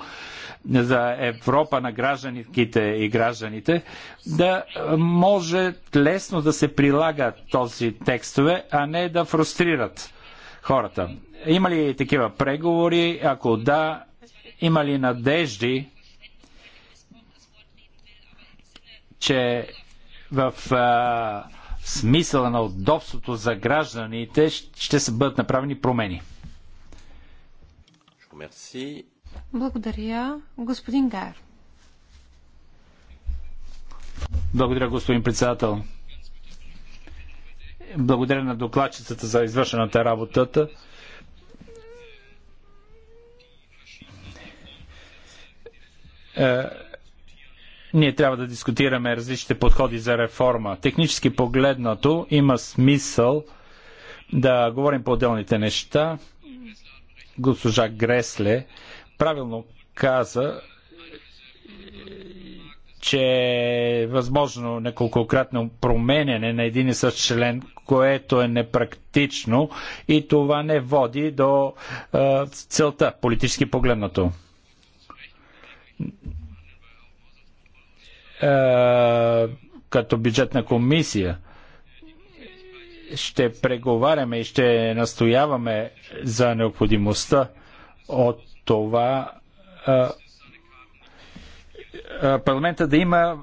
за Европа на гражданите и гражданите, да може лесно да се прилагат този текстове, а не да фрустрират хората. Има ли такива преговори? Ако да, има ли надежди, че в а, смисъла на удобството за гражданите ще се бъдат направени промени? Merci. Благодаря. Господин Гаер. Благодаря, господин председател. Благодаря на докладчицата за извършената работата. Е, ние трябва да дискутираме различните подходи за реформа. Технически погледнато има смисъл да говорим по отделните неща. Госпожа Гресле правилно каза, че е възможно неколкократно променяне на един и същ член, което е непрактично и това не води до е, целта, политически погледнато. Е, като бюджетна комисия ще преговаряме и ще настояваме за необходимостта от това парламента да има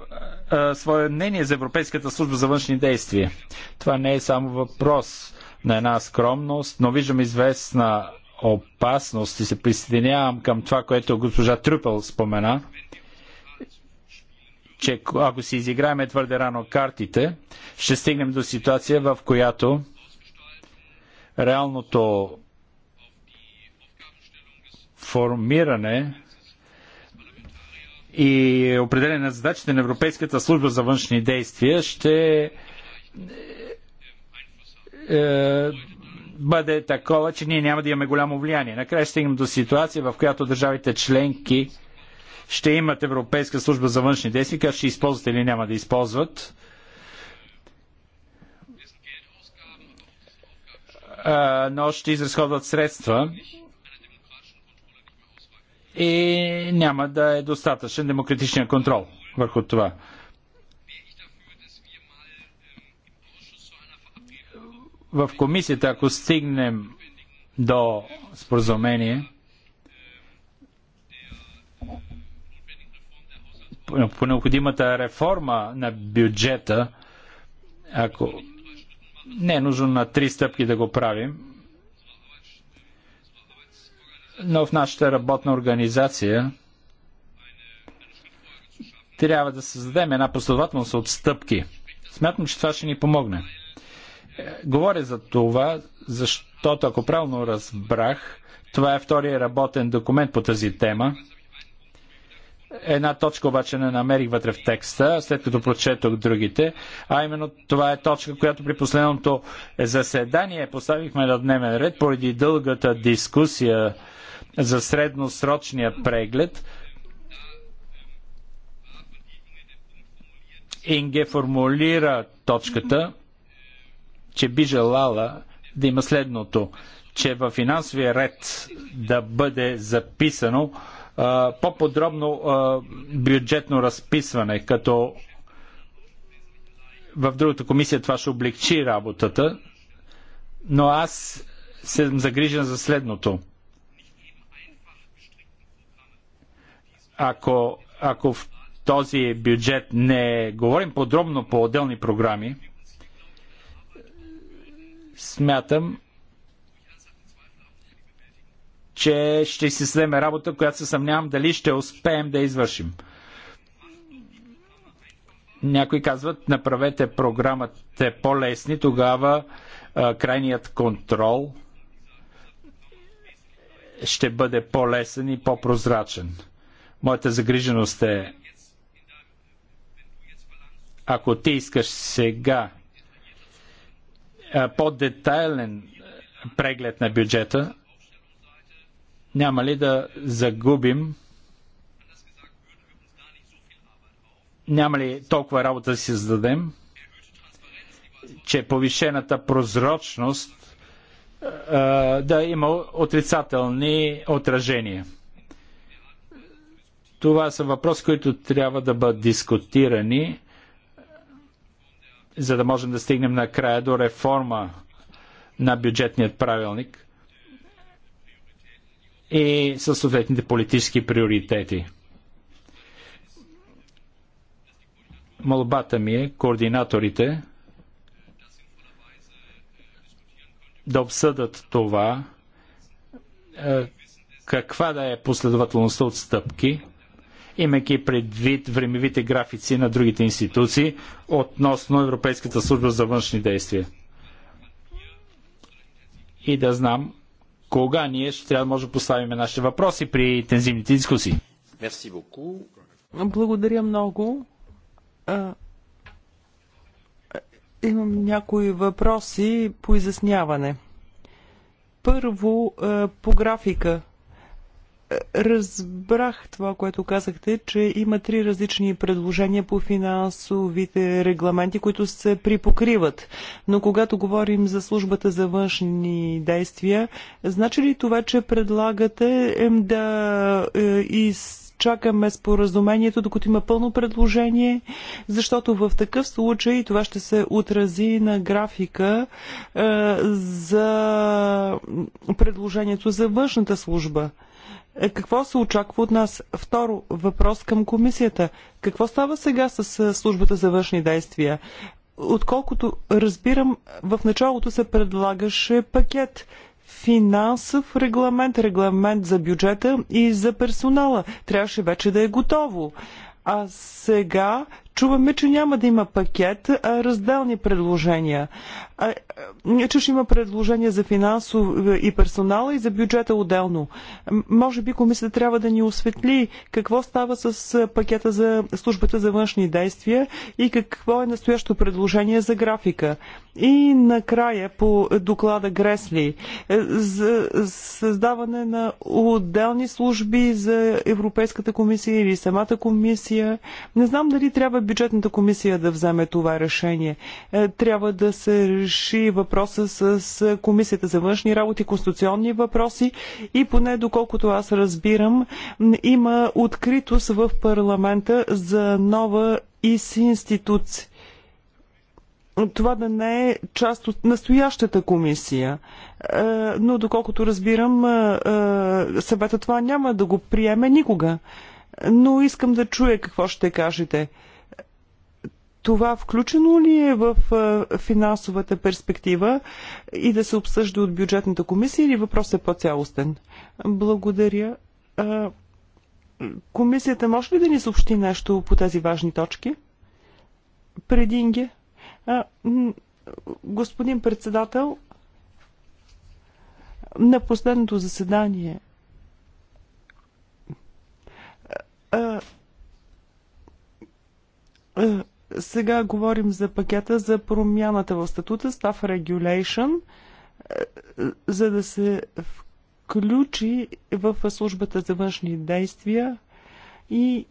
свое мнение за Европейската служба за външни действия. Това не е само въпрос на една скромност, но виждам известна опасност и се присъединявам към това, което госпожа Трюпел спомена, че ако си изиграеме твърде рано картите, ще стигнем до ситуация, в която реалното формиране и определене на задачите на Европейската служба за външни действия ще е, бъде такова, че ние няма да имаме голямо влияние. Накрая ще стигнем до ситуация, в която държавите членки ще имат Европейска служба за външни действия, която ще използват или няма да използват. Е, но ще изразходват средства и няма да е достатъчен демократичния контрол върху това. В комисията, ако стигнем до споразумение по необходимата реформа на бюджета, ако не е нужно на три стъпки да го правим, но в нашата работна организация трябва да създадем една последователност от стъпки. Смятам, че това ще ни помогне. Е, говоря за това, защото ако правилно разбрах, това е втория работен документ по тази тема. Една точка обаче не намерих вътре в текста, след като прочетох другите, а именно това е точка, която при последното заседание поставихме на дневен ред поради дългата дискусия за средносрочния преглед. Инге формулира точката, че би желала да има следното, че във финансовия ред да бъде записано по-подробно бюджетно разписване, като в другата комисия това ще облегчи работата, но аз съм загрижен за следното. Ако, ако в този бюджет не говорим подробно по отделни програми, смятам, че ще си следме работа, която се съмнявам дали ще успеем да извършим. Някои казват, направете програмата по-лесни, тогава а, крайният контрол ще бъде по-лесен и по-прозрачен. Моята загриженост е, ако ти искаш сега по-детайлен преглед на бюджета, няма ли да загубим няма ли толкова работа да си зададем, че повишената прозрачност да има отрицателни отражения. Това са въпроси, които трябва да бъдат дискутирани, за да можем да стигнем накрая до реформа на бюджетният правилник и със съответните политически приоритети. Молбата ми е координаторите да обсъдат това, е, каква да е последователността от стъпки, имайки предвид времевите графици на другите институции относно Европейската служба за външни действия. И да знам кога ние ще трябва да може да поставим нашите въпроси при интензивните дискусии. Благодаря много. Имам някои въпроси по изясняване. Първо, по графика разбрах това, което казахте, че има три различни предложения по финансовите регламенти, които се припокриват. Но когато говорим за службата за външни действия, значи ли това, че предлагате да е, из чакаме споразумението, докато има пълно предложение, защото в такъв случай това ще се отрази на графика е, за предложението за външната служба. Е, какво се очаква от нас? Второ, въпрос към комисията. Какво става сега с службата за външни действия? Отколкото разбирам, в началото се предлагаше пакет финансов регламент, регламент за бюджета и за персонала. Трябваше вече да е готово. А сега Чуваме, че няма да има пакет, а разделни предложения. А, че ще има предложения за финансов е, и персонала и за бюджета отделно. Може би комисията трябва да ни осветли какво става с е, пакета за службата за външни действия и какво е настоящо предложение за графика. И накрая по доклада Гресли е, за създаване на отделни служби за Европейската комисия или самата комисия. Не знам дали трябва трябва бюджетната комисия да вземе това решение. Е, трябва да се реши въпроса с комисията за външни работи, конституционни въпроси и поне доколкото аз разбирам, има откритост в парламента за нова ИС институция това да не е част от настоящата комисия. Е, но доколкото разбирам, е, съвета това няма да го приеме никога. Но искам да чуя какво ще кажете това включено ли е в финансовата перспектива и да се обсъжда от бюджетната комисия или въпрос е по-цялостен? Благодаря. Комисията може ли да ни съобщи нещо по тези важни точки? Прединге. Господин председател, на последното заседание а, а, сега говорим за пакета за промяната в статута, Staff Regulation, е, за да се включи в службата за външни действия и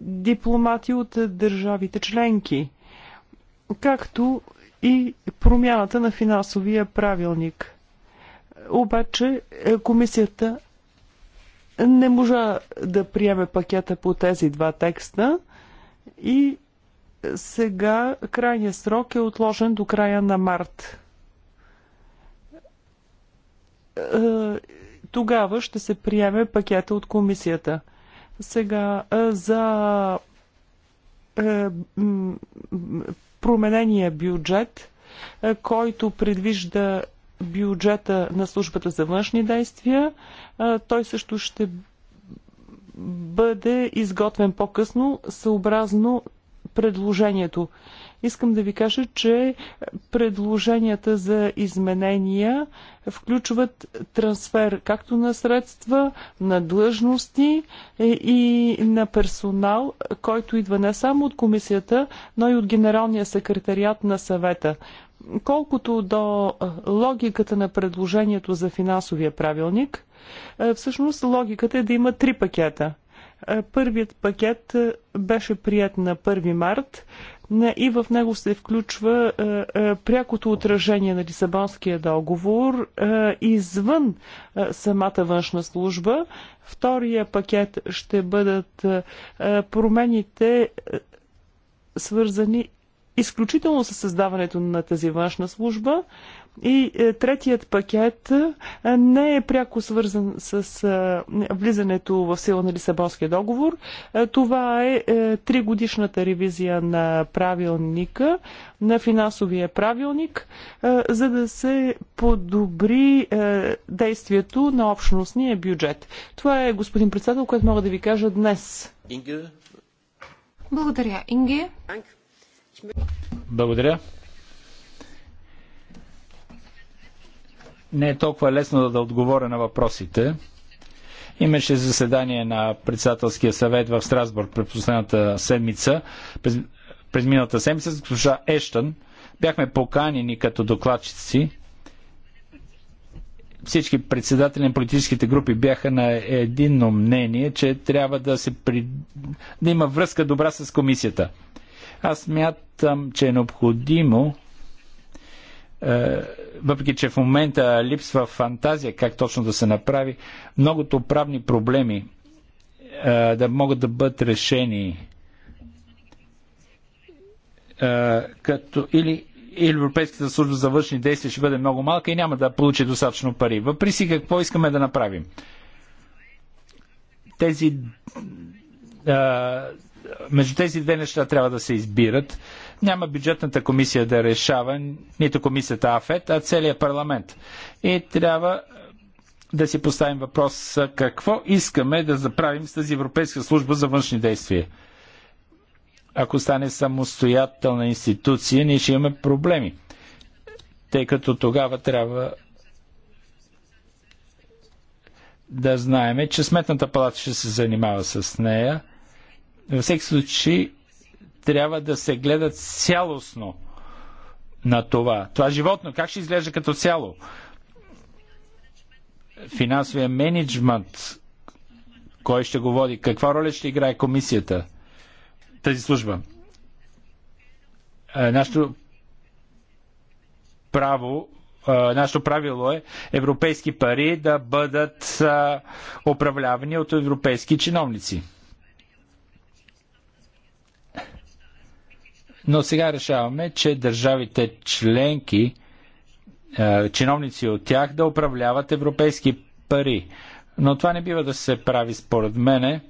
дипломати от държавите членки, както и промяната на финансовия правилник. Обаче е, комисията не можа да приеме пакета по тези два текста – и сега крайният срок е отложен до края на март. Е, тогава ще се приеме пакета от комисията. Сега е, за е, променения бюджет, който предвижда бюджета на службата за външни действия. Той също ще бъде изготвен по-късно, съобразно предложението. Искам да ви кажа, че предложенията за изменения включват трансфер както на средства, на длъжности е, и на персонал, който идва не само от комисията, но и от Генералния секретариат на съвета. Колкото до логиката на предложението за финансовия правилник, е, всъщност логиката е да има три пакета. Е, първият пакет е, беше прият на 1 март и в него се включва прякото отражение на Лисабонския договор извън самата външна служба. Втория пакет ще бъдат промените свързани изключително с създаването на тази външна служба. И е, третият пакет е, не е пряко свързан с е, влизането в сила на Лисабонския договор. Това е тригодишната ревизия на правилника, на финансовия правилник, за да се подобри действието на общностния бюджет. Това е, господин председател, което мога да ви кажа днес. Благодаря, Инге. Благодаря. не е толкова лесно да отговоря на въпросите. Имаше заседание на председателския съвет в Страсбург през последната седмица, през, през миналата седмица с госпожа Ештън. Бяхме поканени като докладчици. Всички председатели на политическите групи бяха на едино мнение, че трябва да, се при... да има връзка добра с комисията. Аз мятам, че е необходимо е, въпреки че в момента липсва фантазия как точно да се направи, многото правни проблеми е, да могат да бъдат решени е, като или Европейската служба за външни действия ще бъде много малка и няма да получи достатъчно пари. Въпреки какво искаме да направим. Тези, а, между тези две неща трябва да се избират няма бюджетната комисия да решава, нито комисията АФЕТ, а целият парламент. И трябва да си поставим въпрос какво искаме да заправим с тази Европейска служба за външни действия. Ако стане самостоятелна институция, ние ще имаме проблеми. Тъй като тогава трябва да знаеме, че Сметната палата ще се занимава с нея. Във всеки случай трябва да се гледат цялостно на това. Това животно как ще изглежда като цяло? Финансовия менеджмент, кой ще го води, каква роля ще играе комисията, тази служба. Е, нашето право, е, нашето правило е европейски пари да бъдат е, управлявани от европейски чиновници. Но сега решаваме, че държавите членки, е, чиновници от тях да управляват европейски пари. Но това не бива да се прави според мене.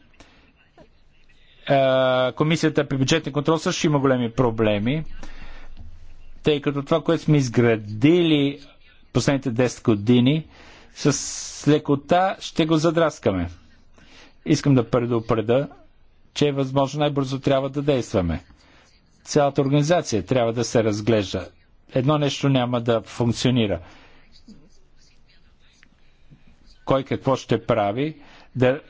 Е, комисията по бюджетен контрол също има големи проблеми, тъй като това, което сме изградили последните 10 години, с лекота ще го задраскаме. Искам да предупреда, че е възможно най-бързо трябва да действаме цялата организация трябва да се разглежда. Едно нещо няма да функционира. Кой какво ще прави, да,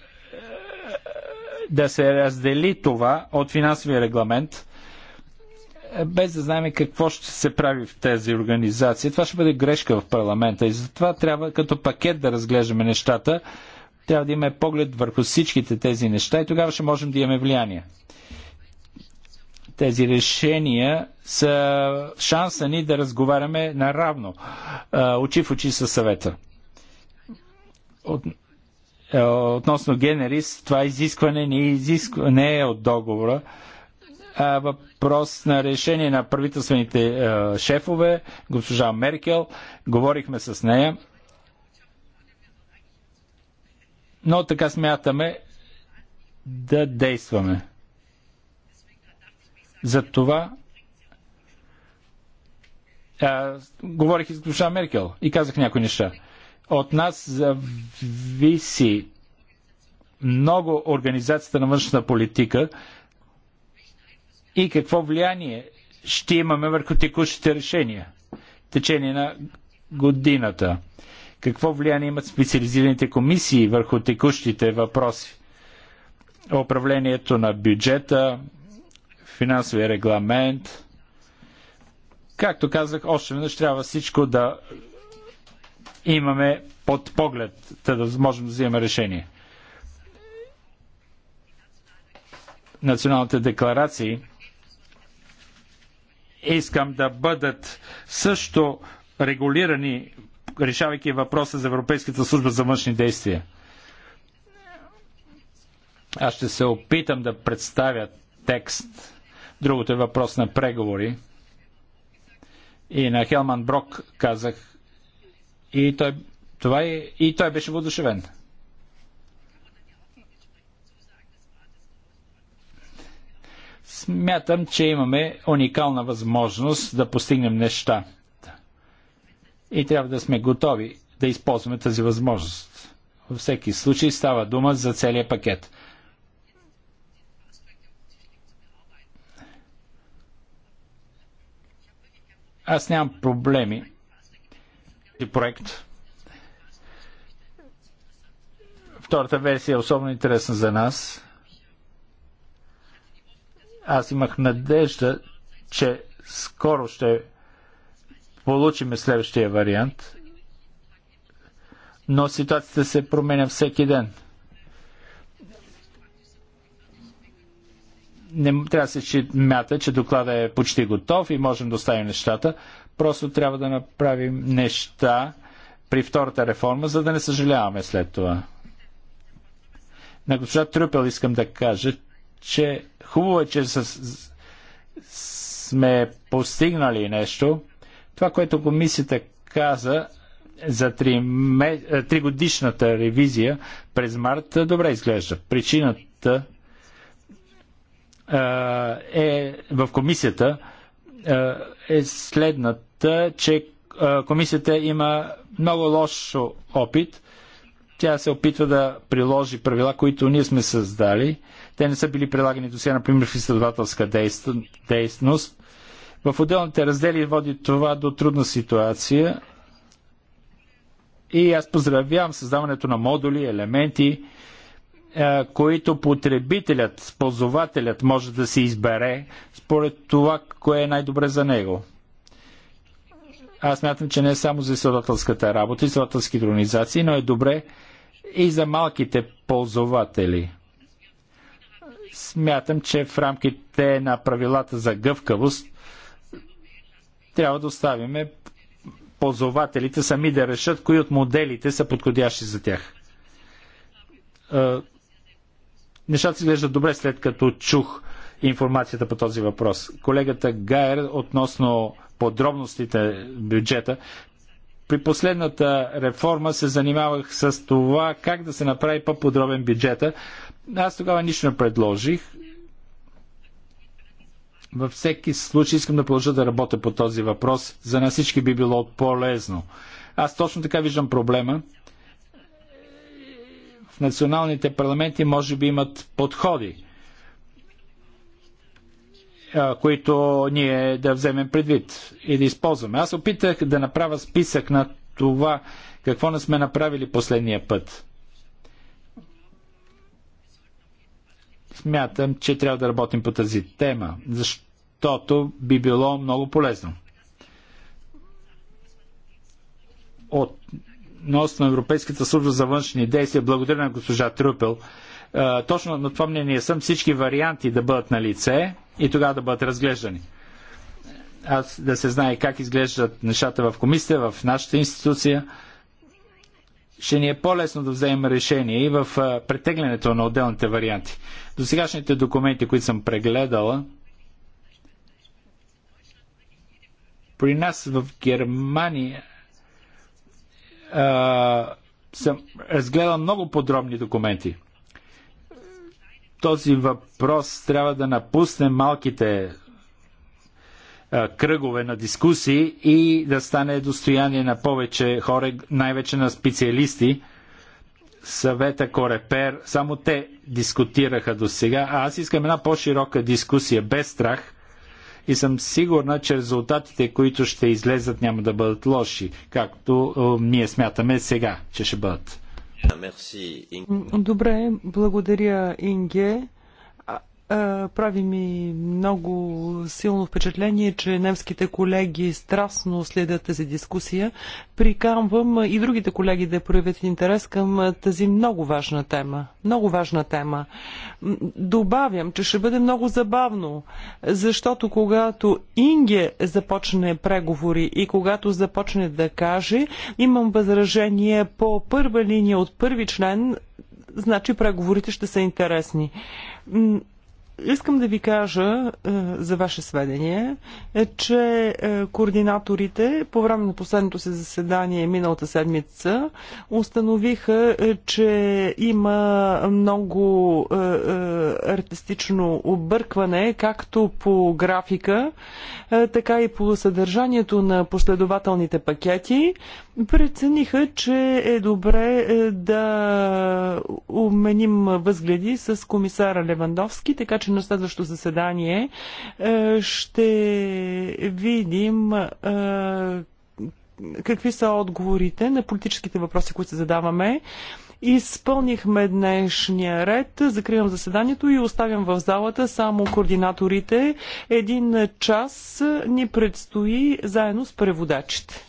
да се раздели това от финансовия регламент, без да знаем какво ще се прави в тези организации. Това ще бъде грешка в парламента и затова трябва като пакет да разглеждаме нещата. Трябва да имаме поглед върху всичките тези неща и тогава ще можем да имаме влияние тези решения са шанса ни да разговаряме наравно, очи в очи със съвета. От, е, относно Генерис, това изискване не, изисква, не е от договора, а въпрос на решение на правителствените е, шефове, госпожа Меркел, говорихме с нея. Но така смятаме да действаме. За това а, говорих и с госпожа Меркел и казах някои неща. От нас зависи много организацията на външна политика и какво влияние ще имаме върху текущите решения в течение на годината. Какво влияние имат специализираните комисии върху текущите въпроси? Управлението на бюджета, финансовия регламент. Както казах, още веднъж трябва всичко да имаме под поглед, да можем да вземем решение. Националните декларации искам да бъдат също регулирани, решавайки въпроса за Европейската служба за външни действия. Аз ще се опитам да представя текст, Другото е въпрос на преговори. И на Хелман Брок казах, и той, това е, и той беше въодушевен. Смятам, че имаме уникална възможност да постигнем неща. И трябва да сме готови да използваме тази възможност. Във всеки случай става дума за целия пакет. Аз нямам проблеми. Проект. Втората версия е особено интересна за нас. Аз имах надежда, че скоро ще получим следващия вариант, но ситуацията се променя всеки ден – не трябва да се мята, че доклада е почти готов и можем да оставим нещата. Просто трябва да направим неща при втората реформа, за да не съжаляваме след това. На госпожа Трюпел искам да кажа, че хубаво е, че с... сме постигнали нещо. Това, което комисията каза за три е, годишната ревизия през март, е, добре изглежда. Причината е, е в комисията е, е следната, че е, комисията има много лош опит. Тя се опитва да приложи правила, които ние сме създали. Те не са били прилагани до сега, например, в изследователска действност. В отделните раздели води това до трудна ситуация. И аз поздравявам създаването на модули, елементи, е, които потребителят, ползвателят може да си избере според това, кое е най-добре за него. Аз мятам, че не е само за изследователската работа, изследователските организации, но е добре и за малките ползватели. Смятам, че в рамките на правилата за гъвкавост трябва да оставиме ползвателите сами да решат кои от моделите са подходящи за тях е, Нещата изглеждат добре след като чух информацията по този въпрос. Колегата Гайер относно подробностите бюджета. При последната реформа се занимавах с това как да се направи по-подробен бюджета. Аз тогава нищо не предложих. Във всеки случай искам да продължа да работя по този въпрос. За нас всички би било полезно. Аз точно така виждам проблема в националните парламенти може би имат подходи, които ние да вземем предвид и да използваме. Аз опитах да направя списък на това какво не сме направили последния път. Смятам, че трябва да работим по тази тема, защото би било много полезно. От нос на Европейската служба за външни действия. Благодаря на госпожа Трюпел. Точно на това мнение съм всички варианти да бъдат на лице и тогава да бъдат разглеждани. Аз да се знае как изглеждат нещата в комисията, в нашата институция. Ще ни е по-лесно да вземем решение и в претеглянето на отделните варианти. До сегашните документи, които съм прегледала, при нас в Германия е, съм разгледал много подробни документи. Този въпрос трябва да напусне малките е, кръгове на дискусии и да стане достояние на повече хора, най-вече на специалисти. Съвета Корепер, само те дискутираха до сега, а аз искам една по-широка дискусия без страх, и съм сигурна, че резултатите, които ще излезат, няма да бъдат лоши, както е, ние смятаме сега, че ще бъдат. Добре, благодаря Инге. Е, прави ми много силно впечатление, че немските колеги страстно следят тази дискусия. Прикамвам и другите колеги да проявят интерес към тази много важна тема. Много важна тема. Добавям, че ще бъде много забавно, защото когато Инге започне преговори и когато започне да каже, имам възражение по първа линия от първи член, значи преговорите ще са интересни. Искам да ви кажа е, за ваше сведение, е, че е, координаторите по време на последното си заседание миналата седмица установиха, че има много артистично объркване, както по графика, така и по съдържанието на последователните пакети. Прецениха, че е добре да уменим възгледи с комисара Левандовски, така че че на следващото заседание е, ще видим е, какви са отговорите на политическите въпроси, които се задаваме. Изпълнихме днешния ред. Закривам заседанието и оставям в залата само координаторите. Един час ни предстои заедно с преводачите.